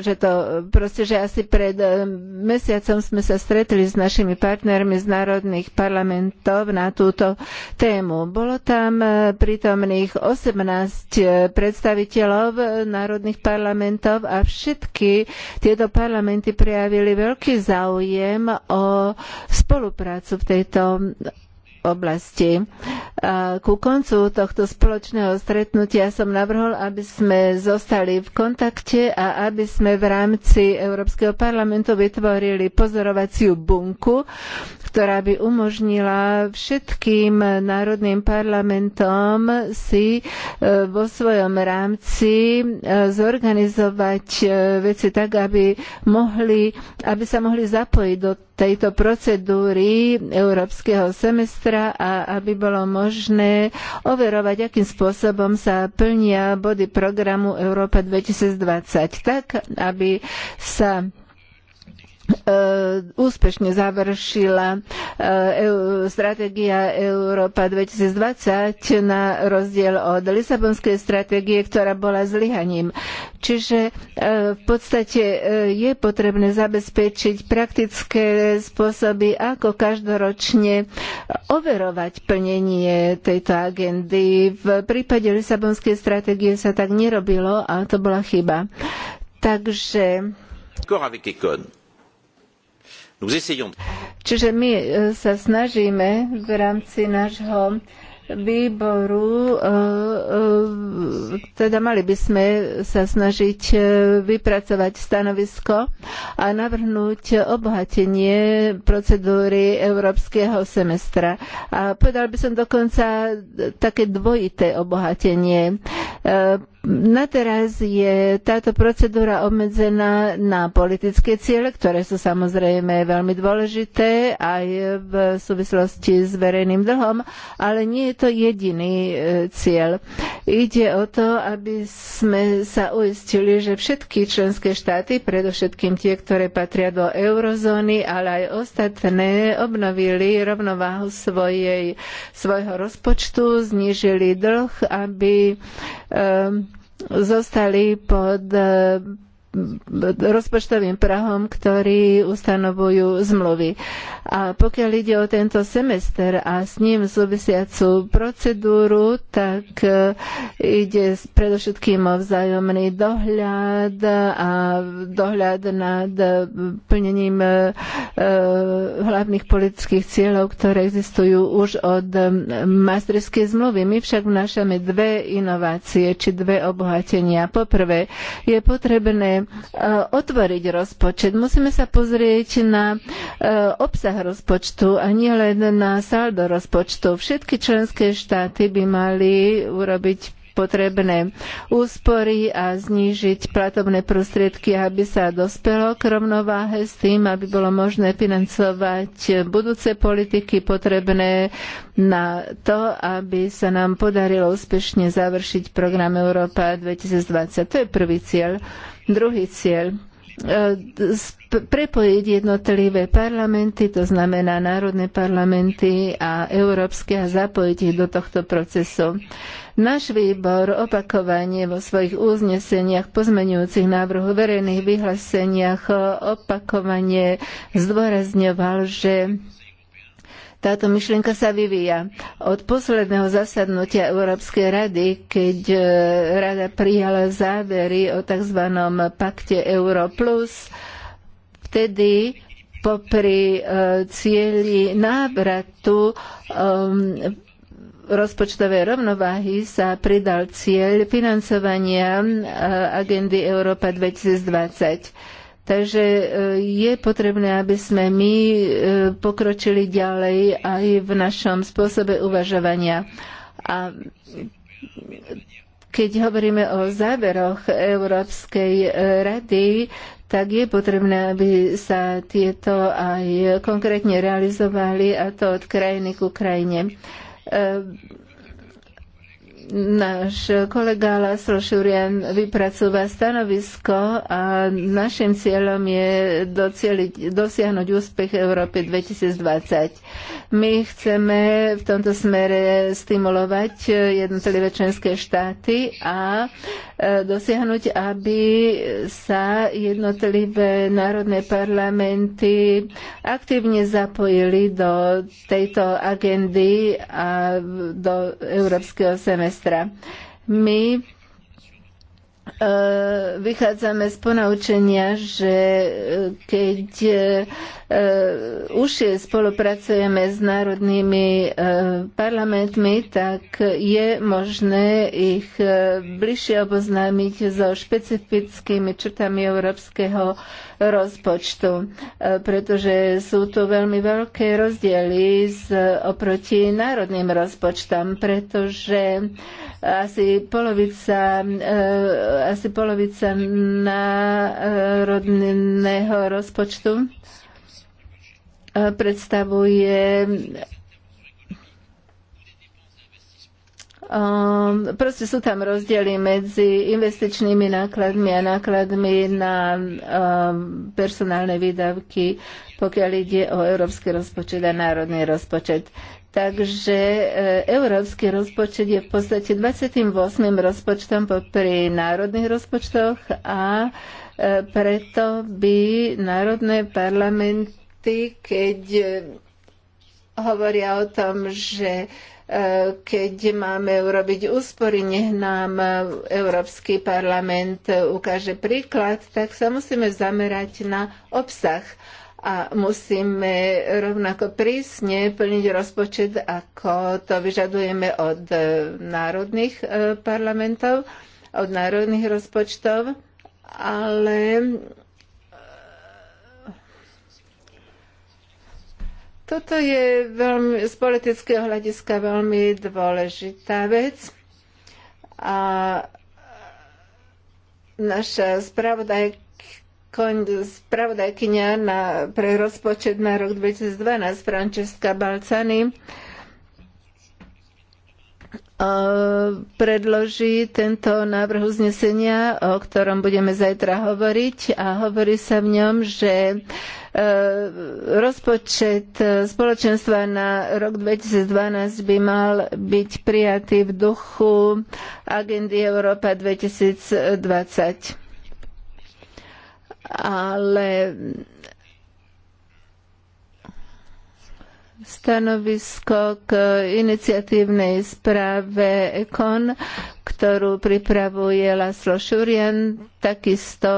že to proste, že asi pred e, mesiacom sme sa stretli s našimi partnermi z národných parlamentov na túto tému. Bolo tam e, prítomných 18 e, predstaviteľov národných parlamentov a všetky tieto parlamenty prejavili veľký záujem o spoluprácu v tejto oblasti. A ku koncu tohto spoločného stretnutia som navrhol, aby sme zostali v kontakte a aby sme v rámci Európskeho parlamentu vytvorili pozorovaciu bunku, ktorá by umožnila všetkým národným parlamentom si e, vo svojom rámci e, zorganizovať e, veci tak, aby, mohli, aby sa mohli zapojiť do tejto procedúry európskeho semestra a aby bolo možné overovať, akým spôsobom sa plnia body programu Európa 2020, tak aby sa E, úspešne završila e, stratégia Európa 2020 na rozdiel od Lisabonskej stratégie, ktorá bola zlyhaním. Čiže e, v podstate je potrebné zabezpečiť praktické spôsoby, ako každoročne overovať plnenie tejto agendy. V prípade Lisabonskej stratégie sa tak nerobilo a to bola chyba. Takže... Čiže my e, sa snažíme v rámci nášho výboru, e, e, teda mali by sme sa snažiť vypracovať stanovisko a navrhnúť obohatenie procedúry európskeho semestra. A povedal by som dokonca také dvojité obohatenie na teraz je táto procedúra obmedzená na politické ciele, ktoré sú samozrejme veľmi dôležité aj v súvislosti s verejným dlhom, ale nie je to jediný e, cieľ. Ide o to, aby sme sa uistili, že všetky členské štáty, predovšetkým tie, ktoré patria do eurozóny, ale aj ostatné, obnovili rovnováhu svojej, svojho rozpočtu, znížili dlh, aby um, zostali pod eh, rozpočtovým prahom, ktorý ustanovujú zmluvy. A pokiaľ ide o tento semester a s ním súvisiacú procedúru, tak e, ide predovšetkým o vzájomný dohľad a dohľad nad plnením e, e, hlavných politických cieľov, ktoré existujú už od masterskej zmluvy. My však vnášame dve inovácie či dve obohatenia. Poprvé, je potrebné Eh, otvoriť rozpočet. Musíme sa pozrieť na eh, obsah rozpočtu a nielen na saldo rozpočtu. Všetky členské štáty by mali urobiť potrebné úspory a znížiť platobné prostriedky, aby sa dospelo k rovnováhe s tým, aby bolo možné financovať budúce politiky potrebné na to, aby sa nám podarilo úspešne završiť program Európa 2020. To je prvý cieľ. Druhý cieľ E, prepojiť jednotlivé parlamenty, to znamená národné parlamenty a európske a zapojiť ich do tohto procesu. Náš výbor opakovane vo svojich uzneseniach, pozmenujúcich návrhu, verejných vyhláseniach opakovane zdôrazňoval, že táto myšlienka sa vyvíja. Od posledného zasadnutia Európskej rady, keď e, rada prijala závery o tzv. pakte Euro+, vtedy popri e, cieli návratu e, rozpočtovej rovnováhy sa pridal cieľ financovania agendy Európa 2020 Takže e, je potrebné, aby sme my e, pokročili ďalej aj v našom spôsobe uvažovania. A keď hovoríme o záveroch Európskej e, rady, tak je potrebné, aby sa tieto aj konkrétne realizovali a to od krajiny ku krajine. Náš kolega Laszlo Šurian vypracúva stanovisko a našim cieľom je docieliť, dosiahnuť úspech Európy 2020. My chceme v tomto smere stimulovať jednotlivé členské štáty a e, dosiahnuť, aby sa jednotlivé národné parlamenty aktívne zapojili do tejto agendy a do európskeho semestra sestra. My E, vychádzame z ponaučenia, že e, keď e, už spolupracujeme s národnými parlamentmi, tak je možné ich bližšie oboznámiť so špecifickými črtami európskeho rozpočtu, pretože sú tu veľmi veľké rozdiely oproti národným rozpočtom, pretože asi polovica, eh, asi polovica národného rozpočtu eh, predstavuje Um, proste sú tam rozdiely medzi investičnými nákladmi a nákladmi na um, personálne výdavky, pokiaľ ide o európsky rozpočet a národný rozpočet. Takže e, európsky rozpočet je v podstate 28. rozpočtom pri národných rozpočtoch a e, preto by národné parlamenty, keď e, hovoria o tom, že keď máme urobiť úspory, nech nám Európsky parlament ukáže príklad, tak sa musíme zamerať na obsah a musíme rovnako prísne plniť rozpočet, ako to vyžadujeme od e, národných e, parlamentov, od národných rozpočtov, ale e, toto je veľmi, z politického hľadiska veľmi dôležitá vec a naša spravodajka spravodajkynia na, pre rozpočet na rok 2012 Francesca Balcani e, predloží tento návrh uznesenia, o ktorom budeme zajtra hovoriť a hovorí sa v ňom, že e, rozpočet spoločenstva na rok 2012 by mal byť prijatý v duchu agendy Európa 2020 ale stanovisko k iniciatívnej správe EKON, ktorú pripravuje Laslo Šurian, takisto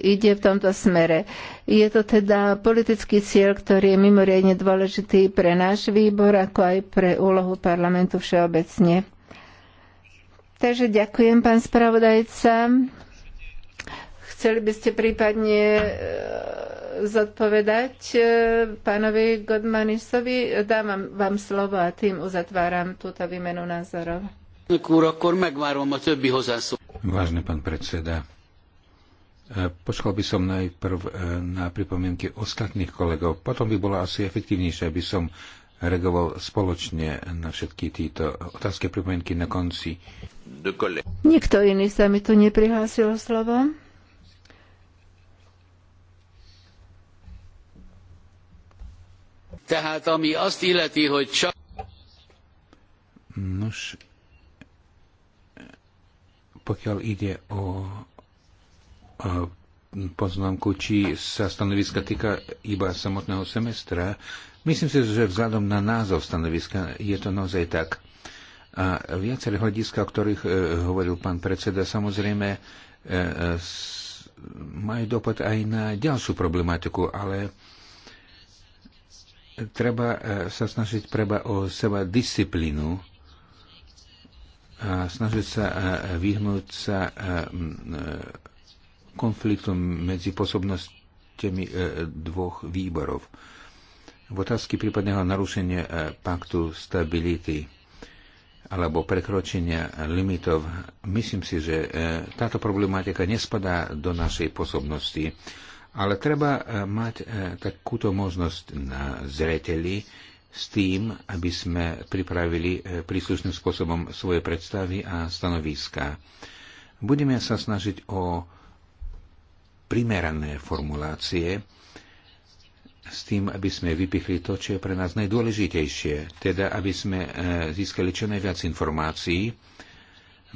ide v tomto smere. Je to teda politický cieľ, ktorý je mimoriadne dôležitý pre náš výbor, ako aj pre úlohu parlamentu všeobecne. Takže ďakujem, pán spravodajca. Chceli by ste prípadne e, zodpovedať e, pánovi Godmanisovi? Dávam vám slovo a tým uzatváram túto výmenu názorov. Vážne pán predseda, e, počkal by som najprv na pripomienky ostatných kolegov, potom by bolo asi efektívnejšie, aby som reagoval spoločne na všetky tieto otázky a pripomienky na konci. Nikto iný sa mi tu neprihlásil slovo. Tehát ami azt illeti, hogy csak... Nos, pokiaľ ide o, o poznámku, či sa stanoviska týka iba samotného semestra, myslím si, že vzhľadom na názov stanoviska je to naozaj tak. A viaceré hľadiska, o ktorých e, hovoril pán predseda, samozrejme e, e s, majú dopad aj na ďalšiu problematiku, ale e, treba e, sa snažiť preba o seba disciplínu a snažiť sa e, vyhnúť sa e, konfliktom medzi posobnostiami dvoch výborov. V otázky prípadného narušenia paktu stability alebo prekročenia limitov, myslím si, že táto problematika nespadá do našej posobnosti. Ale treba e, mať e, takúto možnosť na zreteli s tým, aby sme pripravili e, príslušným spôsobom svoje predstavy a stanoviská. Budeme sa snažiť o primerané formulácie s tým, aby sme vypichli to, čo je pre nás najdôležitejšie, teda aby sme získali čo najviac informácií,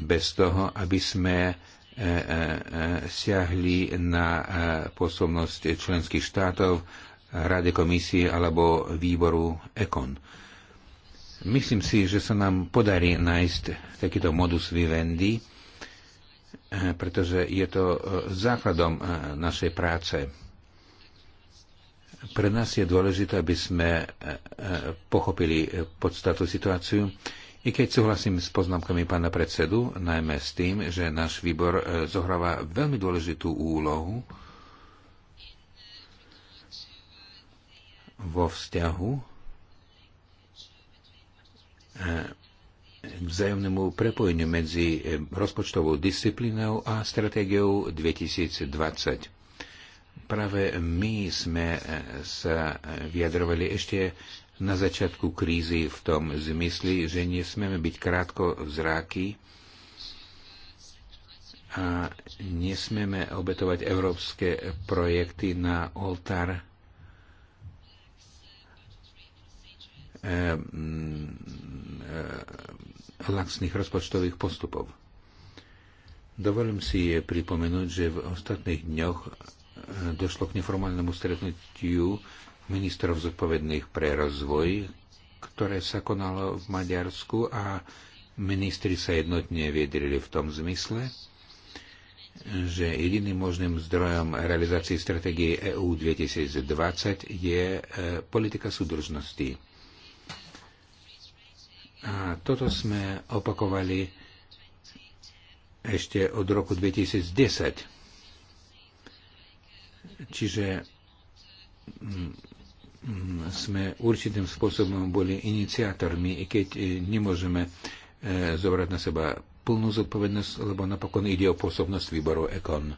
bez toho, aby sme E, e, e, siahli na pôsobnosť členských štátov, Rade, komisie alebo výboru ECON. Myslím si, že sa nám podarí nájsť takýto modus vivendi, pretože je to základom našej práce. Pre nás je dôležité, aby sme pochopili podstatu situáciu i keď súhlasím s poznámkami pána predsedu, najmä s tým, že náš výbor e, zohráva veľmi dôležitú úlohu vo vzťahu k e, vzájomnému prepojeniu medzi e, rozpočtovou disciplínou a stratégiou 2020. Práve my sme sa vyjadrovali ešte na začiatku krízy v tom zmysli, že nesmieme byť krátko zráky a nesmieme obetovať európske projekty na oltár ehm, ehm, laxných rozpočtových postupov. Dovolím si pripomenúť, že v ostatných dňoch eh, došlo k neformálnemu stretnutiu ministrov zodpovedných pre rozvoj, ktoré sa konalo v Maďarsku a ministri sa jednotne viedrili v tom zmysle, že jediným možným zdrojom realizácie stratégie EU 2020 je e, politika súdržnosti. A toto sme opakovali ešte od roku 2010. Čiže sme určitým spôsobom boli iniciátormi, i keď e, nemôžeme e, zobrať na seba plnú zodpovednosť, lebo napokon ide o pôsobnosť výboru EKON.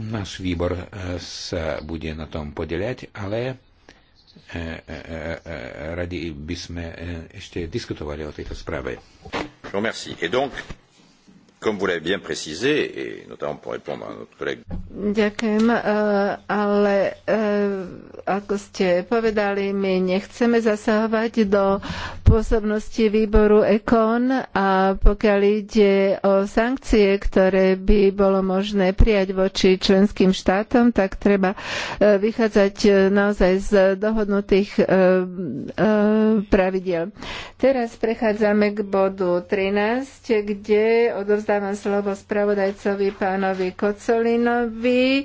Náš výbor e, sa bude na tom podeliať, ale radi by sme ešte diskutovali o tejto správe. No, merci. Et donc... Comme vous l'avez bien précisé, et notamment pour répondre à notre collègue. Ďakujem, eh, ale eh, ako ste povedali, my nechceme zasahovať do pôsobnosti výboru ECON, a pokiaľ ide o sankcie, ktoré by bolo možné prijať voči členským štátom, tak treba eh, vychádzať naozaj z dohodnutých pravidel. Teraz prechádzame k bodu 13, kde odovzdáme odovzdávam slovo spravodajcovi pánovi Kocolinovi. E,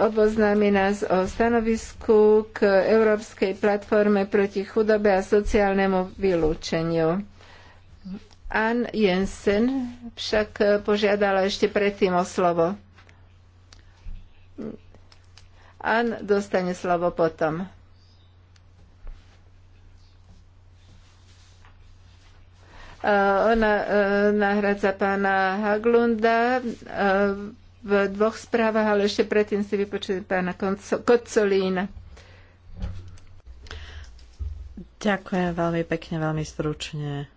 oboznámi nás o stanovisku k Európskej platforme proti chudobe a sociálnemu vylúčeniu. Ann Jensen však požiadala ešte predtým o slovo. Ann dostane slovo potom. Eh, ona eh, nahradza pána Haglunda eh, v dvoch správach, ale ešte predtým si vypočujem pána Kocolína. Ďakujem veľmi pekne, veľmi stručne.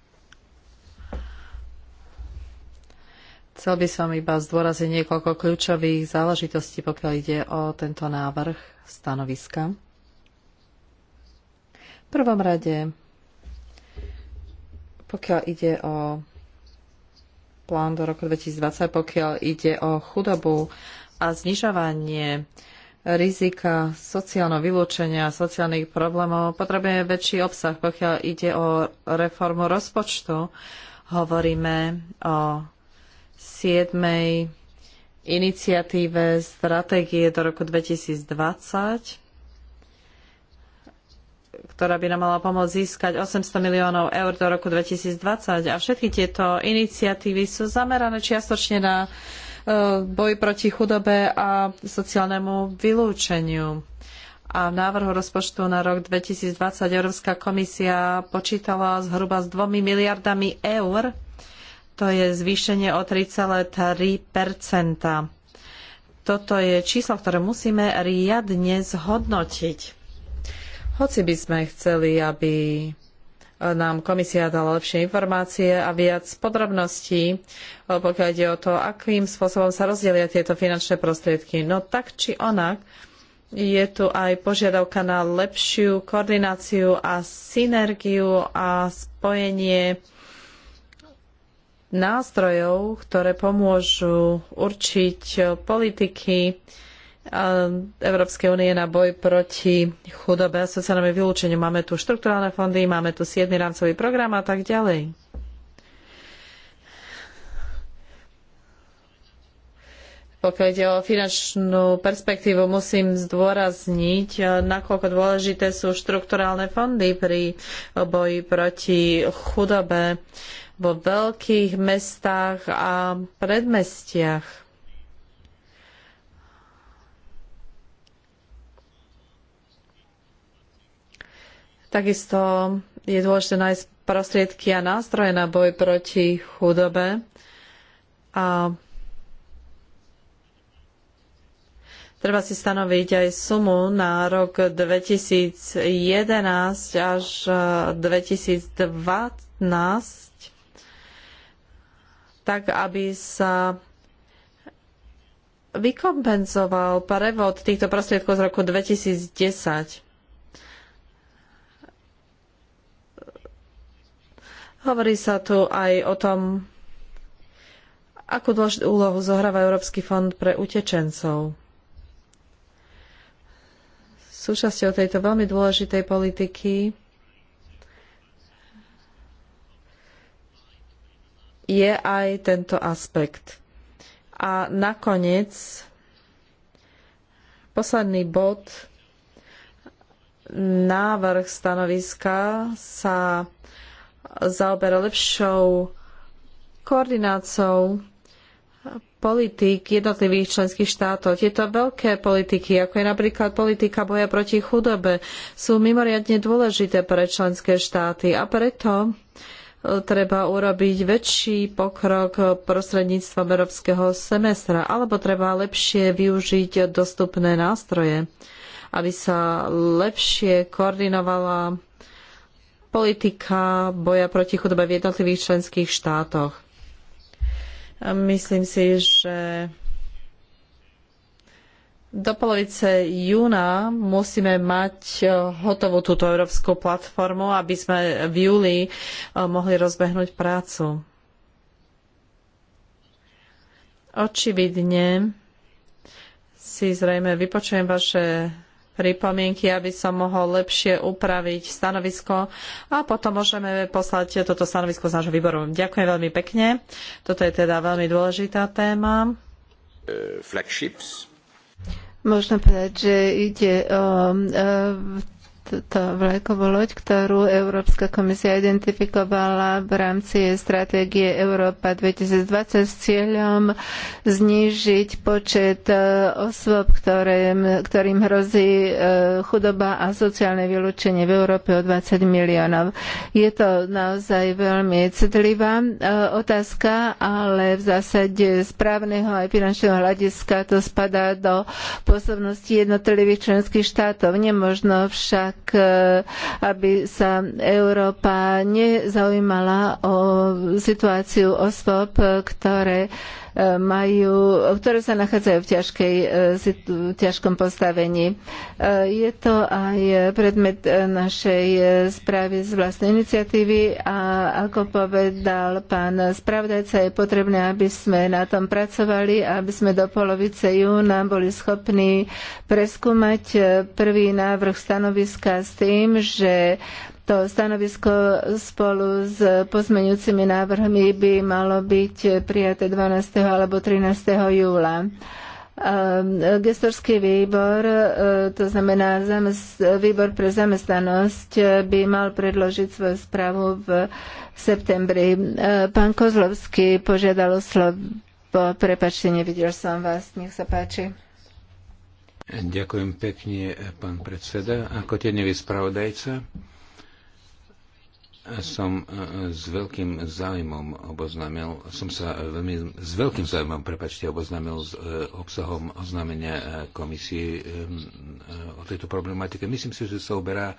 Chcel by som iba zdôraziť niekoľko kľúčových záležitostí, pokiaľ ide o tento návrh stanoviska. V prvom rade pokiaľ ide o plán do roku 2020, pokiaľ ide o chudobu a znižovanie rizika sociálneho vylúčenia, sociálnych problémov, potrebujeme väčší obsah. Pokiaľ ide o reformu rozpočtu, hovoríme o 7. iniciatíve stratégie do roku 2020 ktorá by nám mala pomôcť získať 800 miliónov eur do roku 2020. A všetky tieto iniciatívy sú zamerané čiastočne na e, boj proti chudobe a sociálnemu vylúčeniu. A v návrhu rozpočtu na rok 2020 Európska komisia počítala zhruba s 2 miliardami eur. To je zvýšenie o 3,3 toto je číslo, ktoré musíme riadne zhodnotiť. Hoci by sme chceli, aby e, nám komisia dala lepšie informácie a viac podrobností, e, pokiaľ ide o to, akým spôsobom sa rozdelia tieto finančné prostriedky. No tak či onak, je tu aj požiadavka na lepšiu koordináciu a synergiu a spojenie nástrojov, ktoré pomôžu určiť politiky, Európskej únie na boj proti chudobe a sociálnemu vylúčeniu. Máme tu štrukturálne fondy, máme tu 7. rámcový program a tak ďalej. Pokiaľ ide o finančnú perspektívu, musím zdôrazniť, nakoľko dôležité sú štrukturálne fondy pri boji proti chudobe vo veľkých mestách a predmestiach Takisto je dôležité nájsť prostriedky a nástroje na boj proti chudobe a treba si stanoviť aj sumu na rok 2011 až 2012 e, tak aby sa vykompenzoval prevod týchto prostriedkov z roku 2010. Hovorí sa tu aj o tom, akú dôležitú úlohu zohráva Európsky fond pre utečencov. Súčasťou tejto veľmi dôležitej politiky je aj tento aspekt. A nakoniec posledný bod návrh stanoviska sa zaoberá lepšou koordináciou politík jednotlivých členských štátov. Tieto veľké politiky, ako je napríklad politika boja proti chudobe, sú mimoriadne dôležité pre členské štáty a preto e, treba urobiť väčší pokrok prostredníctvom európskeho semestra, alebo treba lepšie využiť dostupné nástroje, aby sa lepšie koordinovala politika boja proti chudobe v jednotlivých členských štátoch. Myslím si, že do polovice júna musíme mať eh, hotovú túto európsku platformu, aby sme v júli eh, mohli rozbehnúť prácu. Očividne si zrejme vypočujem vaše pripomienky, aby som mohol lepšie upraviť stanovisko a potom môžeme poslať toto stanovisko z nášho výboru. Ďakujem veľmi pekne. Toto je teda veľmi dôležitá téma. Uh, flagships. Možno povedať, že ide o uh, to vlajkovú loď, ktorú Európska komisia identifikovala v rámci stratégie Európa 2020 s cieľom znížiť počet e, osôb, ktorým, ktorým hrozí e, chudoba a sociálne vylúčenie v Európe o 20 miliónov. Je to naozaj veľmi citlivá e, otázka, ale v zásade správneho aj finančného hľadiska to spadá do pôsobnosti jednotlivých členských štátov. Nemožno však tak, e, aby sa Európa nezaujímala o situáciu osôb, ktoré majú, ktoré sa nachádzajú v, ťažkej, v e, ťažkom postavení. E, je to aj predmet e, našej správy z vlastnej iniciatívy a ako povedal pán spravodajca, je potrebné, aby sme na tom pracovali a aby sme do polovice júna boli schopní preskúmať prvý návrh stanoviska s tým, že to stanovisko spolu s pozmeňujúcimi návrhmi by malo byť prijaté 12. alebo 13. júla. Ehm, gestorský výbor, e, to znamená výbor pre zamestnanosť, e, by mal predložiť svoju správu v septembri. E, pán Kozlovský požiadal o slovo. Prepačte, nevidel som vás. Nech sa páči. Ďakujem pekne, pán predseda. Ako tenevý spravodajca, som e, s veľkým záujmom oboznámil, som sa veľmi, s veľkým záujmom, prepačte, oboznámil s e, obsahom oznámenia e, komisie o tejto problematike. Myslím si, že sa oberá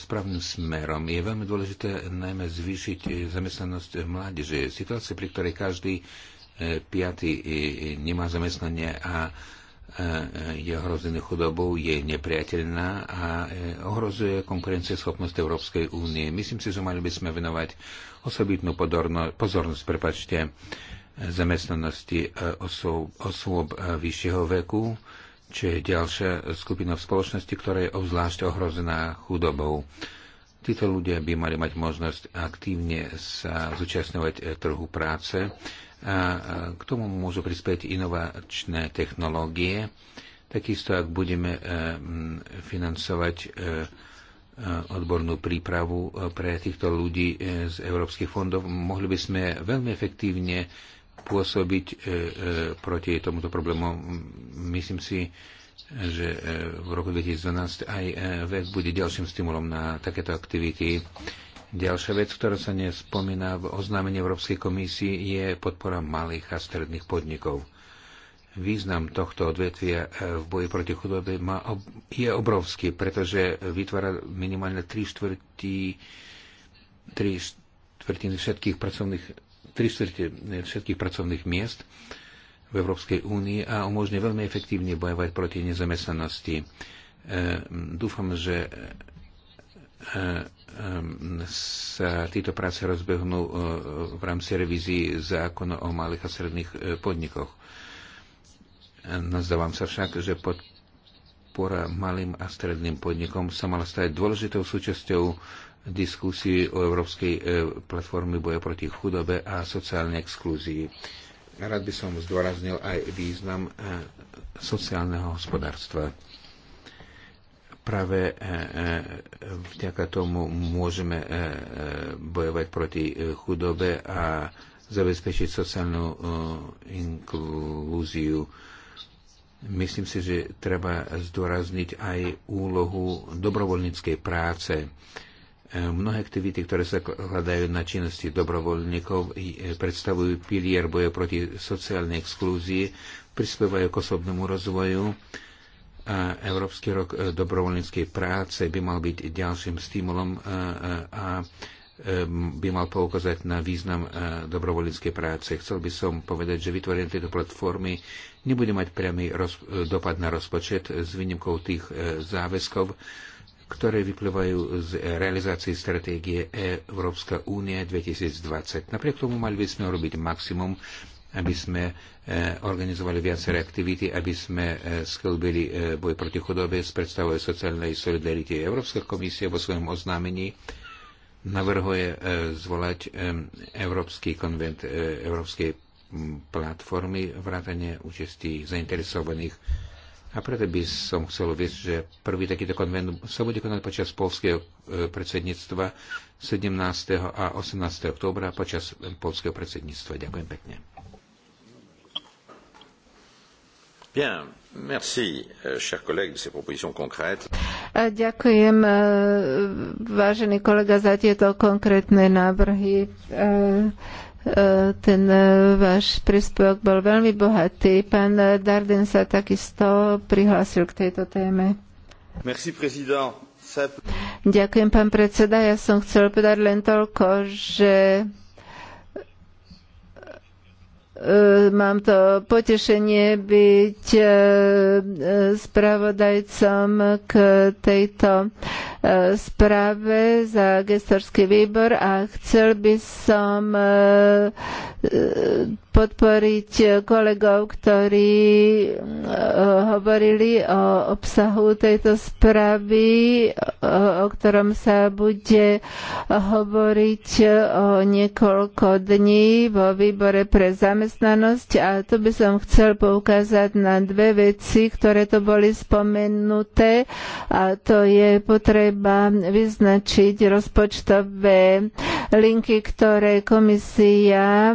správnym smerom. Je veľmi dôležité najmä zvýšiť zamestnanosť mládeže. Situácia, pri ktorej každý piaty nemá zamestnanie a je ohrozený chudobou, je nepriateľná a e, ohrozuje konkurencieschopnosť Európskej únie. Myslím si, že mali by sme venovať osobitnú pozornosť prepačte, zamestnanosti e, osôb, e, vyššieho veku, čo je ďalšia skupina v spoločnosti, ktorá je obzvlášť ohrozená chudobou. Títo ľudia by mali mať možnosť aktívne sa zúčastňovať trhu práce, k tomu môžu prispieť inovačné technológie. Takisto, ak budeme e, financovať e, e, odbornú prípravu pre týchto ľudí z európskych fondov, mohli by sme veľmi efektívne pôsobiť proti tomuto problému. Myslím si, že v roku 2012 aj VEC bude ďalším stimulom na takéto aktivity. Ďalšia vec, ktorá sa nespomína v oznámení Európskej komisii, je podpora malých a stredných podnikov. Význam tohto odvetvia eh, v boji proti chudobe má, je obrovský, pretože vytvára minimálne 3 štvrtí 3 štvrtiny všetkých pracovných 3 štvrtiny všetkých pracovných miest v Európskej únii a umožňuje veľmi efektívne bojovať proti nezamestnanosti. E, dúfam, že e, Ehm, sa títo práce rozbehnú e, v rámci revízii zákona o malých a stredných e, podnikoch. Nazdávam sa však, že podpora malým a stredným podnikom sa mala stať dôležitou súčasťou diskusii o Európskej e, platformy boja proti chudobe a sociálnej exklúzii. Rád by som zdôraznil aj význam sociálneho hospodárstva práve e, e, vďaka tomu môžeme e, bojovať proti chudobe a zabezpečiť sociálnu inklúziu. Myslím si, že treba zdôrazniť aj úlohu dobrovoľníckej práce. Mnohé aktivity, ktoré sa hľadajú na činnosti dobrovoľníkov, predstavujú pilier boja proti sociálnej exklúzii, prispievajú k osobnému rozvoju, a Európsky rok e, dobrovoľníckej práce by mal byť ďalším stimulom e, e, a by mal poukázať na význam dobrovoľníckej práce. Chcel by som povedať, že vytvorenie tejto platformy nebude mať priamy dopad na rozpočet s výnimkou tých záväzkov, ktoré vyplývajú z realizácie stratégie Európska únie 2020. Napriek tomu mali by sme urobiť maximum, aby sme e, organizovali viaceré aktivity, aby sme e, sklbili e, boj proti chudobe s predstavou sociálnej solidarity. Európska komisia vo svojom oznámení navrhuje zvolať Európsky konvent Európskej platformy vrátane účasti zainteresovaných. A preto by som chcel uvieť, že prvý takýto konvent sa bude konať počas polského predsedníctva 17. a 18. októbra počas polského predsedníctva. Ďakujem pekne. Bien, merci, euh, chers collègues, de ces propositions concrètes. ďakujem, e, vážený kolega, za tieto konkrétne návrhy. E, e, ten váš príspevok bol veľmi bohatý. Pán Darden sa takisto prihlásil k tejto téme. Merci, président. Ďakujem, pán predseda. Ja som chcel povedať len toľko, že Ehm, mám to potešenie byť ehm, spravodajcom k tejto ehm, správe za gestorský výbor a chcel by som podporiť kolegov, ktorí eh, hovorili o obsahu tejto správy, eh, o ktorom sa bude hovoriť eh, o niekoľko dní vo výbore pre zamestnanosť. A tu by som chcel poukázať na dve veci, ktoré to boli spomenuté. A to je potreba vyznačiť rozpočtové linky, ktoré komisia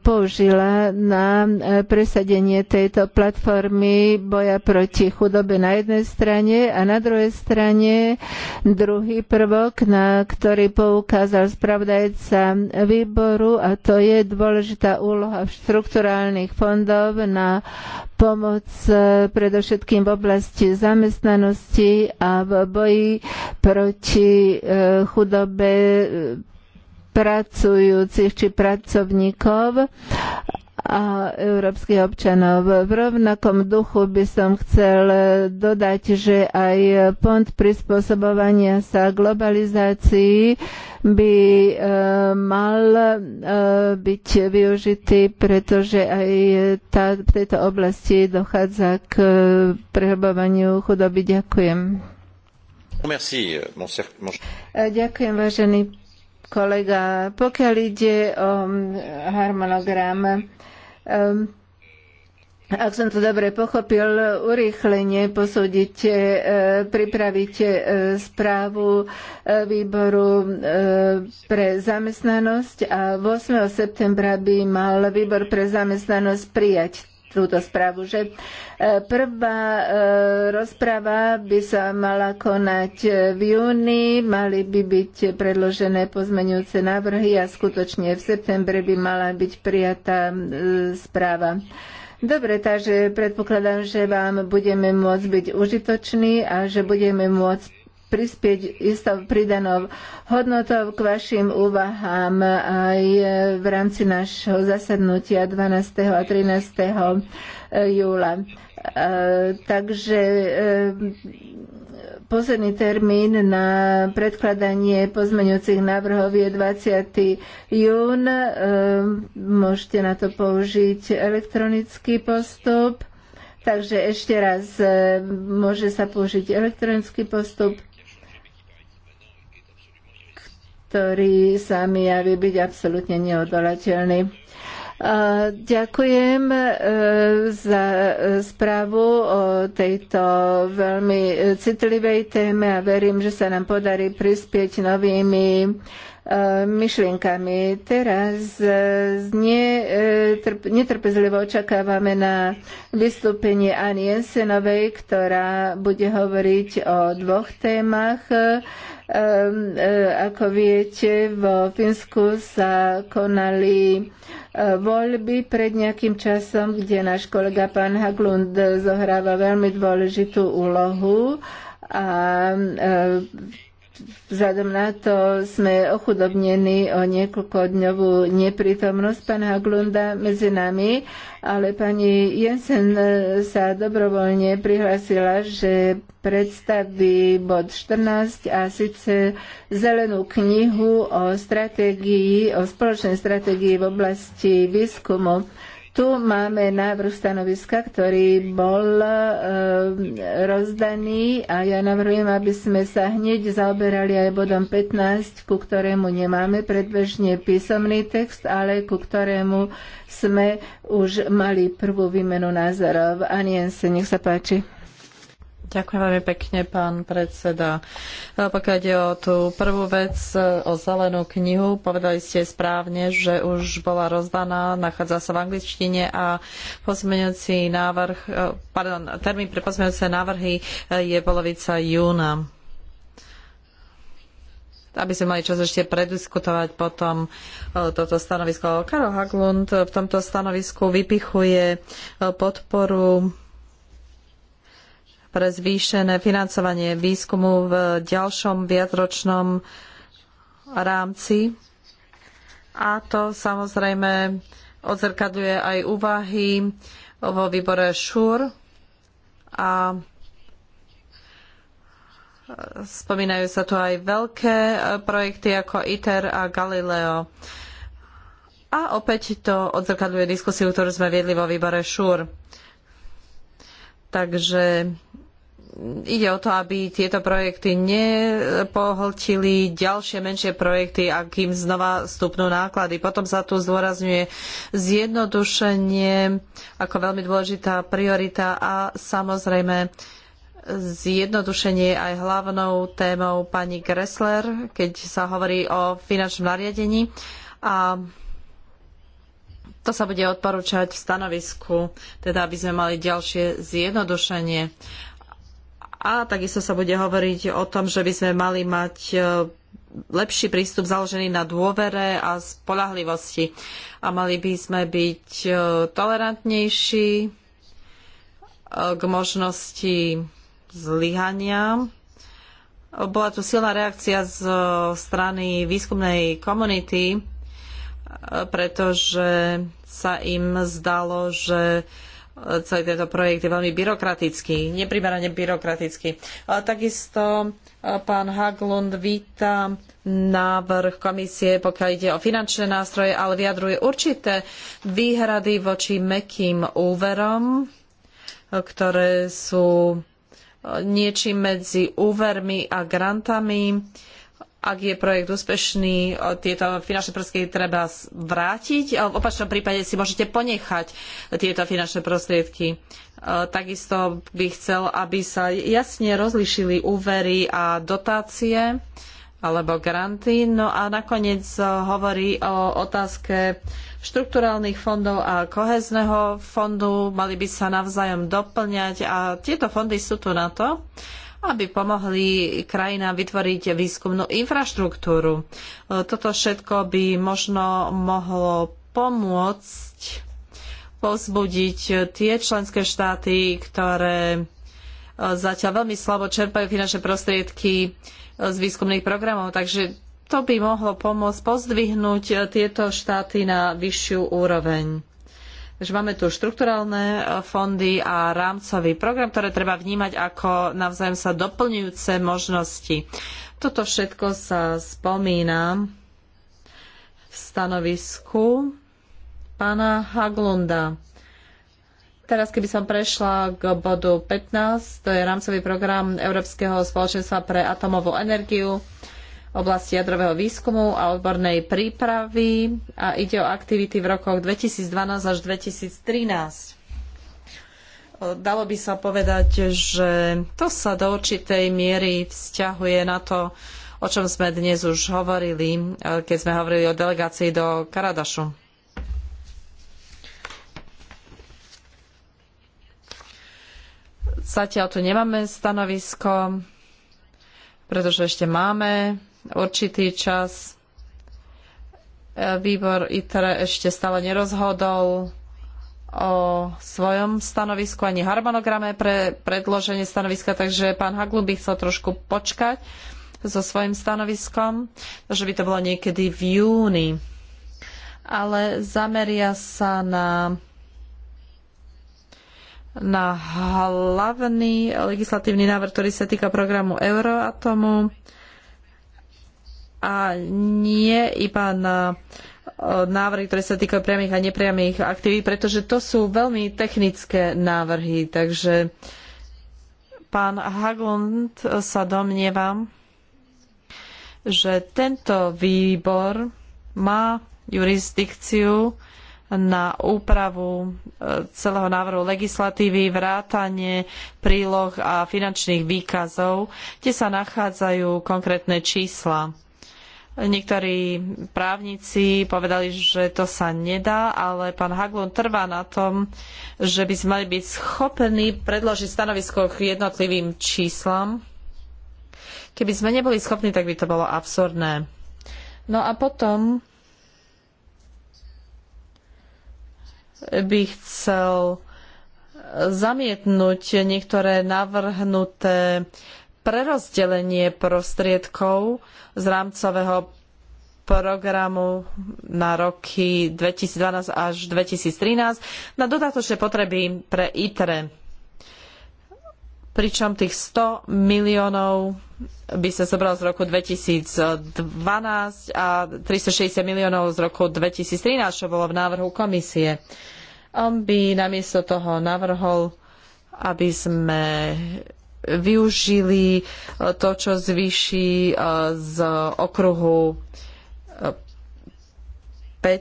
používa použila na e, presadenie tejto platformy boja proti chudobe na jednej strane a na druhej strane druhý prvok, na ktorý poukázal spravodajca výboru a to je dôležitá úloha štrukturálnych fondov na pomoc e, predovšetkým v oblasti zamestnanosti a v boji proti e, chudobe pracujúcich či pracovníkov a európskych občanov. V rovnakom duchu by som chcel dodať, že aj fond prispôsobovania sa globalizácii by e, mal e, byť využitý, pretože aj tá, v tejto oblasti dochádza k e, prehobovaniu chudoby. Ďakujem. Merci, mon... Ďakujem, vážený kolega. Pokiaľ ide o mm, harmonogram, ak som to dobre pochopil, urýchlenie posúdite, pripravíte správu e, výboru e, pre zamestnanosť a 8. septembra by mal výbor pre zamestnanosť prijať túto správu, že e, prvá e, rozprava by sa mala konať e, v júni, mali by byť predložené pozmenujúce návrhy a skutočne v septembre by mala byť prijatá správa. Dobre, takže predpokladám, že vám budeme môcť byť užitoční a že budeme môcť prispieť istou pridanou hodnotou k vašim úvahám aj v rámci nášho zasadnutia 12. a 13. Eh, júla. Eh, takže eh, posledný termín na predkladanie pozmeňujúcich návrhov je 20. jún. Môžete na to použiť elektronický postup. Takže ešte raz môže sa použiť elektronický postup ktorý sa mi javí byť absolútne neodolateľný. Ďakujem e, za správu o tejto veľmi citlivej téme a verím, že sa nám podarí prispieť novými e, myšlienkami. Teraz e, netrpezlivo očakávame na vystúpenie Ani Jensenovej, ktorá bude hovoriť o dvoch témach Ehm, eh, ako viete, vo Fínsku sa konali eh, voľby pred nejakým časom, kde náš kolega pán Haglund zohráva veľmi dôležitú úlohu a eh, vzhľadom na to sme ochudobnení o niekoľkodňovú neprítomnosť pána Haglunda medzi nami, ale pani Jensen e, sa dobrovoľne prihlásila, že predstaví bod 14 a síce zelenú knihu o strategii, o spoločnej stratégii v oblasti výskumu tu máme návrh stanoviska, ktorý bol e, rozdaný a ja navrhujem, aby sme sa hneď zaoberali aj bodom 15, ku ktorému nemáme predbežne písomný text, ale ku ktorému sme už mali prvú výmenu názorov. Aniense, nech sa páči. Ďakujem veľmi pekne, pán predseda. No, pokiaľ ide o tú prvú vec, o zelenú knihu, povedali ste správne, že už bola rozdaná, nachádza sa v angličtine a pozmeňujúci návrh, e, pardon, termín pre pozmeňujúce návrhy e, je polovica júna aby sme mali čas ešte prediskutovať potom e, toto stanovisko. Karol Haglund v tomto stanovisku vypichuje podporu pre zvýšené financovanie výskumu v ďalšom viacročnom rámci. A to samozrejme odzrkaduje aj úvahy vo výbore ŠUR a spomínajú sa tu aj veľké projekty ako ITER a Galileo. A opäť to odzrkadľuje diskusiu, ktorú sme viedli vo výbore ŠUR. Takže ide o to, aby tieto projekty nepohltili ďalšie menšie projekty, akým znova stupnú náklady. Potom sa tu zdôrazňuje zjednodušenie ako veľmi dôležitá priorita a samozrejme zjednodušenie aj hlavnou témou pani Gressler, keď sa hovorí o finančnom nariadení. A to sa bude odporúčať v stanovisku, teda aby sme mali ďalšie zjednodušenie a takisto sa bude hovoriť o tom, že by sme mali mať e, lepší prístup založený na dôvere a spolahlivosti. A mali by sme byť e, tolerantnejší e, k možnosti zlyhania. Bola tu silná reakcia z strany výskumnej komunity, pretože sa im zdalo, že celý tento projekt je veľmi byrokratický, neprimerane byrokratický. Takisto pán Haglund víta návrh komisie, pokiaľ ide o finančné nástroje, ale vyjadruje určité výhrady voči mekým úverom, ktoré sú niečím medzi úvermi a grantami ak je projekt úspešný, tieto finančné prostriedky treba vrátiť. V opačnom prípade si môžete ponechať tieto finančné prostriedky. E, takisto by chcel, aby sa jasne rozlišili úvery a dotácie alebo granty. No a nakoniec e, hovorí o otázke štrukturálnych fondov a kohezného fondu. Mali by sa navzájom doplňať a tieto fondy sú tu na to, aby pomohli krajinám vytvoriť výskumnú infraštruktúru. E, toto všetko by možno mohlo pomôcť povzbudiť tie členské štáty, ktoré e, zatiaľ veľmi slabo čerpajú finančné prostriedky e, z výskumných programov. Takže to by mohlo pomôcť pozdvihnúť tieto štáty na vyššiu úroveň. Takže máme tu štrukturálne e, fondy a rámcový program, ktoré treba vnímať ako navzájom sa doplňujúce možnosti. Toto všetko sa spomína v stanovisku pána Haglunda. Teraz, keby som prešla k bodu 15, to je rámcový program Európskeho spoločenstva pre atomovú energiu oblasti jadrového výskumu a odbornej prípravy a ide o aktivity v rokoch 2012 až 2013. Dalo by sa povedať, že to sa do určitej miery vzťahuje na to, o čom sme dnes už hovorili, keď sme hovorili o delegácii do Karadašu. Zatiaľ tu nemáme stanovisko, pretože ešte máme určitý čas. E, výbor ITRE ešte stále nerozhodol o svojom stanovisku ani harmonograme pre predloženie stanoviska, takže pán Haglu by chcel trošku počkať so svojim stanoviskom, že by to bolo niekedy v júni. Ale zameria sa na na hlavný legislatívny návrh, ktorý sa týka programu Euroatomu a nie iba na e, návrhy, ktoré sa týkajú priamých a nepriamých aktivít, pretože to sú veľmi technické návrhy. Takže pán Haglund sa domnievam, že tento výbor má jurisdikciu na úpravu e, celého návrhu legislatívy, vrátanie príloh a finančných výkazov, kde sa nachádzajú konkrétne čísla Niektorí právnici povedali, že to sa nedá, ale pán Haglund trvá na tom, že by sme mali byť schopní predložiť stanovisko k jednotlivým číslam. Keby sme neboli schopní, tak by to bolo absurdné. No a potom by chcel zamietnúť niektoré navrhnuté prerozdelenie prostriedkov z rámcového programu na roky 2012 až 2013 na dodatočné potreby pre ITRE. Pričom tých 100 miliónov by sa zobralo z roku 2012 a 360 miliónov z roku 2013, čo bolo v návrhu komisie. On by namiesto toho navrhol, aby sme využili e, to, čo zvýši e, z okruhu 5 e,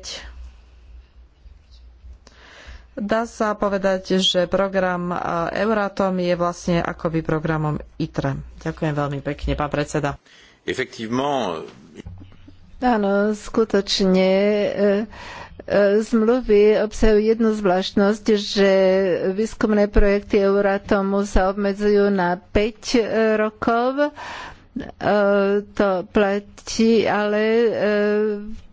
Dá sa povedať, že program Euratom je vlastne akoby programom ITRE. Ďakujem veľmi pekne, pán predseda. Áno, skutočne. E, Zmluvy obsahujú jednu zvláštnosť, že výskumné projekty Euratomu sa obmedzujú na 5 e, rokov. E, to platí, ale e,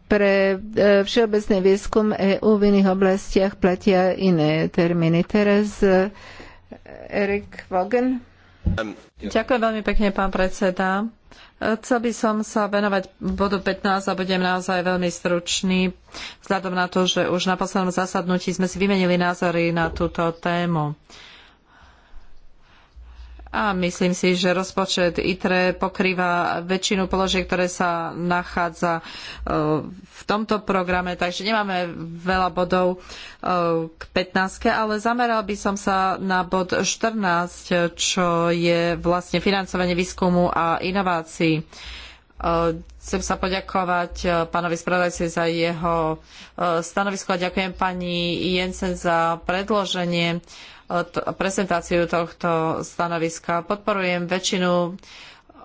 pre všeobecný výskum EU v iných oblastiach platia iné termíny. Teraz Erik Vogen. Ďakujem veľmi pekne, pán predseda. Chcel by som sa venovať bodu 15 a budem naozaj veľmi stručný, vzhľadom na to, že už na poslednom zasadnutí sme si vymenili názory na túto tému. Uh, a myslím si, že rozpočet ITRE pokrýva väčšinu položiek, ktoré sa nachádza e, v tomto programe, takže nemáme veľa bodov e, k 15, ale zameral by som sa na bod 14, čo je vlastne financovanie výskumu a inovácií. E, chcem sa poďakovať pánovi spravodajci za jeho stanovisko a ďakujem pani Jensen za predloženie prezentáciu tohto stanoviska. Podporujem väčšinu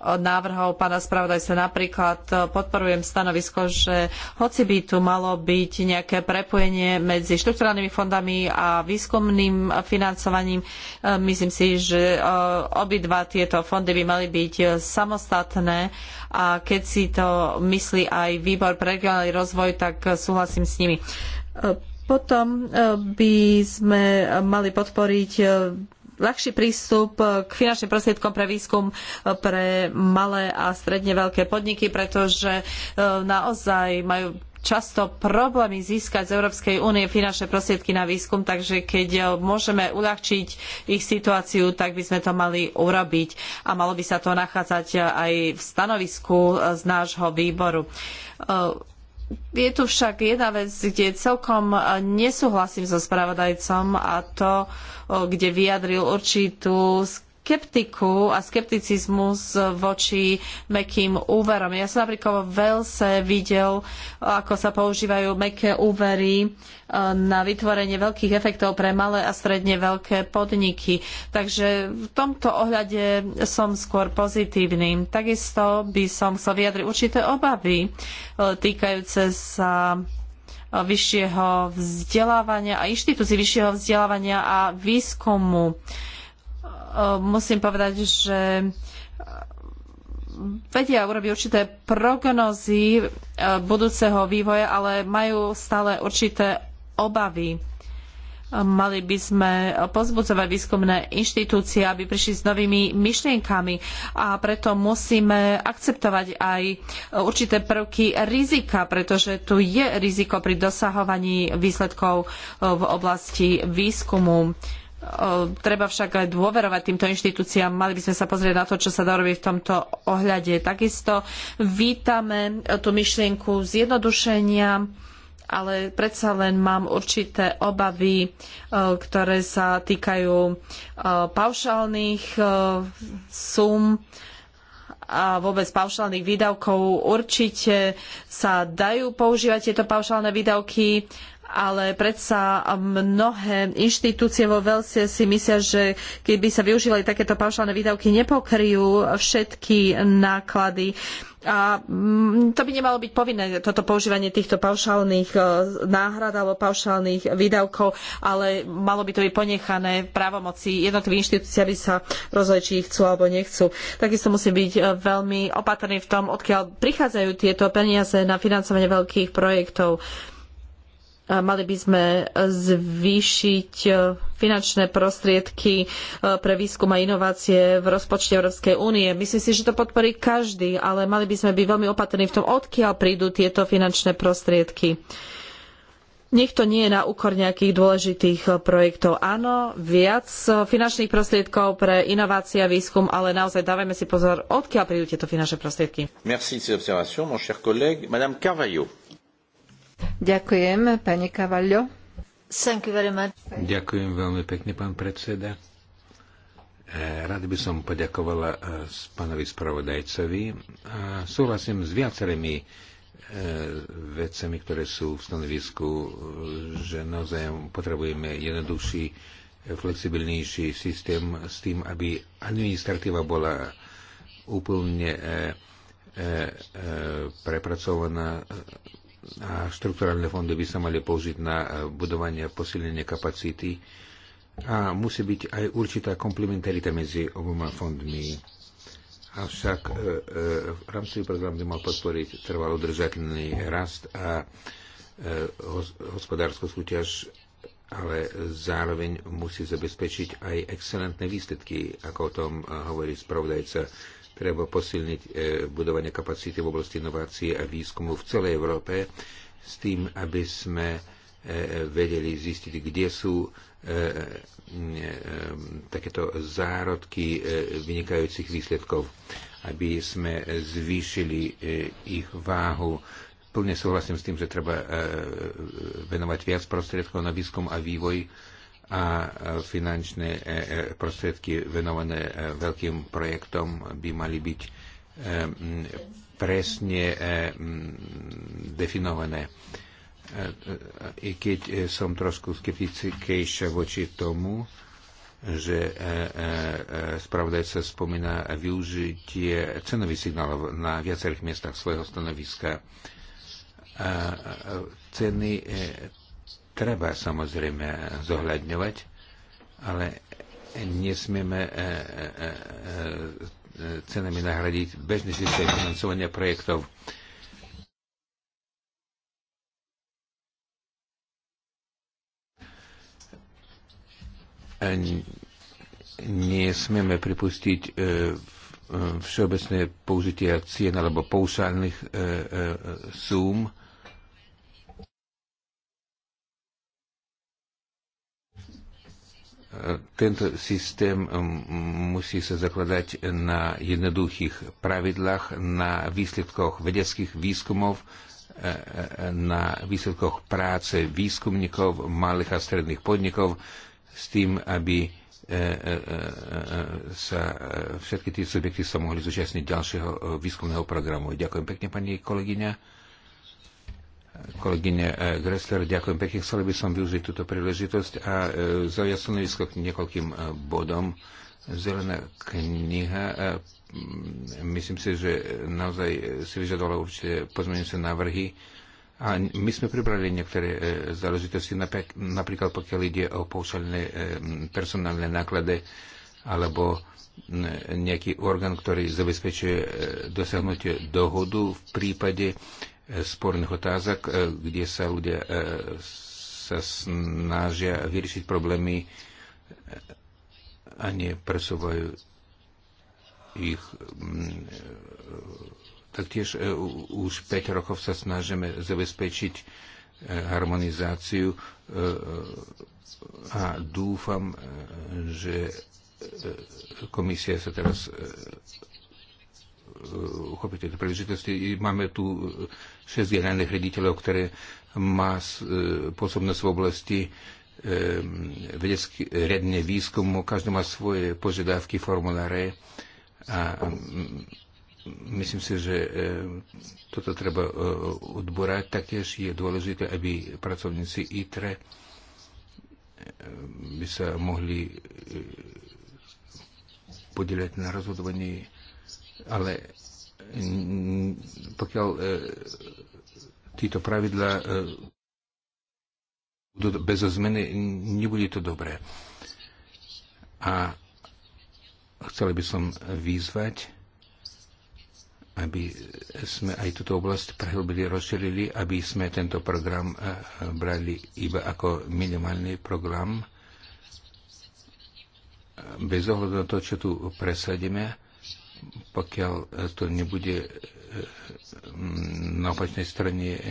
návrhov pána spravodajca. Napríklad podporujem stanovisko, že hoci by tu malo byť nejaké prepojenie medzi štrukturálnymi fondami a výskumným financovaním, eh, myslím si, že eh, obidva tieto fondy by mali byť samostatné a keď si to myslí aj výbor pre regionálny rozvoj, tak súhlasím s nimi eh, potom e, by sme mali podporiť e, ľahší prístup k finančným prostriedkom pre výskum e, pre malé a stredne veľké podniky, pretože naozaj majú často problémy získať z Európskej únie finančné prostriedky na výskum, takže keď môžeme uľahčiť ich situáciu, tak by sme to mali urobiť a malo by sa to nachádzať aj v stanovisku z nášho výboru je tu však jedna vec, kde celkom e, nesúhlasím so spravodajcom a to, kde vyjadril určitú skeptiku a skepticizmus voči mekým úverom. Ja som napríklad vo Velse videl, ako sa používajú meké úvery eh, na vytvorenie veľkých efektov pre malé a stredne veľké podniky. Takže v tomto ohľade som skôr pozitívny. Takisto by som chcel vyjadriť určité obavy eh, týkajúce sa eh, vyššieho vzdelávania a inštitúcií vyššieho vzdelávania a výskumu. Uh, Ehm, musím povedať, že ehm, vedia urobiť určité prognozy ehm, budúceho vývoja, ale majú stále určité obavy. Mali by sme pozbudzovať výskumné inštitúcie, aby prišli s novými myšlienkami a preto musíme akceptovať aj určité prvky rizika, pretože tu je riziko pri dosahovaní výsledkov v oblasti výskumu Treba však aj dôverovať týmto inštitúciám. Mali by sme sa pozrieť na to, čo sa dá robiť v tomto ohľade. Takisto vítame tú myšlienku zjednodušenia, ale predsa len mám určité obavy, ktoré sa týkajú paušálnych sum a vôbec paušálnych výdavkov. Určite sa dajú používať tieto paušálne výdavky ale predsa mnohé inštitúcie vo Velse si myslia, že keby sa využívali takéto paušálne výdavky, nepokryjú všetky náklady. A mm, to by nemalo byť povinné, toto používanie týchto paušálnych e, náhrad alebo paušálnych výdavkov, ale malo by to byť ponechané v právomoci jednotlivých inštitúcií, aby sa rozhodli, či ich chcú alebo nechcú. Takisto musí byť e, veľmi opatrný v tom, odkiaľ prichádzajú tieto peniaze na financovanie veľkých projektov. Mali by sme zvýšiť e, finančné prostriedky e, pre výskum a inovácie v rozpočte Európskej únie. Myslím si, že to podporí každý, ale mali by sme byť veľmi opatrní v tom, odkiaľ prídu tieto finančné prostriedky. Nech to nie je na úkor nejakých dôležitých e, projektov. Áno, viac finančných prostriedkov pre inovácie a výskum, ale naozaj dávajme si pozor, odkiaľ prídu tieto finančné prostriedky. Merci, Ďakujem, pani Cavallo. Ďakujem veľmi pekne, pán predseda. E, rád by som poďakovala e, pánovi spravodajcovi a e, súhlasím s viacerými vecami, ktoré sú v stanovisku, že naozaj potrebujeme jednoduchší, flexibilnejší systém s tým, aby administratíva bola úplne prepracovaná a štrukturálne fondy by sa mali použiť na e, budovanie a posilnenie kapacity a musí byť aj určitá komplementarita medzi oboma fondmi. Avšak v e, e, rámci program by mal podporiť trvalo udržateľný rast a hospodárskú súťaž, ale zároveň musí zabezpečiť aj excelentné výsledky, ako o tom hovorí spravodajca. Treba posilniť e, budovanie kapacity v oblasti inovácie a výskumu v celej Európe s tým, aby sme e, vedeli zistiť, kde sú e, takéto zárodky vynikajúcich výsledkov, aby sme zvýšili ich váhu. Plne súhlasím s tým, že treba venovať viac prostriedkov na výskum a vývoj a finančné e, e, prostriedky venované e, veľkým projektom by mali byť presne definované. I keď som trošku skeptickejšia voči tomu, že sa spomína využitie cenových signálov na viacerých miestach svojho stanoviska. Ceny treba samozrejme zohľadňovať, ale nesmieme e, e, e, cenami nahradiť bežný systém financovania projektov. Nesmieme pripustiť všeobecné použitia cien alebo poušálnych súm, Tento systém um, musí sa zakladať na jednoduchých pravidlách, na výsledkoch vedeckých výskumov, e, e, na výsledkoch práce výskumníkov, malých a stredných podnikov, s tým, aby e, sa všetky tie subjekty sa mohli zúčastniť ďalšieho výskumného programu. Ďakujem pekne, pani kolegyňa kolegyne eh, Gressler, ďakujem pekne. Chcel by som využiť túto príležitosť a eh, zaujať stanovisko k niekoľkým eh, bodom. Zelená kniha, myslím si, že naozaj si vyžadovala určite pozmenujúce návrhy. A my sme pribrali niektoré záležitosti, napríklad pokiaľ ide o poušalné personálne náklady alebo nejaký orgán, ktorý zabezpečuje dosiahnutie dohodu v prípade sporných otázok, e, kde sa ľudia e, sa snažia vyriešiť problémy e, a nepresúvajú ich. Taktiež už 5 rokov sa snažíme zabezpečiť harmonizáciu a dúfam, že komisia sa teraz Eh, uchopiť tejto príležitosti. Máme tu eh, šesť generálnych riaditeľov, ktoré má eh, pôsobnosť v oblasti vedecky, riadne výskumu. Každý má svoje požiadavky, formuláre a mm, myslím si, že toto treba odborať. Taktiež je dôležité, aby pracovníci ITRE by sa mohli podieľať na rozhodovanie ale mm, pokiaľ e, títo pravidla e, bez zmeny, nebude to dobré. A chceli by som vyzvať, aby sme aj túto oblasť prehlbili, rozšírili, aby sme tento program e, brali iba ako minimálny program, bez ohľadu na to, čo tu presadíme, pokiaľ e, to nebude e, na opačnej strane e,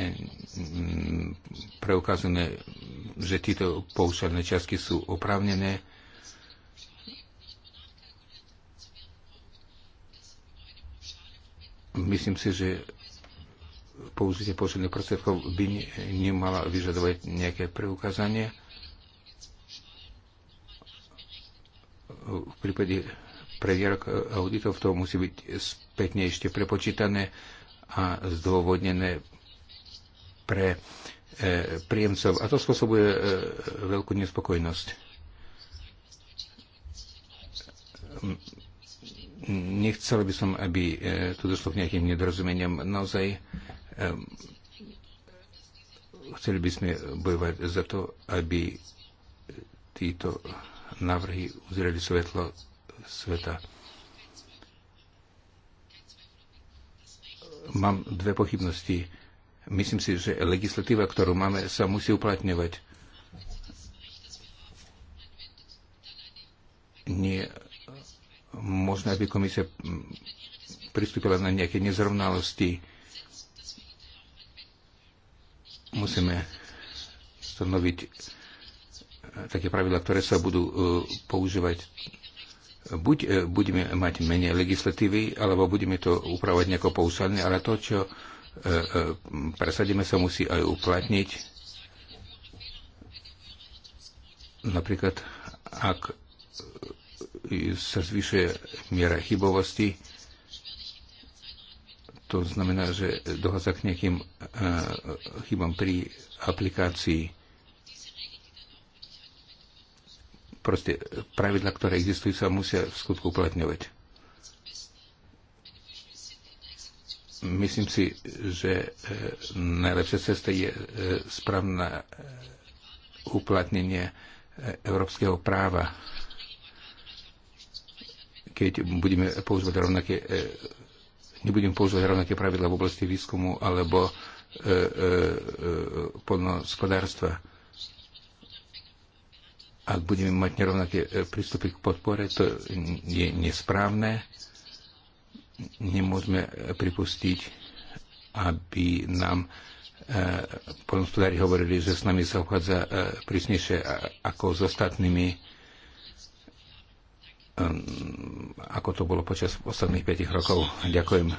preukázané, že tieto poušalné čiastky sú oprávnené, myslím si, že použitie poušalných prostriedkov by nemala vyžadovať nejaké preukázanie. V prípade výrok auditov, to musí byť spätne ešte prepočítané a zdôvodnené pre e, príjemcov. A to spôsobuje e, veľkú nespokojnosť. Nechcel by som, aby e, tu došlo k nejakým nedorozumeniam. Naozaj chceli by sme bojovať za to, aby títo návrhy uzreli svetlo sveta. Mám dve pochybnosti. Myslím si, že legislatíva, ktorú máme, sa musí uplatňovať. Nie možno, aby komisia pristúpila na nejaké nezrovnalosti. Musíme stanoviť také pravidla, ktoré sa budú e, používať buď e, budeme mať menej legislatívy, alebo budeme to upravovať nejako pousadne, ale to, čo e, e, presadíme, sa musí aj uplatniť. Napríklad, ak sa zvyšuje miera chybovosti, to znamená, že dochádza k nejakým chybom pri aplikácii Proste pravidla, ktoré existujú, sa musia v skutku uplatňovať. Myslím si, že e, najlepšia cesta je e, správne uplatnenie e, európskeho práva. Keď budeme používať rovnaké nebudeme používať rovnaké pravidla v oblasti výskumu alebo e, e, e, ak budeme mať nerovnaké e, prístupy k podpore, to je nesprávne. Nemôžeme e, pripustiť, aby nám e, polnospodári hovorili, že s nami sa obchádza prísnejšie ako s ostatnými, ako to bolo počas ostatných 5 rokov. Ďakujem.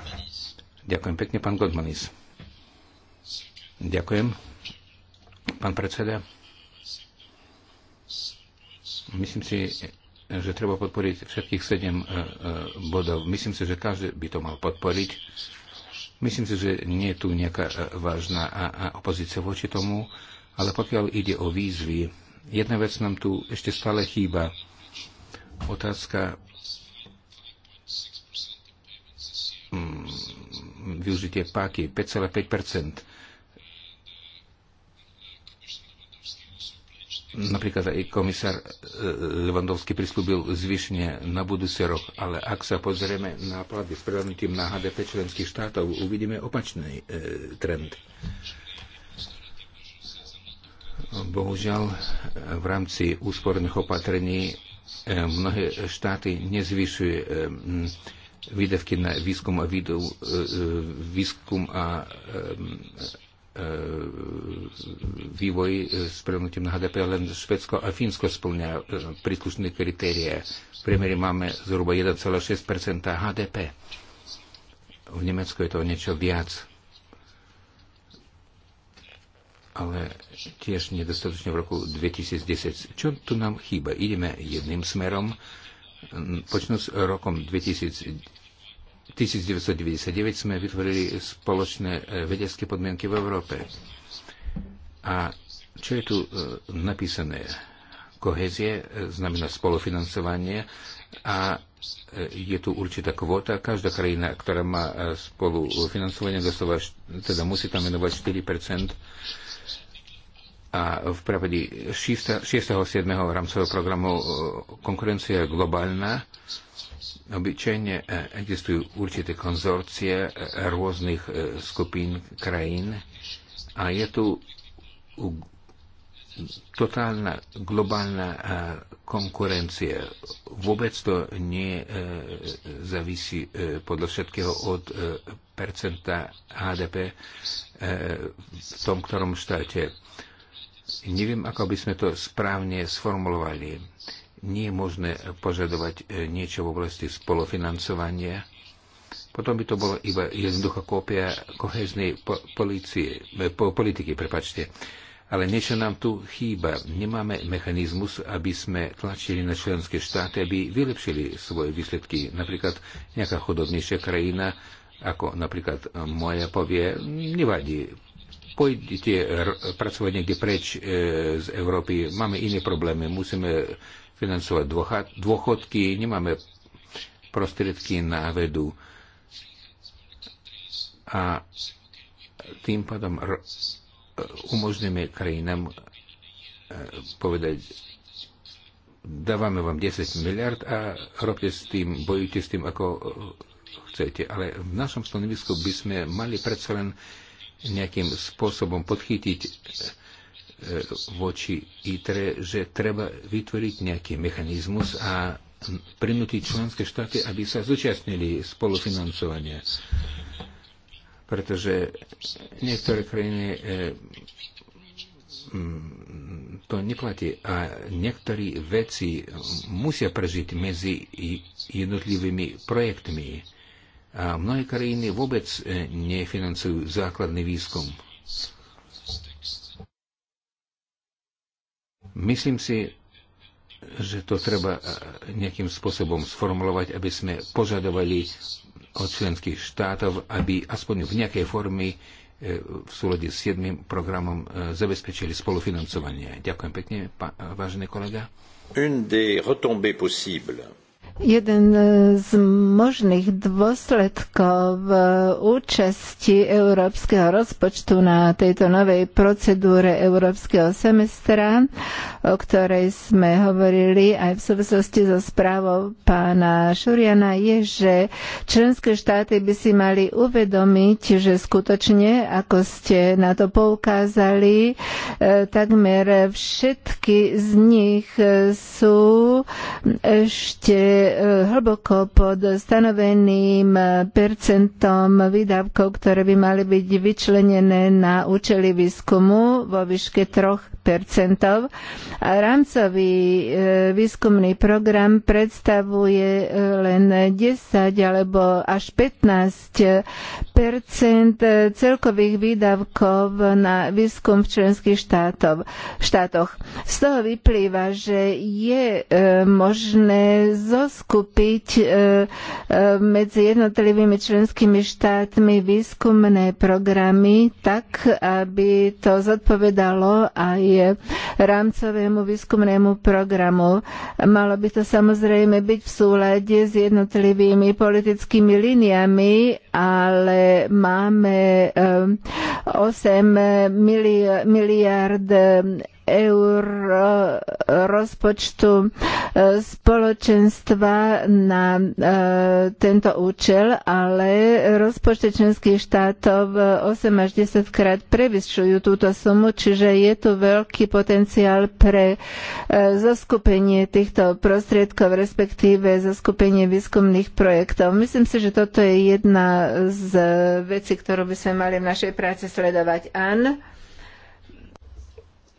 Ďakujem pekne, pán Godmanis. Ďakujem. Pán predseda. Myslím si, že treba podporiť všetkých sedem e, e, bodov. Myslím si, že každý by to mal podporiť. Myslím si, že nie je tu nejaká e, vážna opozícia voči tomu, ale pokiaľ ide o výzvy, jedna vec nám tu ešte stále chýba. Otázka mm, využitie páky 5,5 Napríklad aj komisár e, Levandovský prislúbil zvyšne na budúci rok, ale ak sa pozrieme na platby s prehľadnutím na HDP členských štátov, uvidíme opačný e, trend. Bohužiaľ, v rámci úsporných opatrení e, mnohé štáty nezvyšujú e, výdavky na výskum a, výdu, výskum a E, vývoj e, s prelnutím na HDP, len Švedsko a Fínsko splňa e, príslušné kritérie. V priemere máme zhruba 1,6 HDP. V Nemecku je to niečo viac, ale tiež nedostatočne v roku 2010. Čo tu nám chýba? Ideme jedným smerom. Počnúť s rokom 2010 1999 sme vytvorili spoločné e, vedecké podmienky v Európe. A čo je tu e, napísané? Kohezie e, znamená spolufinancovanie a je tu určitá kvota. Každá krajina, ktorá má spolufinancovanie, dostáva, teda musí tam venovať 4 a v prípade 6. a 7. rámcového programu konkurencia je globálna No, obyčajne e, existujú určité konzorcie e, rôznych e, skupín krajín a je tu totálna globálna konkurencia. Vôbec to nie závisí podľa všetkého od percenta HDP v tom ktorom štáte. Neviem, ako by sme to správne sformulovali nie je možné požadovať e, niečo v oblasti spolofinancovania. Potom by to bolo iba jednoduchá kópia koheznej po, e, po, politiky, prepačte. Ale niečo nám tu chýba. Nemáme mechanizmus, aby sme tlačili na členské štáty, aby vylepšili svoje výsledky. Napríklad nejaká chudobnejšia krajina, ako napríklad moja, povie, nevadí, pôjdete pracovať niekde preč e, z Európy, máme iné problémy, musíme financovať dôchodky, nemáme prostriedky na vedu. A tým pádom umožníme krajinám e, povedať, dávame vám 10 miliard a robte s tým, bojujte s tým, ako e, chcete. Ale v našom stanovisku by sme mali predsa len nejakým spôsobom podchytiť E, voči ITRE, že treba vytvoriť nejaký mechanizmus a prinútiť členské štáty, aby sa zúčastnili spolufinancovania. Pretože niektoré krajiny e, mm, to neplatí. A niektorí veci musia prežiť medzi jednotlivými projektmi. A mnohé krajiny vôbec e, nefinancujú základný výskum. Myslím si, že to treba nejakým spôsobom sformulovať, aby sme požadovali od členských štátov, aby aspoň v nejakej forme v súlade s 7. programom e, zabezpečili spolufinancovanie. Ďakujem pekne, vážený kolega. Une des retombées possibles Jeden e, z možných dôsledkov e, účasti európskeho rozpočtu na tejto novej procedúre európskeho semestra, o ktorej sme hovorili aj v súvislosti so správou pána Šuriana, je, že členské štáty by si mali uvedomiť, že skutočne, ako ste na to poukázali, e, takmer všetky z nich sú ešte Eh, hlboko pod stanoveným eh, percentom výdavkov, ktoré by mali byť vyčlenené na účely výskumu vo výške 3 A rámcový eh, výskumný program predstavuje len 10 alebo až 15 celkových výdavkov na výskum v členských štátov, štátoch. Z toho vyplýva, že je možné zostať zoskupiť e, e, medzi jednotlivými členskými štátmi výskumné programy tak, aby to zodpovedalo aj rámcovému výskumnému programu. Malo by to samozrejme byť v súlade s jednotlivými politickými líniami, ale máme 8 e, miliard eur e, rozpočtu e, spoločenstva na e, tento účel, ale rozpočty členských štátov 8 až 10 krát prevyšujú túto sumu, čiže je tu veľký potenciál pre zoskupenie týchto prostriedkov, respektíve zoskupenie výskumných projektov. Myslím si, že toto je jedna z vecí, ktorú by sme mali v našej práci sledovať. Anne?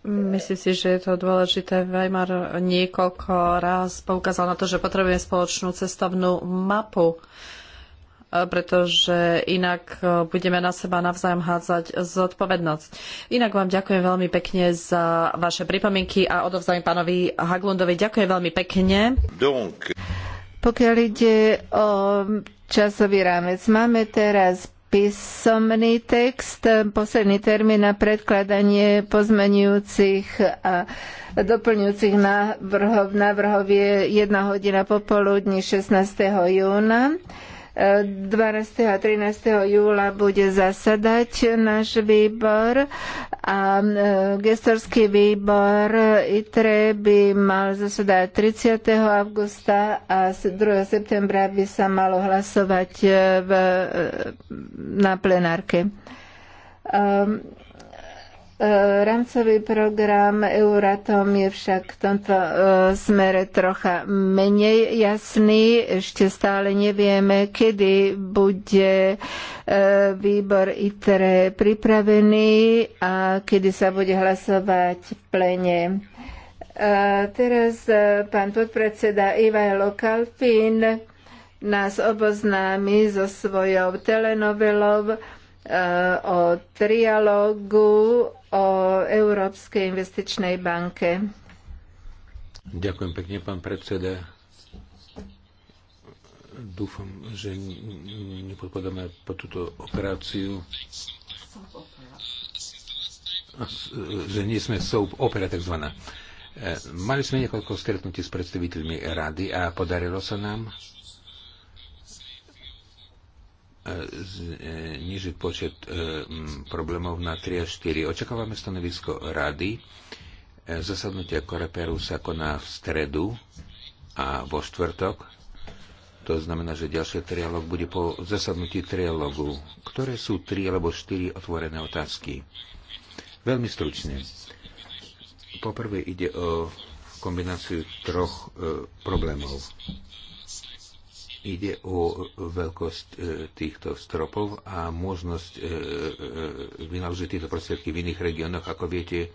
Myslím si, že je to dôležité. Weimar niekoľko raz poukázal na to, že potrebujeme spoločnú cestovnú mapu, e, pretože inak e, budeme na seba navzájom hádzať zodpovednosť. Inak vám ďakujem veľmi pekne za vaše pripomienky a odovzdám pánovi Haglundovi. Ďakujem veľmi pekne. Donc. Pokiaľ ide o časový rámec, máme teraz písomný text, posledný termín na predkladanie pozmenujúcich a doplňujúcich návrhov, návrhov je 1 hodina popoludní 16. júna. 12. a 13. júla bude zasadať náš výbor a e, gestorský výbor ITRE by mal zasadať 30. augusta a 2. septembra by sa malo hlasovať e, v, e, na plenárke. Um, E, rámcový program Euratom je však v tomto e, smere trocha menej jasný. Ešte stále nevieme, kedy bude e, výbor ITRE pripravený a kedy sa bude hlasovať v plene. A teraz pán podpredseda Ivajlo Kalfin nás oboznámi so svojou telenovelou Eh, o trialógu o Európskej investičnej banke. Ďakujem pekne, pán predseda. Dúfam, že nepodpadáme po túto operáciu. Že nie sme soap opera takzvaná. Eh, mali sme niekoľko stretnutí s predstaviteľmi rady a podarilo sa nám znižiť počet e, problémov na 3 a 4. Očakávame stanovisko rady. E, zasadnutie Koreperu sa koná v stredu a vo štvrtok. To znamená, že ďalší trialog bude po zasadnutí trialogu. Ktoré sú 3 alebo 4 otvorené otázky? Veľmi stručne. Poprvé ide o kombináciu troch e, problémov ide o veľkosť e, týchto stropov a možnosť e, e, vynaložiť tieto prostriedky v iných regiónoch. Ako viete,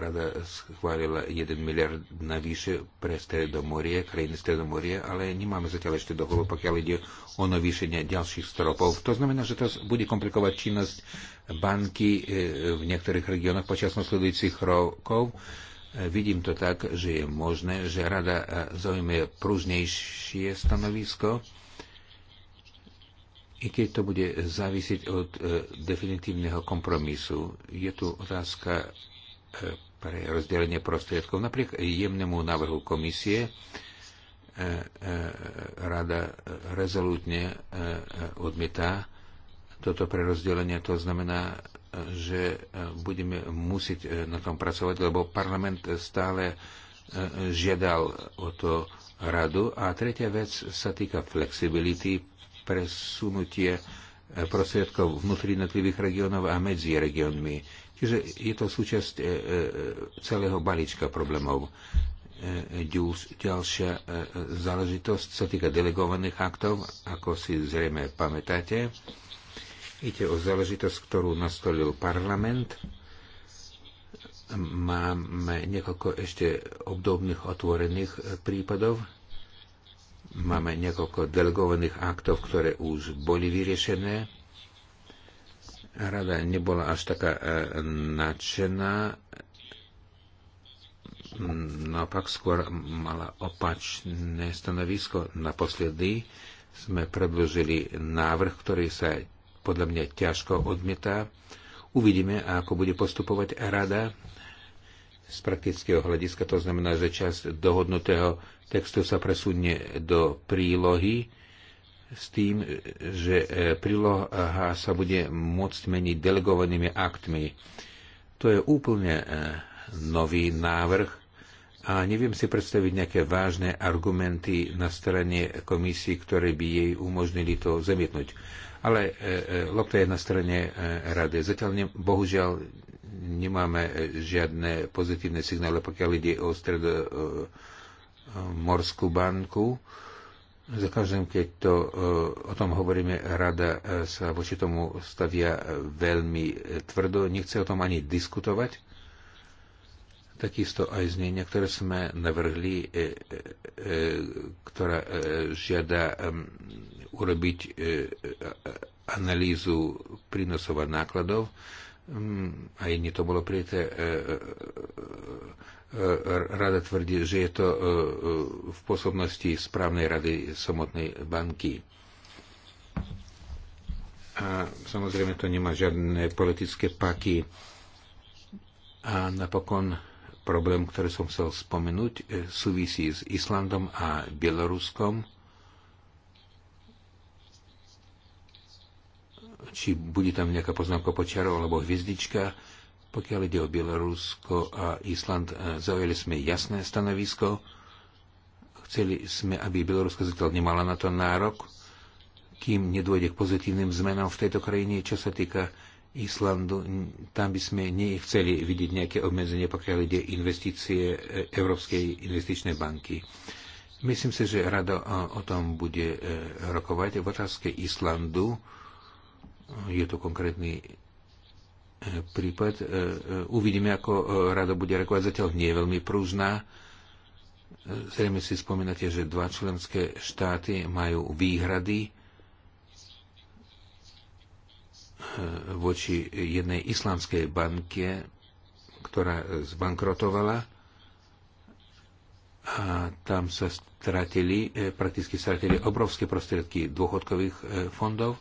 rada schválila 1 miliard navýše pre Stredomorie, krajiny Stredomorie, ale nemáme zatiaľ ešte dohodu, pokiaľ ide o navýšenie ďalších stropov. To znamená, že to bude komplikovať činnosť banky v niektorých regiónoch počas nasledujúcich rokov. Vidím to tak, že je možné, že rada zaujme pružnejšie stanovisko, i keď to bude závisiť od e, definitívneho kompromisu. Je tu otázka e, pre rozdelenie prostriedkov. Napriek jemnému návrhu komisie e, rada rezolutne odmieta toto prerozdelenie. To znamená, že e, budeme musieť e, na tom pracovať, lebo parlament stále e, žiadal o to radu. A tretia vec sa týka flexibility, presunutie prostriedkov vnútri jednotlivých regiónov a medzi regiónmi. Čiže je to súčasť celého balíčka problémov. Ďalšia záležitosť sa týka delegovaných aktov, ako si zrejme pamätáte Ide o záležitosť, ktorú nastolil parlament. Máme niekoľko ešte obdobných otvorených prípadov. Máme niekoľko delegovaných aktov, ktoré už boli vyriešené. Rada nebola až taká e, nadšená, naopak skôr mala opačné stanovisko. Naposledy sme predložili návrh, ktorý sa podľa mňa ťažko odmietá. Uvidíme, ako bude postupovať rada. Z praktického hľadiska to znamená, že časť dohodnutého textu sa presunie do prílohy s tým, že e, príloha sa bude môcť meniť delegovanými aktmi. To je úplne e, nový návrh a neviem si predstaviť nejaké vážne argumenty na strane komisii, ktoré by jej umožnili to zamietnúť. Ale e, e, lopta je na strane e, rady. Zatiaľ ne, bohužiaľ nemáme žiadne pozitívne signály, pokiaľ ide o morskú banku. Za každým, keď to, o tom hovoríme, rada sa voči tomu stavia veľmi tvrdo, nechce o tom ani diskutovať. Takisto aj znenia, ktoré sme navrhli, ktorá žiada urobiť e, e, analýzu prínosov a nákladov. Mm, a nie to bolo prijaté. E, rada tvrdí, že je to v posobnosti správnej rady samotnej banky. A samozrejme to nemá žiadne politické paky. A napokon problém, ktorý som chcel spomenúť, súvisí s Islandom a Bieloruskom. či bude tam nejaká poznámka počiarov alebo hviezdička. Pokiaľ ide o Bielorusko a Island, e, zaujali sme jasné stanovisko. Chceli sme, aby Bielorusko zatiaľ nemala na to nárok, kým nedôjde k pozitívnym zmenám v tejto krajine, čo sa týka Islandu. Tam by sme nechceli vidieť nejaké obmedzenie, pokiaľ ide investície e, Európskej investičnej banky. Myslím si, že rada e, o tom bude rokovať. V otázke Islandu je to konkrétny e, prípad. E, e, uvidíme, ako rada bude reagovať. Zatiaľ nie je veľmi prúžná. Zrejme si spomínate, že dva členské štáty majú výhrady voči jednej islamskej banke, ktorá zbankrotovala a tam sa stratili, prakticky stratili obrovské prostriedky dôchodkových fondov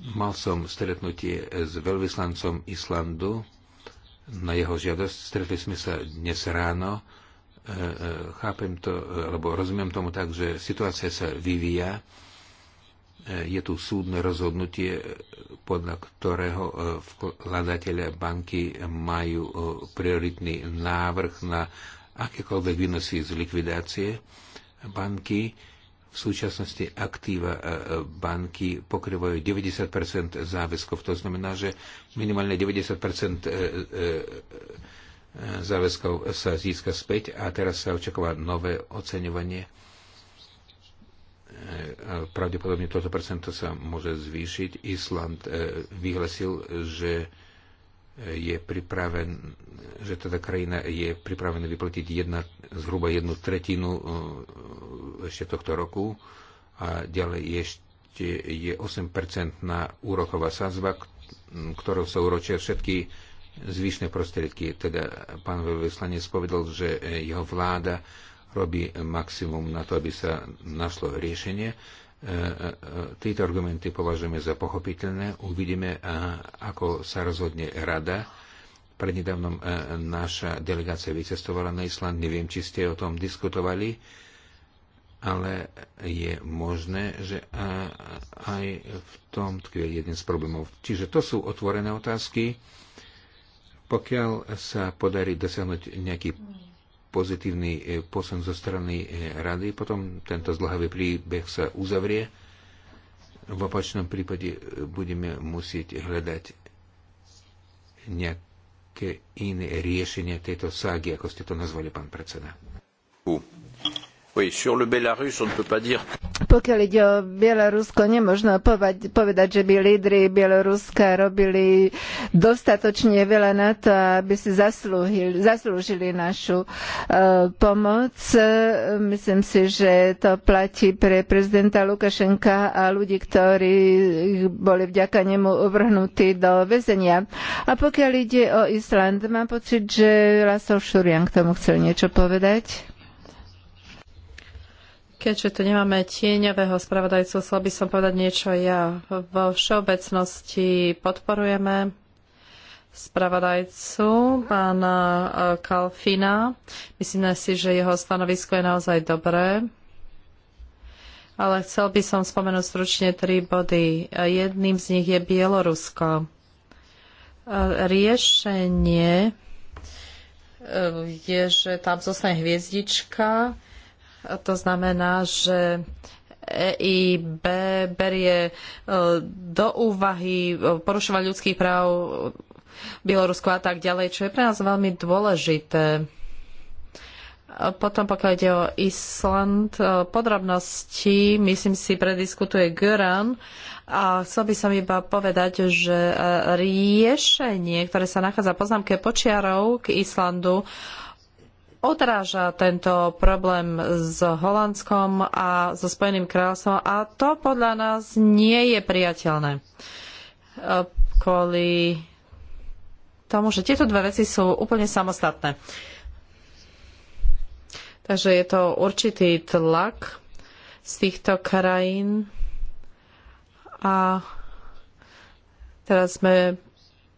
Mal som stretnutie s veľvyslancom Islandu. Na jeho žiadosť stretli sme sa dnes ráno. E, e, chápem to, alebo rozumiem tomu tak, že situácia sa vyvíja. E, je tu súdne rozhodnutie, podľa ktorého vkladatelia banky majú prioritný návrh na akékoľvek výnosy z likvidácie banky v súčasnosti aktíva e, e, banky pokrývajú 90 záväzkov. To znamená, že minimálne 90 e, záväzkov sa získa späť a teraz sa očakáva nové oceňovanie. Pravdepodobne toto percento sa môže zvýšiť. Island vyhlasil, že je pripraven, že teda krajina je pripravená vyplatiť jedna, zhruba jednu tretinu e, ešte tohto roku a ďalej ešte je 8-percentná úroková sázba, ktorou sa uročia všetky zvyšné prostriedky. Teda pán veľvyslanec povedal, že jeho vláda robí maximum na to, aby sa našlo riešenie tieto argumenty považujeme za pochopiteľné. Uvidíme, ako sa rozhodne rada. Prednedávnom naša delegácia vycestovala na Island. Neviem, či ste o tom diskutovali, ale je možné, že aj v tom tkvie jeden z problémov. Čiže to sú otvorené otázky. Pokiaľ sa podarí dosiahnuť nejaký pozitívny e, posun zo strany e, rady, potom tento zdlhavý príbeh sa uzavrie. V opačnom prípade e, budeme musieť hľadať nejaké iné riešenie tejto ságy, ako ste to nazvali, pán predseda. Oui, sur le Belarus, on ne peut pas dire... Pokiaľ ide o Bielorusko, nemožno povedať, že by lídry Bieloruska robili dostatočne veľa na to, aby si zaslúžili našu e, pomoc. E, myslím si, že to platí pre prezidenta Lukašenka a ľudí, ktorí boli vďaka nemu uvrhnutí do väzenia. A pokiaľ ide o Island, mám pocit, že Lasov Šurian k tomu chcel niečo povedať. Keďže tu nemáme tieňového spravodajcu, chcel by som povedať niečo ja. Vo všeobecnosti podporujeme spravodajcu, pána e, Kalfina. Myslím si, že jeho stanovisko je naozaj dobré. Ale chcel by som spomenúť stručne tri body. Jedným z nich je Bielorusko. E, riešenie e, je, že tam zostane hviezdička, to znamená, že EIB berie e, do úvahy e, porušovať ľudských práv Bielorusko a tak ďalej, čo je pre nás veľmi dôležité. Potom, pokiaľ ide o Island, e, podrobnosti, myslím si, prediskutuje Göran a chcel by som iba povedať, že riešenie, ktoré sa nachádza v poznámke počiarov k Islandu, odráža tento problém s Holandskom a so Spojeným kráľovstvom a to podľa nás nie je priateľné. E, kvôli tomu, že tieto dve veci sú úplne samostatné. Takže je to určitý tlak z týchto krajín a teraz sme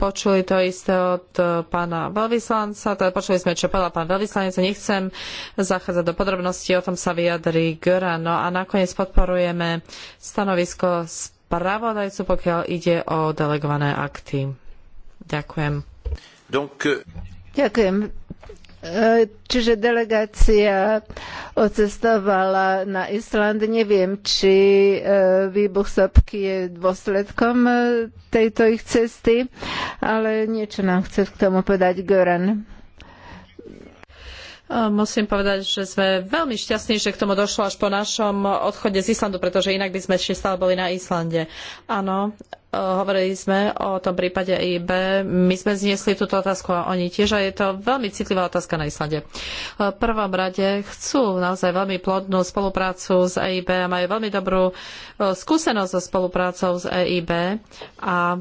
Počuli to isté od e, pána veľvyslanca, teda počuli sme, čo povedal pán veľvyslanec. Nechcem zachádzať do podrobností, o tom sa vyjadrí Göra. No a nakoniec podporujeme stanovisko spravodajcu, pokiaľ ide o delegované akty. Ďakujem. Donc... Ďakujem Čiže delegácia odcestovala na Island. Neviem, či e, výbuch sopky je dôsledkom e, tejto ich cesty, ale niečo nám chce k tomu povedať goran. Musím povedať, že sme veľmi šťastní, že k tomu došlo až po našom odchode z Islandu, pretože inak by sme ešte stále boli na Islande. Áno, e, hovorili sme o tom prípade IB. My sme zniesli túto otázku a oni tiež a je to veľmi citlivá otázka na Islande. E, v prvom rade chcú naozaj veľmi plodnú spoluprácu s EIB a majú veľmi dobrú e, skúsenosť so spoluprácou s EIB a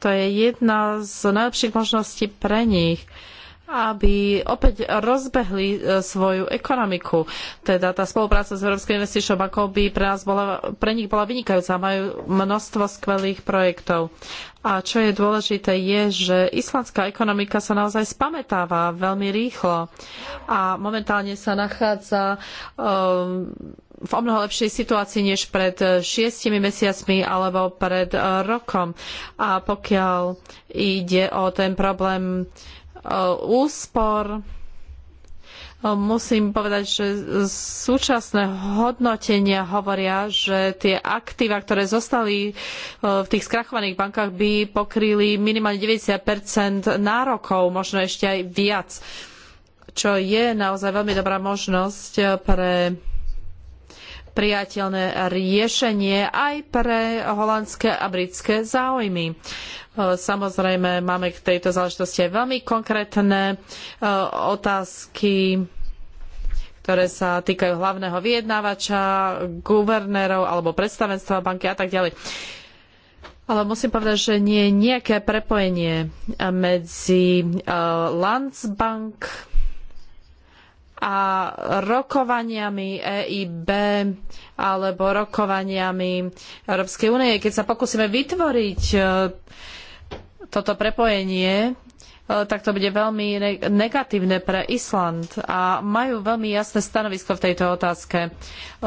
to je jedna z najlepších možností pre nich aby opäť rozbehli e, svoju ekonomiku. Teda tá spolupráca s Európskou investičnou bankou by pre, nás bola, pre nich bola vynikajúca. Majú množstvo skvelých projektov. A čo je dôležité je, že islandská ekonomika sa naozaj spametáva veľmi rýchlo a momentálne sa nachádza um, v omnoho lepšej situácii než pred e, šiestimi mesiacmi alebo pred rokom. A pokiaľ ide o ten problém Eh, úspor. Eh, musím povedať, že súčasné hodnotenia hovoria, že tie aktíva, ktoré zostali eh, v tých skrachovaných bankách, by pokryli minimálne 90 nárokov, možno ešte aj viac, čo je naozaj veľmi dobrá možnosť pre prijateľné riešenie aj pre holandské a britské záujmy. E, samozrejme, máme k tejto záležitosti aj veľmi konkrétne e, otázky, ktoré sa týkajú hlavného vyjednávača, guvernérov alebo predstavenstva banky a tak ďalej. Ale musím povedať, že nie je nejaké prepojenie medzi e, Landsbank a rokovaniami EIB alebo rokovaniami Európskej únie, keď sa pokúsime vytvoriť e, toto prepojenie, e, tak to bude veľmi negatívne pre Island a majú veľmi jasné stanovisko v tejto otázke. E,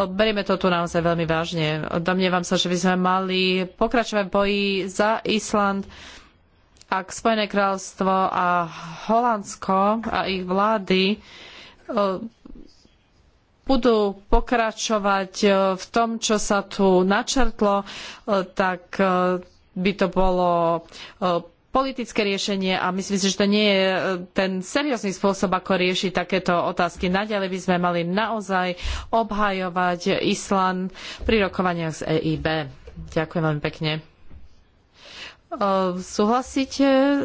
berieme to tu naozaj veľmi vážne. Domnievam sa, že by sme mali pokračovať v boji za Island, ak Spojené kráľovstvo a Holandsko a ich vlády budú pokračovať e, v tom, čo sa tu načrtlo, e, tak e, by to bolo politické riešenie a myslím si, že to nie je ten seriózny spôsob, ako riešiť takéto otázky. Naďalej by sme mali naozaj obhajovať Island pri rokovaniach z EIB. Ďakujem veľmi pekne. E, súhlasíte, e,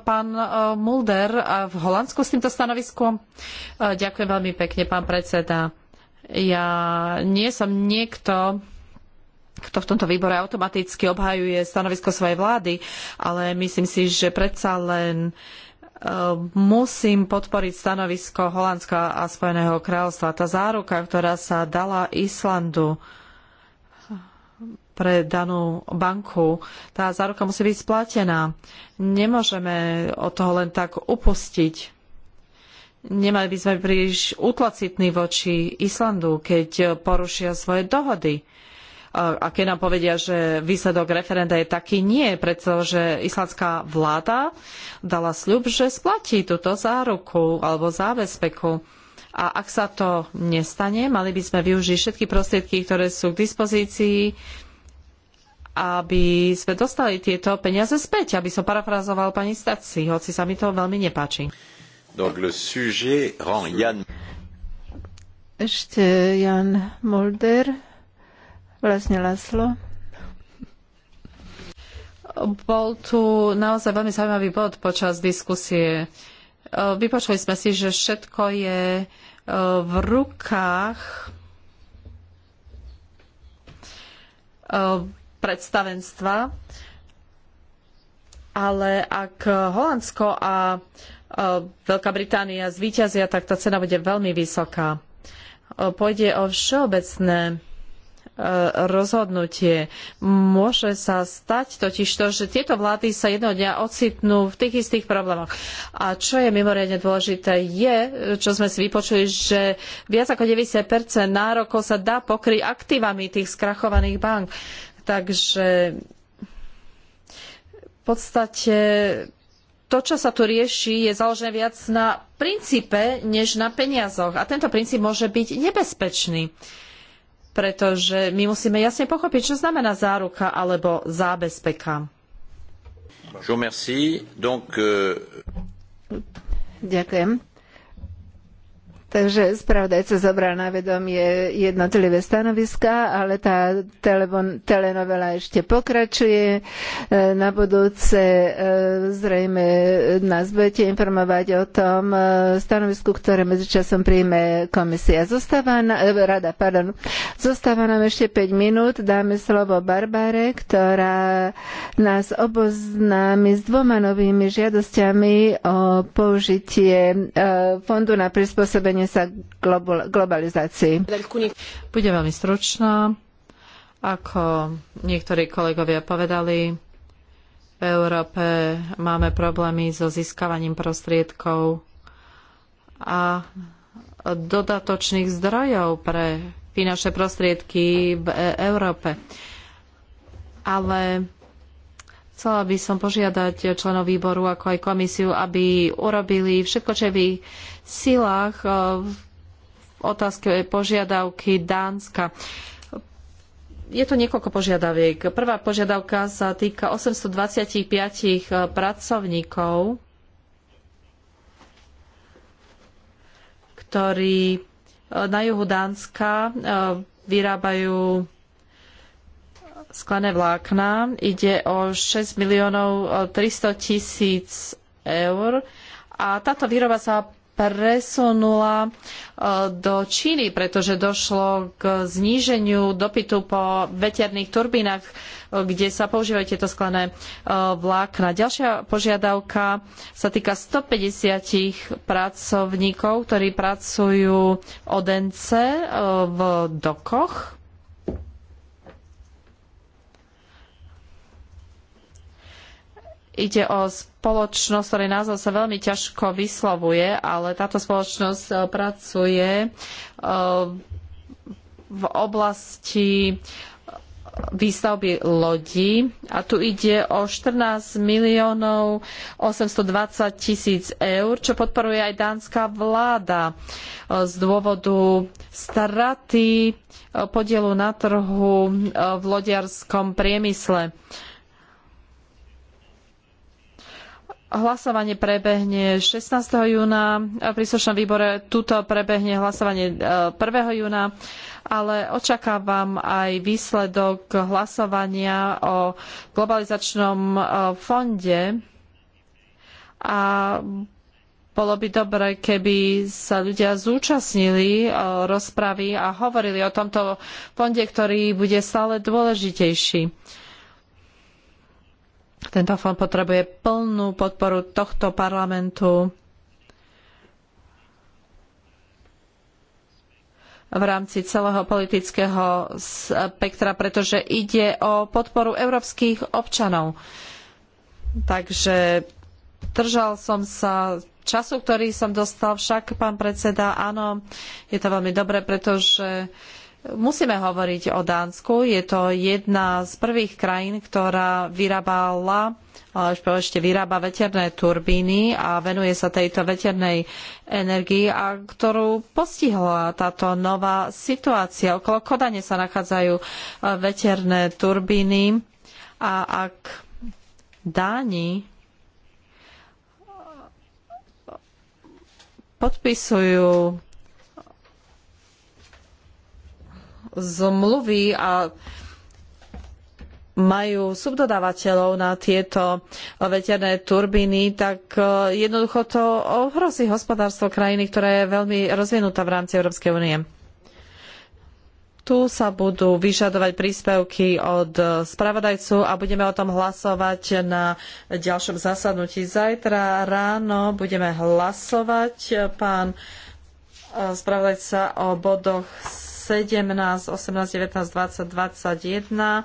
pán e, Mulder, v Holandsku s týmto stanoviskom? Ďakujem veľmi pekne, pán predseda. Ja nie som niekto, kto v tomto výbore automaticky obhajuje stanovisko svojej vlády, ale myslím si, že predsa len musím podporiť stanovisko Holandska a Spojeného kráľovstva. Tá záruka, ktorá sa dala Islandu, pre danú banku. Tá záruka musí byť splatená. Nemôžeme od toho len tak upustiť. Nemali by sme príliš utlacitní voči Islandu, keď porušia svoje dohody. A keď nám povedia, že výsledok referenda je taký, nie, pretože islandská vláda dala sľub, že splatí túto záruku alebo zábezpeku. A ak sa to nestane, mali by sme využiť všetky prostriedky, ktoré sú k dispozícii, aby sme dostali tieto peniaze späť, aby som parafrazoval pani Staci, hoci sa mi to veľmi nepáči. Ešte Jan Mulder, vlastne Laslo. Bol tu naozaj veľmi zaujímavý bod počas diskusie. E, vypočuli sme si, že všetko je e, v rukách e, predstavenstva, ale ak Holandsko a Veľká Británia zvíťazia, tak tá cena bude veľmi vysoká. E, pôjde o všeobecné e, rozhodnutie. Môže sa stať totiž to, že tieto vlády sa jednoho dňa ocitnú v tých istých problémoch. A čo je mimoriadne dôležité je, čo sme si vypočuli, že viac ako 90% nárokov sa dá pokryť aktívami tých skrachovaných bank. Takže v podstate to, čo sa tu rieši, je založené viac na princípe, než na peniazoch. A tento princíp môže byť nebezpečný, pretože my musíme jasne pochopiť, čo znamená záruka alebo zábezpeka. Euh, Ďakujem. Takže spravodajca zobral na vedomie jednotlivé stanoviská, ale tá telebon, telenovela ešte pokračuje. E, na budúce e, zrejme nás budete informovať o tom e, stanovisku, ktoré medzičasom príjme komisia. Zostáva na, rada, pardon. Zostáva nám ešte 5 minút. Dáme slovo Barbare, ktorá nás oboznámi s dvoma novými žiadosťami o použitie fondu na prispôsobenie prispôsobenie sa globalizácii. Budem veľmi stručná. Ako niektorí kolegovia povedali, v Európe máme problémy so získavaním prostriedkov a dodatočných zdrojov pre finančné prostriedky v e- Európe. Ale chcela by som požiadať členov výboru ako aj komisiu, aby urobili všetko, čo je v ich silách e, v otázke požiadavky Dánska. Je to niekoľko požiadaviek. Prvá požiadavka sa týka 825 pracovníkov, ktorí e, na juhu Dánska e, vyrábajú sklené vlákna. Ide o 6 miliónov 300 tisíc eur. A táto výroba sa presunula e, do Číny, pretože došlo k zníženiu dopytu po veterných turbínach, e, kde sa používajú tieto sklené e, vlákna. Ďalšia požiadavka sa týka 150 pracovníkov, ktorí pracujú od NC v dokoch Ide o spoločnosť, ktorej názov sa veľmi ťažko vyslovuje, ale táto spoločnosť eh, pracuje eh, v oblasti eh, výstavby lodí a tu ide o 14 miliónov 820 tisíc eur, čo podporuje aj dánska vláda z dôvodu straty podielu na trhu v lodiarskom priemysle. Hlasovanie prebehne 16. júna, v príslušnom výbore tuto prebehne hlasovanie 1. E, júna, ale očakávam aj výsledok hlasovania o globalizačnom e, fonde a bolo by dobre, keby sa ľudia zúčastnili e, rozpravy a hovorili o tomto fonde, ktorý bude stále dôležitejší tento fond potrebuje plnú podporu tohto parlamentu v rámci celého politického spektra, pretože ide o podporu európskych občanov. Takže držal som sa času, ktorý som dostal, však pán predseda, áno, je to veľmi dobré, pretože Musíme hovoriť o Dánsku. Je to jedna z prvých krajín, ktorá vyrábala, alebo ešte vyrába veterné turbíny a venuje sa tejto veternej energii, a ktorú postihla táto nová situácia. Okolo Kodane sa nachádzajú e, veterné turbíny a ak Dáni e, podpisujú zmluvy a majú subdodávateľov na tieto veterné turbíny, tak e, jednoducho to ohrozí hospodárstvo krajiny, ktorá je veľmi rozvinutá v rámci Európskej únie. Tu sa budú vyžadovať príspevky od spravodajcu a budeme o tom hlasovať na ďalšom zasadnutí. Zajtra ráno budeme hlasovať. Pán e, spravodajca o bodoch 17, 18, 19, 20, 21.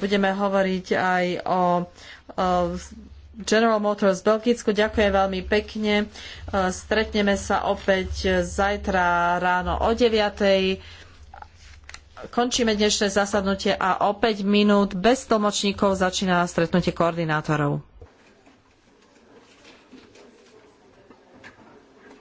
Budeme hovoriť aj o General Motors v Belgicku. Ďakujem veľmi pekne. E, stretneme sa opäť zajtra ráno o 9. Končíme dnešné zasadnutie a o 5 minút bez tlmočníkov začína stretnutie koordinátorov.